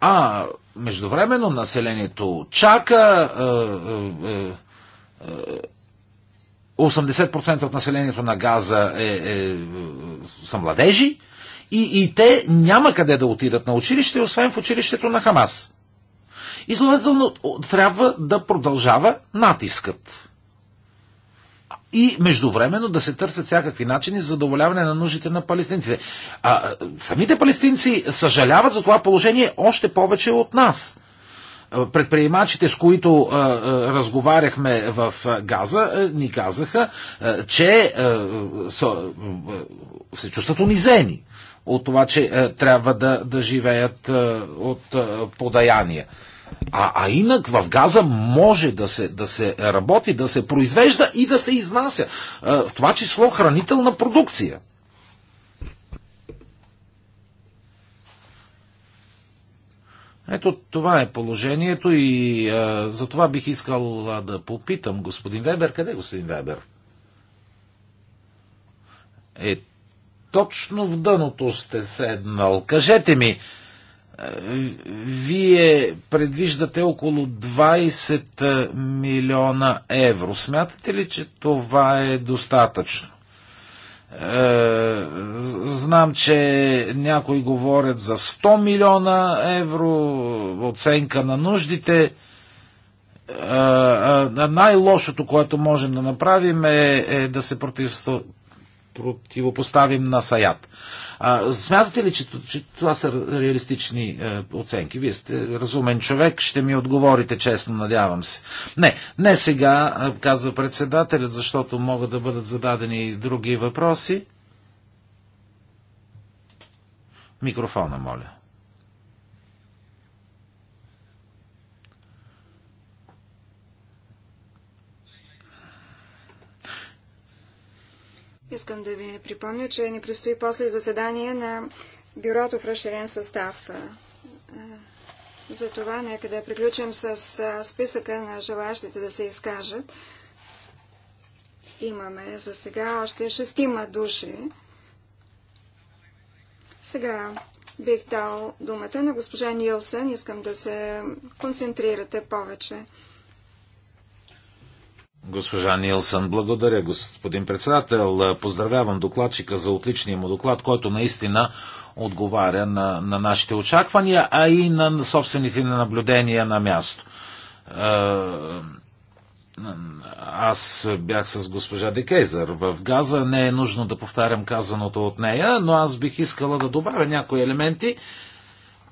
А междувременно населението чака. 80% от населението на Газа е, е, са младежи и, и те няма къде да отидат на училище, освен в училището на Хамас. И следователно трябва да продължава натискът. И междувременно да се търсят всякакви начини за задоволяване на нуждите на палестинците. А, самите палестинци съжаляват за това положение още повече от нас предприемачите, с които а, а, разговаряхме в Газа, а, ни казаха, че са, се чувстват унизени от това, че трябва да, да живеят от подаяния. А, а инак в газа може да се, да се работи, да се произвежда и да се изнася. В това число хранителна продукция. Ето това е положението и е, за това бих искал да попитам господин Вебер. Къде е господин Вебер? Е, точно в дъното сте седнал. Кажете ми, вие предвиждате около 20 е, милиона евро. Смятате ли, че това е достатъчно? Е, знам, че някои говорят за 100 милиона евро, оценка на нуждите. Е, най-лошото, което можем да направим е, е да се противопоставим на Саят. А, смятате ли, че, че това са реалистични е, оценки? Вие сте разумен човек, ще ми отговорите честно, надявам се. Не, не сега, казва председателят, защото могат да бъдат зададени и други въпроси. Микрофона, моля. Искам да ви припомня, че ни предстои после заседание на бюрото в разширен състав. Затова нека да приключим с списъка на желащите да се изкажат. Имаме за сега още шестима души. Сега бих дал думата на госпожа Нилсън. Искам да се концентрирате повече. Госпожа Нилсън, благодаря, господин председател. Поздравявам докладчика за отличния му доклад, който наистина отговаря на, на нашите очаквания, а и на собствените наблюдения на място. Аз бях с госпожа Декейзър в Газа. Не е нужно да повтарям казаното от нея, но аз бих искала да добавя някои елементи,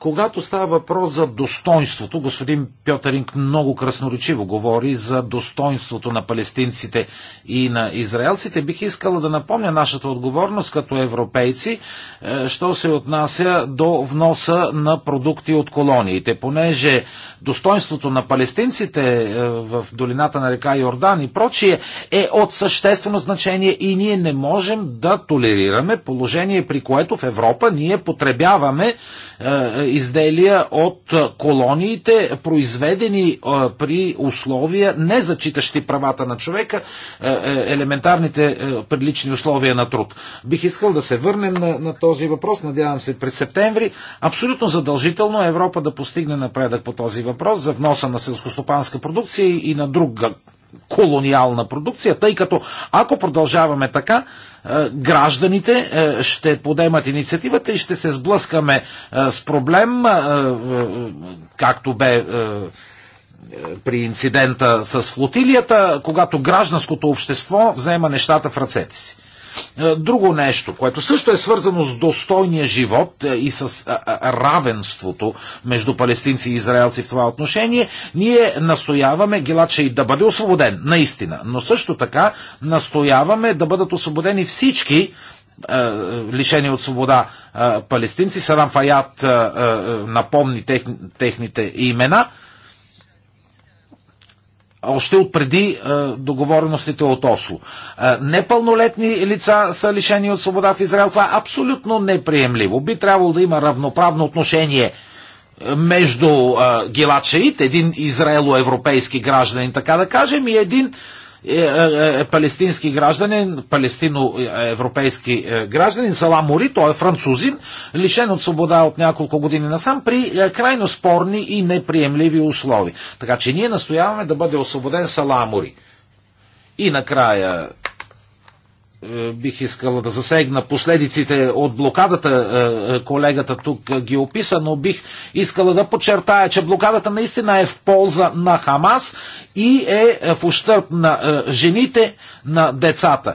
когато става въпрос за достоинството, господин Пьотеринг много красноречиво говори за достоинството на палестинците и на израелците, бих искала да напомня нашата отговорност като европейци, е, що се отнася до вноса на продукти от колониите, понеже достоинството на палестинците е, в долината на река Йордан и прочие е от съществено значение и ние не можем да толерираме положение, при което в Европа ние потребяваме е, изделия от колониите, произведени при условия, не зачитащи правата на човека, е, елементарните прилични условия на труд. Бих искал да се върнем на, на този въпрос, надявам се през септември. Абсолютно задължително е Европа да постигне напредък по този въпрос за вноса на селскостопанска продукция и на друг колониална продукция, тъй като ако продължаваме така, е, гражданите е, ще подемат инициативата и ще се сблъскаме е, с проблем, както бе при инцидента с флотилията, когато гражданското общество взема нещата в ръцете си. Е, друго нещо, което също е свързано с достойния живот е, и с равенството между палестинци и израелци в това отношение, ние настояваме Гилад да бъде освободен, наистина, но също така настояваме да бъдат освободени всички е, лишени от свобода палестинци. Сарам Фаят напомни техните имена – още от преди е, договореностите от Осло. Е, непълнолетни лица са лишени от свобода в Израел. Това е абсолютно неприемливо. Би трябвало да има равноправно отношение е, между е, Гилачаит, един израело-европейски гражданин, така да кажем, и един е, е, е, палестински гражданин, палестино-европейски гражданин, Сала Мори, той е французин, лишен от свобода от няколко години насам при крайно спорни и неприемливи условия. Така че ние настояваме да бъде освободен Сала Мори. И накрая е, бих искала да засегна последиците от блокадата. Е, е, колегата тук ги описа, но бих искала да подчертая, че блокадата наистина е в полза на Хамас и е в ущърп на жените, на децата.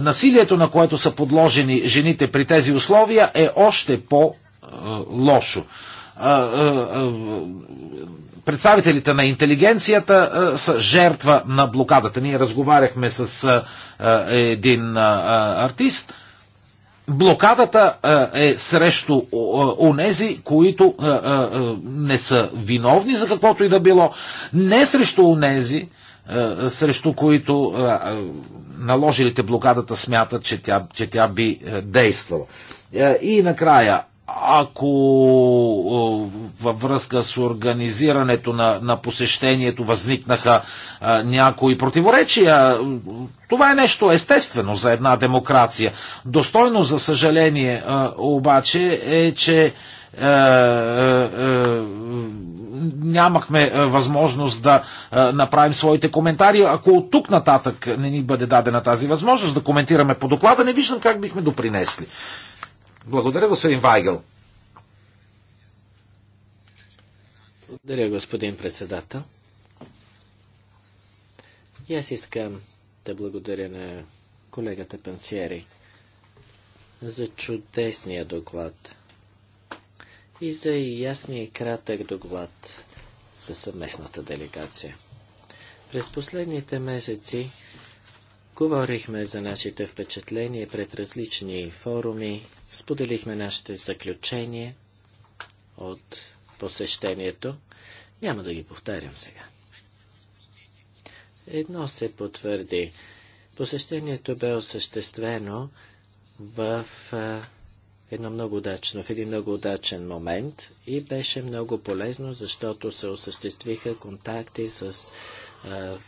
Насилието, на което са подложени жените при тези условия, е още по-лошо представителите на интелигенцията са жертва на блокадата. Ние разговаряхме с един артист. Блокадата е срещу онези, които не са виновни за каквото и да било, не срещу онези, срещу които наложилите блокадата смятат, че тя, че тя би действала. И накрая, ако във връзка с организирането на, на посещението възникнаха а, някои противоречия, това е нещо естествено за една демокрация. Достойно, за съжаление, а, обаче е, че а, е, а, е, е, нямахме възможност да направим своите коментари. Ако от тук нататък не ни бъде дадена тази възможност да коментираме по доклада, не виждам как бихме допринесли. Благодаря, господин Вайгъл. Благодаря, господин председател. И аз искам да благодаря на колегата Пенсиери за чудесния доклад и за ясния и кратък доклад за съвместната делегация. През последните месеци говорихме за нашите впечатления пред различни форуми Споделихме нашите заключения от посещението. Няма да ги повтарям сега. Едно се потвърди. Посещението бе осъществено в едно много удачно, в един много удачен момент и беше много полезно, защото се осъществиха контакти с а,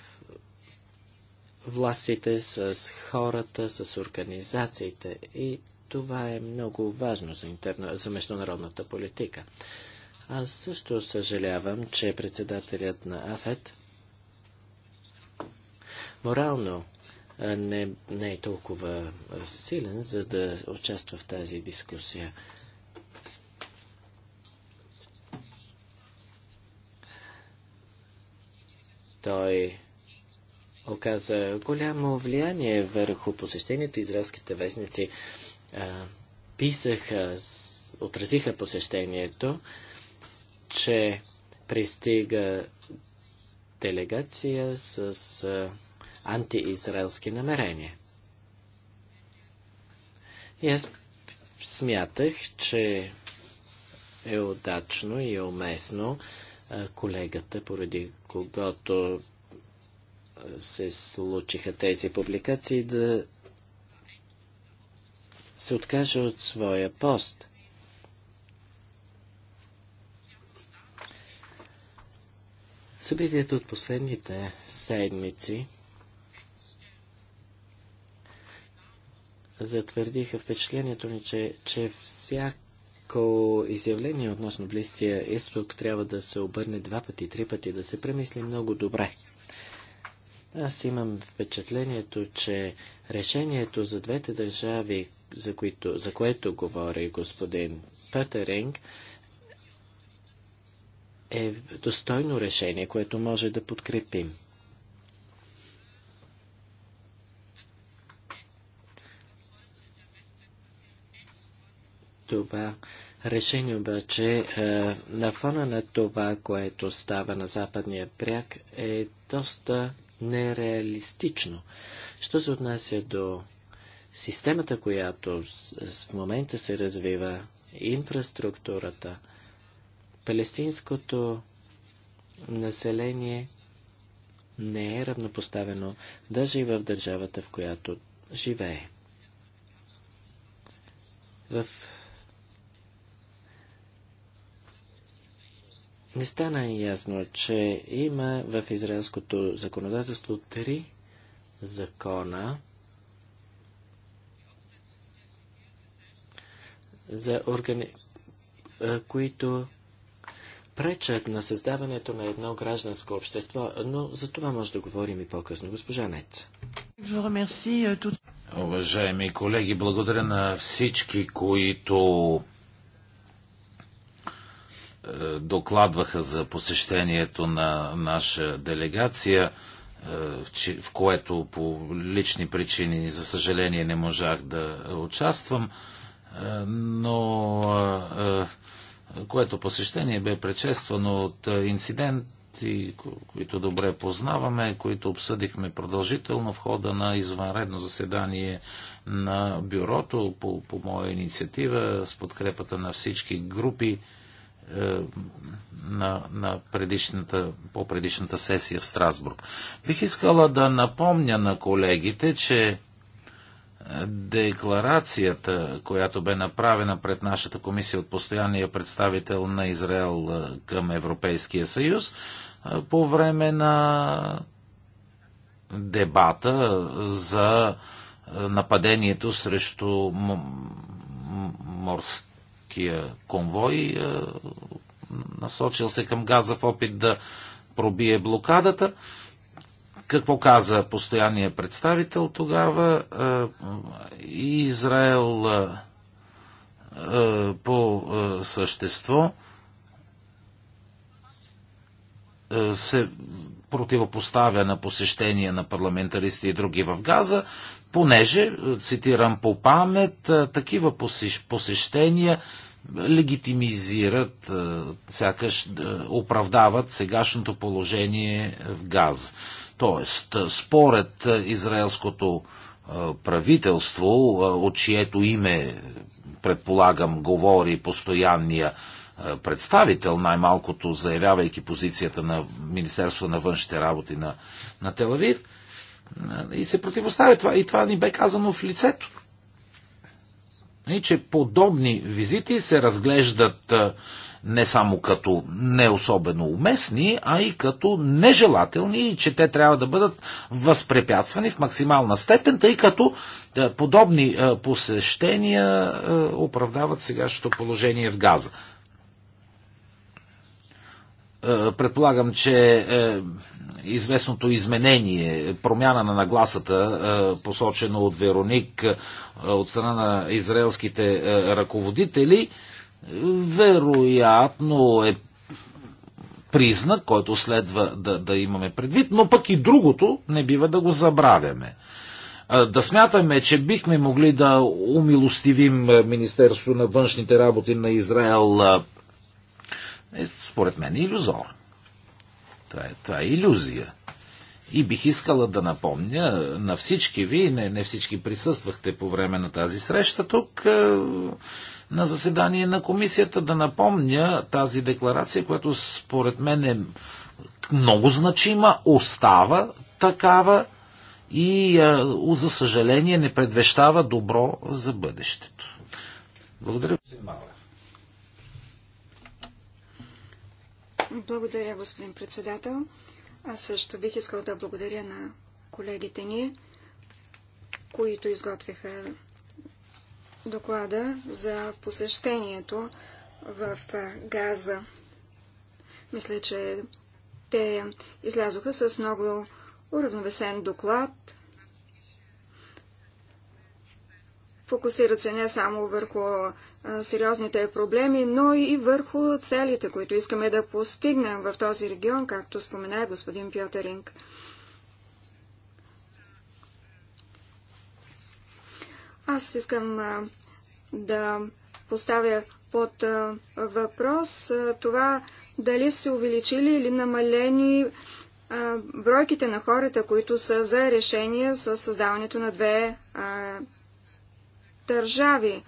властите, с хората, с организациите и това е много важно за, интерна... за международната политика. Аз също съжалявам, че председателят на АФЕТ морално не, не е толкова силен, за да участва в тази дискусия. Той оказа голямо влияние върху посещението израелските вестници писаха, отразиха посещението, че пристига делегация с антиизраелски намерения. И аз смятах, че е удачно и уместно колегата, поради когато се случиха тези публикации, да се откаже от своя пост. Събитието от последните седмици затвърдиха впечатлението ни, че, че всяко изявление относно Близкия изток трябва да се обърне два пъти, три пъти, да се премисли много добре. Аз имам впечатлението, че решението за двете държави, за, които, за което говори господин Петеринг, е достойно решение, което може да подкрепим. Това решение обаче е, на фона на това, което става на западния бряг, е доста нереалистично. Що се отнася до системата, която в момента се развива, инфраструктурата, палестинското население не е равнопоставено даже и в държавата, в която живее. В... Не стана ясно, че има в израелското законодателство три закона, за органи... които пречат на създаването на едно гражданско общество, но за това може да говорим и по-късно. Госпожа Нец. Euh, Уважаеми колеги, благодаря на всички, които е, докладваха за посещението на наша делегация, е, в което по лични причини, за съжаление, не можах да участвам но което посещение бе предшествано от инциденти, които добре познаваме, които обсъдихме продължително в хода на извънредно заседание на бюрото по, по моя инициатива с подкрепата на всички групи е, на, на предишната, по предишната сесия в Страсбург. Бих искала да напомня на колегите, че декларацията, която бе направена пред нашата комисия от постоянния представител на Израел към Европейския съюз по време на дебата за нападението срещу морския конвой, насочил се към Газа в опит да пробие блокадата. Какво каза постоянният представител тогава? Израел по същество се противопоставя на посещение на парламентаристи и други в Газа, понеже, цитирам по памет, такива посещения легитимизират, сякаш оправдават сегашното положение в Газа. Тоест, според израелското правителство, от чието име, предполагам, говори постоянния представител, най-малкото заявявайки позицията на Министерство на външните работи на, на Телавив, и се противоставя това. И това ни бе казано в лицето че подобни визити се разглеждат не само като не особено уместни, а и като нежелателни и че те трябва да бъдат възпрепятствани в максимална степен, тъй като подобни посещения оправдават сегашното положение в Газа. Предполагам, че е, известното изменение, промяна на нагласата, е, посочено от Вероник е, от страна на израелските е, ръководители, вероятно е признак, който следва да, да имаме предвид, но пък и другото не бива да го забравяме. Да смятаме, че бихме могли да умилостивим Министерство на външните работи на Израел, е, според мен, е иллюзорно. Това е, това е иллюзия. И бих искала да напомня на всички ви, не, не всички присъствахте по време на тази среща тук, е, на заседание на комисията, да напомня тази декларация, която според мен е много значима, остава такава и е, за съжаление не предвещава добро за бъдещето. Благодаря. Благодаря, господин председател. Аз също бих искал да благодаря на колегите ни, които изготвиха доклада за посещението в Газа. Мисля, че те излязоха с много уравновесен доклад, Фокусират се не само върху сериозните проблеми, но и върху целите, които искаме да постигнем в този регион, както спомена господин Пьотеринг. Аз искам да поставя под въпрос това дали се увеличили или намалени бройките на хората, които са за решение с създаването на две държави.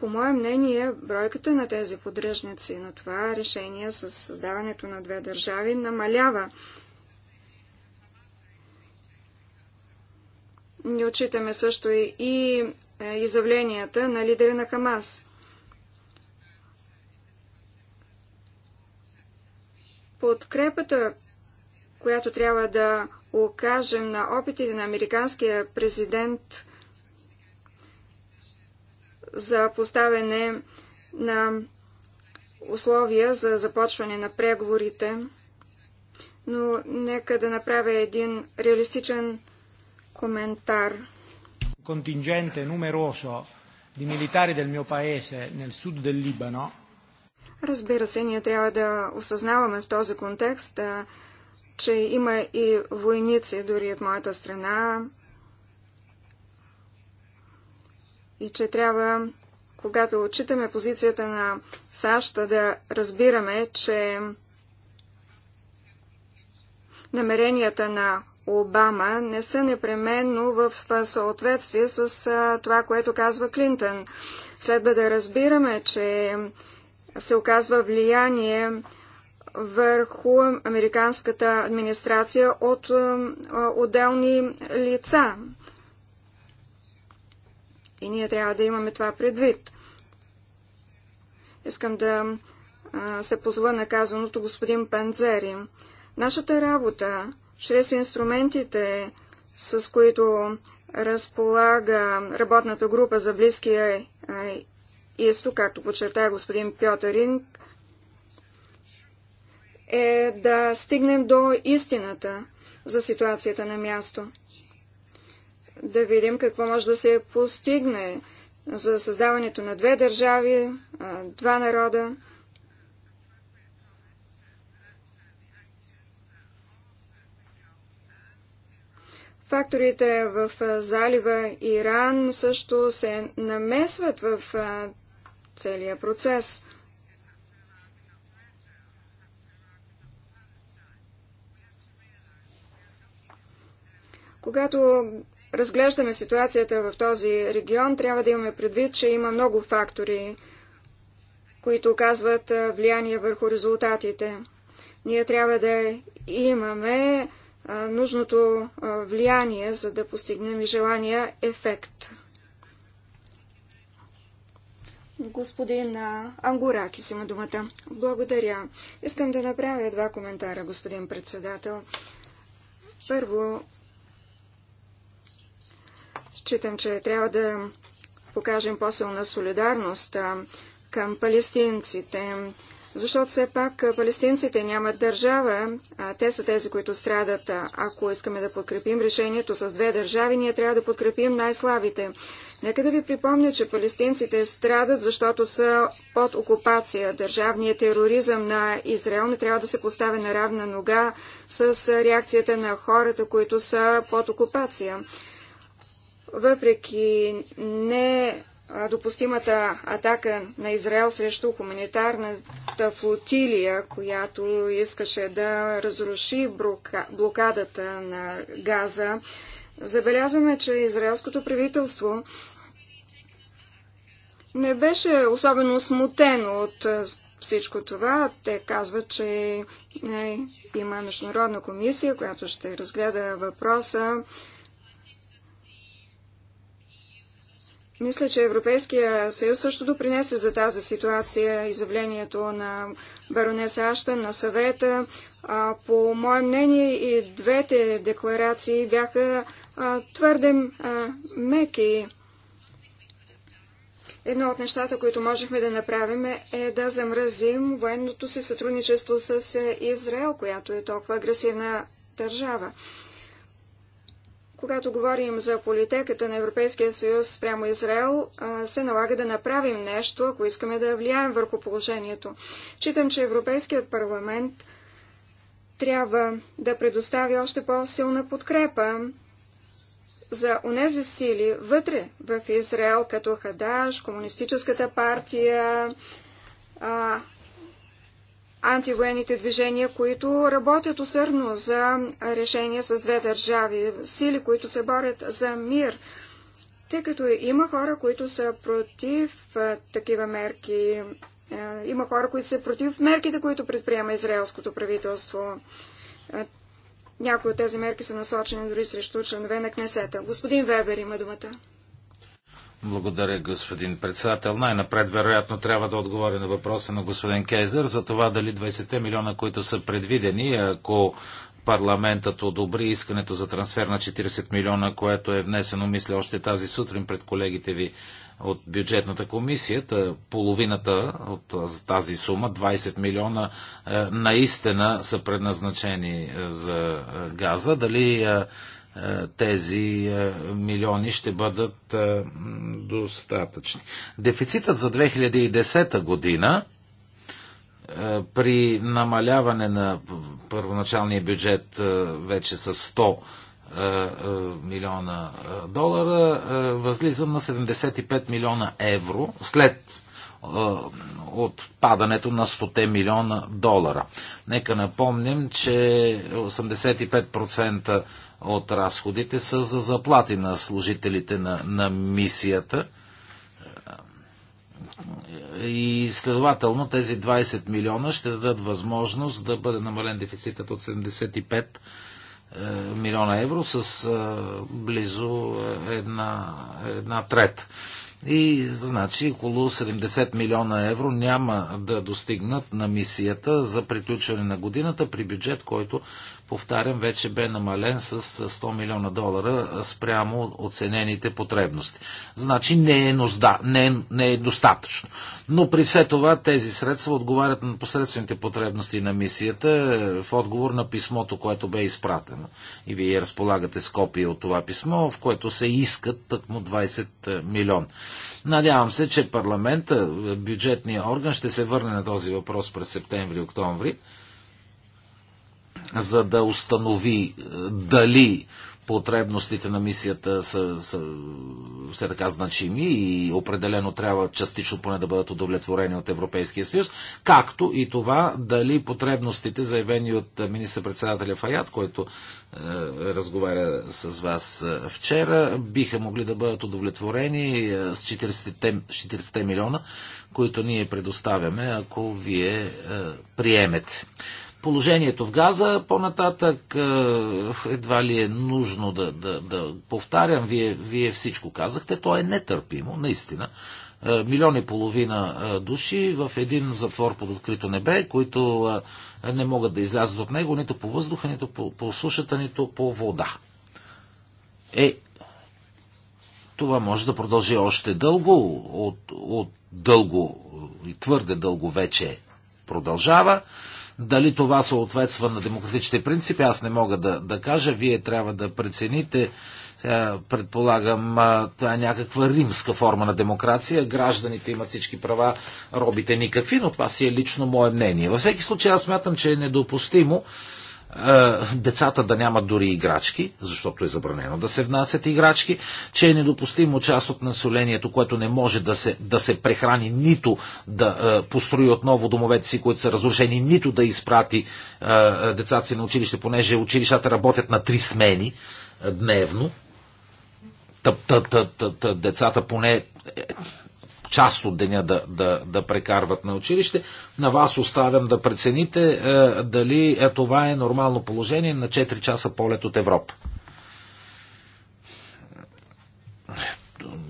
По мое мнение, бройката на тези подръжници на това решение с създаването на две държави намалява. Не отчитаме също и, и е, изявленията на лидери на Хамас. Подкрепата, която трябва да окажем на опитите на американския президент за поставяне на условия за започване на преговорите, но нека да направя един реалистичен коментар. Контингенте numeroso di militari del mio paese nel sud del Libano. Разбира се, ние трябва да осъзнаваме в този контекст, че има и войници дори от моята страна, и че трябва, когато отчитаме позицията на САЩ, да разбираме, че намеренията на Обама не са непременно в съответствие с това, което казва Клинтън. Следва да разбираме, че се оказва влияние върху американската администрация от отделни лица. И ние трябва да имаме това предвид. Искам да се позва на казаното господин Панзери. Нашата работа, чрез инструментите, с които разполага работната група за Близкия изток, както подчерта господин Пьотеринг, е да стигнем до истината за ситуацията на място да видим какво може да се постигне за създаването на две държави, два народа. Факторите в залива Иран също се намесват в целия процес. Когато разглеждаме ситуацията в този регион, трябва да имаме предвид, че има много фактори, които оказват влияние върху резултатите. Ние трябва да имаме нужното влияние, за да постигнем и желания ефект. Господин си има думата. Благодаря. Искам да направя два коментара, господин председател. Първо, Считам, че трябва да покажем по-силна солидарност към палестинците, защото все пак палестинците нямат държава, а те са тези, които страдат. Ако искаме да подкрепим решението с две държави, ние трябва да подкрепим най-слабите. Нека да ви припомня, че палестинците страдат, защото са под окупация. Държавният тероризъм на Израел не трябва да се поставя на равна нога с реакцията на хората, които са под окупация въпреки не допустимата атака на Израел срещу хуманитарната флотилия, която искаше да разруши блокадата на Газа, забелязваме, че израелското правителство не беше особено смутено от всичко това. Те казват, че е, има международна комисия, която ще разгледа въпроса Мисля, че Европейския съюз също допринесе за тази ситуация изявлението на баронеса Аштън, на съвета. А, по мое мнение и двете декларации бяха а, твърде а, меки. Едно от нещата, които можехме да направим е да замразим военното си сътрудничество с Израел, която е толкова агресивна държава. Когато говорим за политиката на Европейския съюз спрямо Израел, се налага да направим нещо, ако искаме да влияем върху положението. Читам, че Европейският парламент трябва да предостави още по-силна подкрепа за онези сили вътре в Израел, като Хадаш, Комунистическата партия, антивоенните движения, които работят усърдно за решение с две държави, сили, които се борят за мир, тъй като има хора, които са против такива мерки, има хора, които са против мерките, които предприема израелското правителство. някои от тези мерки са насочени дори срещу членове на Кнесета. Господин Вебер има думата. Благодаря, господин председател. Най-напред, вероятно, трябва да отговоря на въпроса на господин Кейзер за това дали 20 милиона, които са предвидени, ако парламентът одобри искането за трансфер на 40 милиона, което е внесено, мисля, още тази сутрин пред колегите ви от бюджетната комисия. Половината от тази сума, 20 милиона, е, наистина са предназначени е, за е, газа. Дали е, тези е, милиони ще бъдат е, достатъчни. Дефицитът за 2010 година при намаляване на първоначалния бюджет вече с 100 милиона долара, възлиза на 75 милиона евро след от падането на 100 милиона долара. Нека напомним, че 85% от разходите са за заплати на служителите на, на мисията. И следователно тези 20 милиона ще дадат възможност да бъде намален дефицитът от 75 е, милиона евро с е, близо една, една трета. И значи около 70 милиона евро няма да достигнат на мисията за приключване на годината при бюджет, който повтарям, вече бе намален с 100 милиона долара спрямо оценените потребности. Значи не е, нужда, не е, не е достатъчно. Но при все това тези средства отговарят на посредствените потребности на мисията е, в отговор на писмото, което бе изпратено. И вие разполагате с копия от това писмо, в което се искат тъкмо 20 е, милион. Надявам се, че парламента, е, бюджетния орган ще се върне на този въпрос през септември-октомври за да установи е, дали потребностите на мисията са, са все така значими и определено трябва частично поне да бъдат удовлетворени от Европейския съюз, както и това дали потребностите, заявени от министър-председателя Фаят, който е, разговаря с вас е, вчера, биха могли да бъдат удовлетворени е, с 40, 40 милиона, които ние предоставяме, ако вие е, приемете. Положението в Газа по-нататък е, едва ли е нужно да, да, да повтарям, вие, вие всичко казахте, то е нетърпимо, наистина. Е, милион и половина е, души в един затвор под открито небе, които не могат да излязат от него нито по въздуха, нито по, по сушата, нито по вода. Е, това може да продължи още дълго, от, от дълго и твърде дълго вече продължава. Дали това съответства на демократичните принципи, аз не мога да, да кажа. Вие трябва да прецените. Сега, предполагам, е, това е някаква римска форма на демокрация. Гражданите имат всички права, робите никакви, но това си е лично мое мнение. Във всеки случай аз смятам, че е недопустимо е, децата да нямат дори играчки, защото е забранено да се внасят играчки, че е недопустимо част от населението, което не може да се, да се прехрани, нито да е, построи отново домовете си, които са разрушени, нито да изпрати е, децата си на училище, понеже училищата работят на три смени дневно. Тъп, тъп, тъп, тъп, тъп, децата поне част от деня да, да, да прекарват на училище. На вас оставям да прецените е, дали е, това е нормално положение на 4 часа полет от Европа.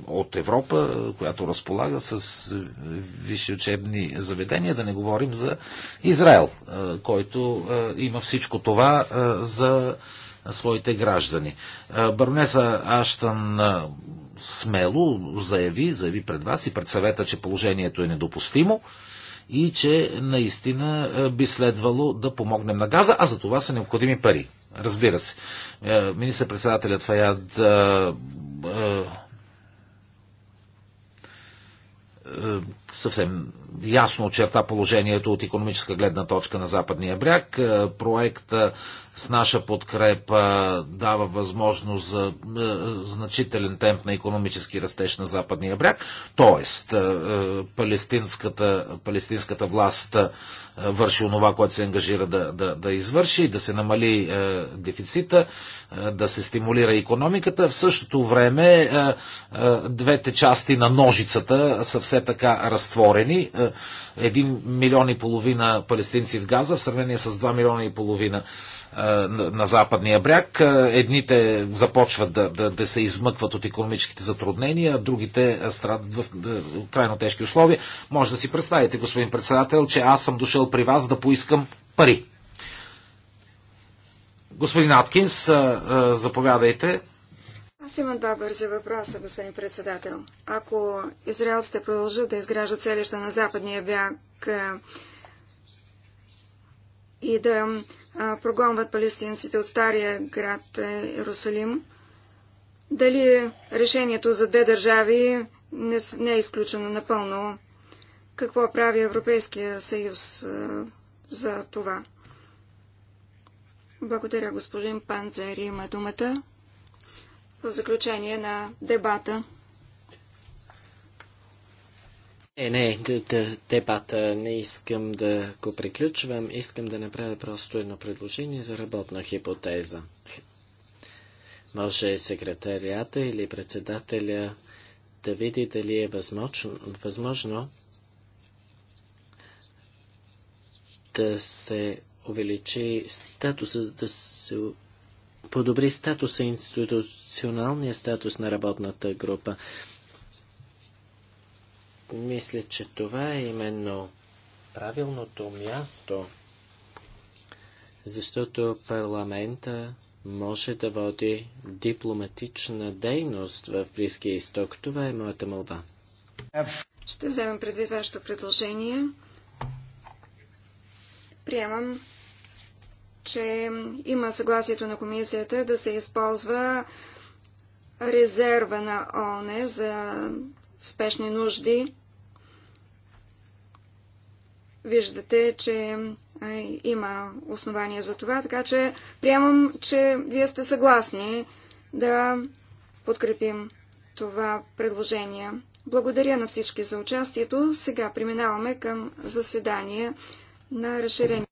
От Европа, която разполага с е, висши учебни заведения, да не говорим за Израел, е, който е, има всичко това е, за своите граждани. Барнеса Аштан смело заяви, заяви пред вас и пред съвета, че положението е недопустимо и че наистина би следвало да помогнем на газа, а за това са необходими пари. Разбира се. Министър-председателят Фаяд съвсем ясно очерта положението от економическа гледна точка на Западния бряг. проекта с наша подкрепа дава възможност за е, значителен темп на економически растеж на Западния бряг. Тоест, е, е, палестинската, палестинската власт върши онова, което се ангажира да, да, да извърши, да се намали дефицита, да се стимулира економиката. В същото време двете части на ножицата са все така разтворени. Един милион и половина палестинци в Газа в сравнение с 2 милиона и половина на западния бряг. Едните започват да, да, да се измъкват от економическите затруднения, другите страдат в крайно тежки условия. Може да си представите, господин председател, че аз съм дошъл при вас да поискам пари. Господин Аткинс, заповядайте. Аз имам два бързи въпроса, господин председател. Ако израелците продължат да изграждат селища на западния бяг и да прогонват палестинците от стария град Иерусалим. Дали решението за две държави не, не е изключено напълно? Какво прави Европейския съюз а, за това? Благодаря, господин Панцер. Има думата в заключение на дебата. Е, не, не, дебата не искам да го приключвам. Искам да направя просто едно предложение за работна хипотеза. Може секретарията или председателя да види дали е възможно, възможно да се увеличи статуса, да се подобри статуса, институционалния статус на работната група. Мисля, че това е именно правилното място, защото парламента може да води дипломатична дейност в Близкия изток. Това е моята молба. Ще вземем предвид вашето предложение. Приемам, че има съгласието на комисията да се използва резерва на ОНЕ за спешни нужди. Виждате, че има основания за това, така че приемам, че вие сте съгласни да подкрепим това предложение. Благодаря на всички за участието. Сега преминаваме към заседание на разширение.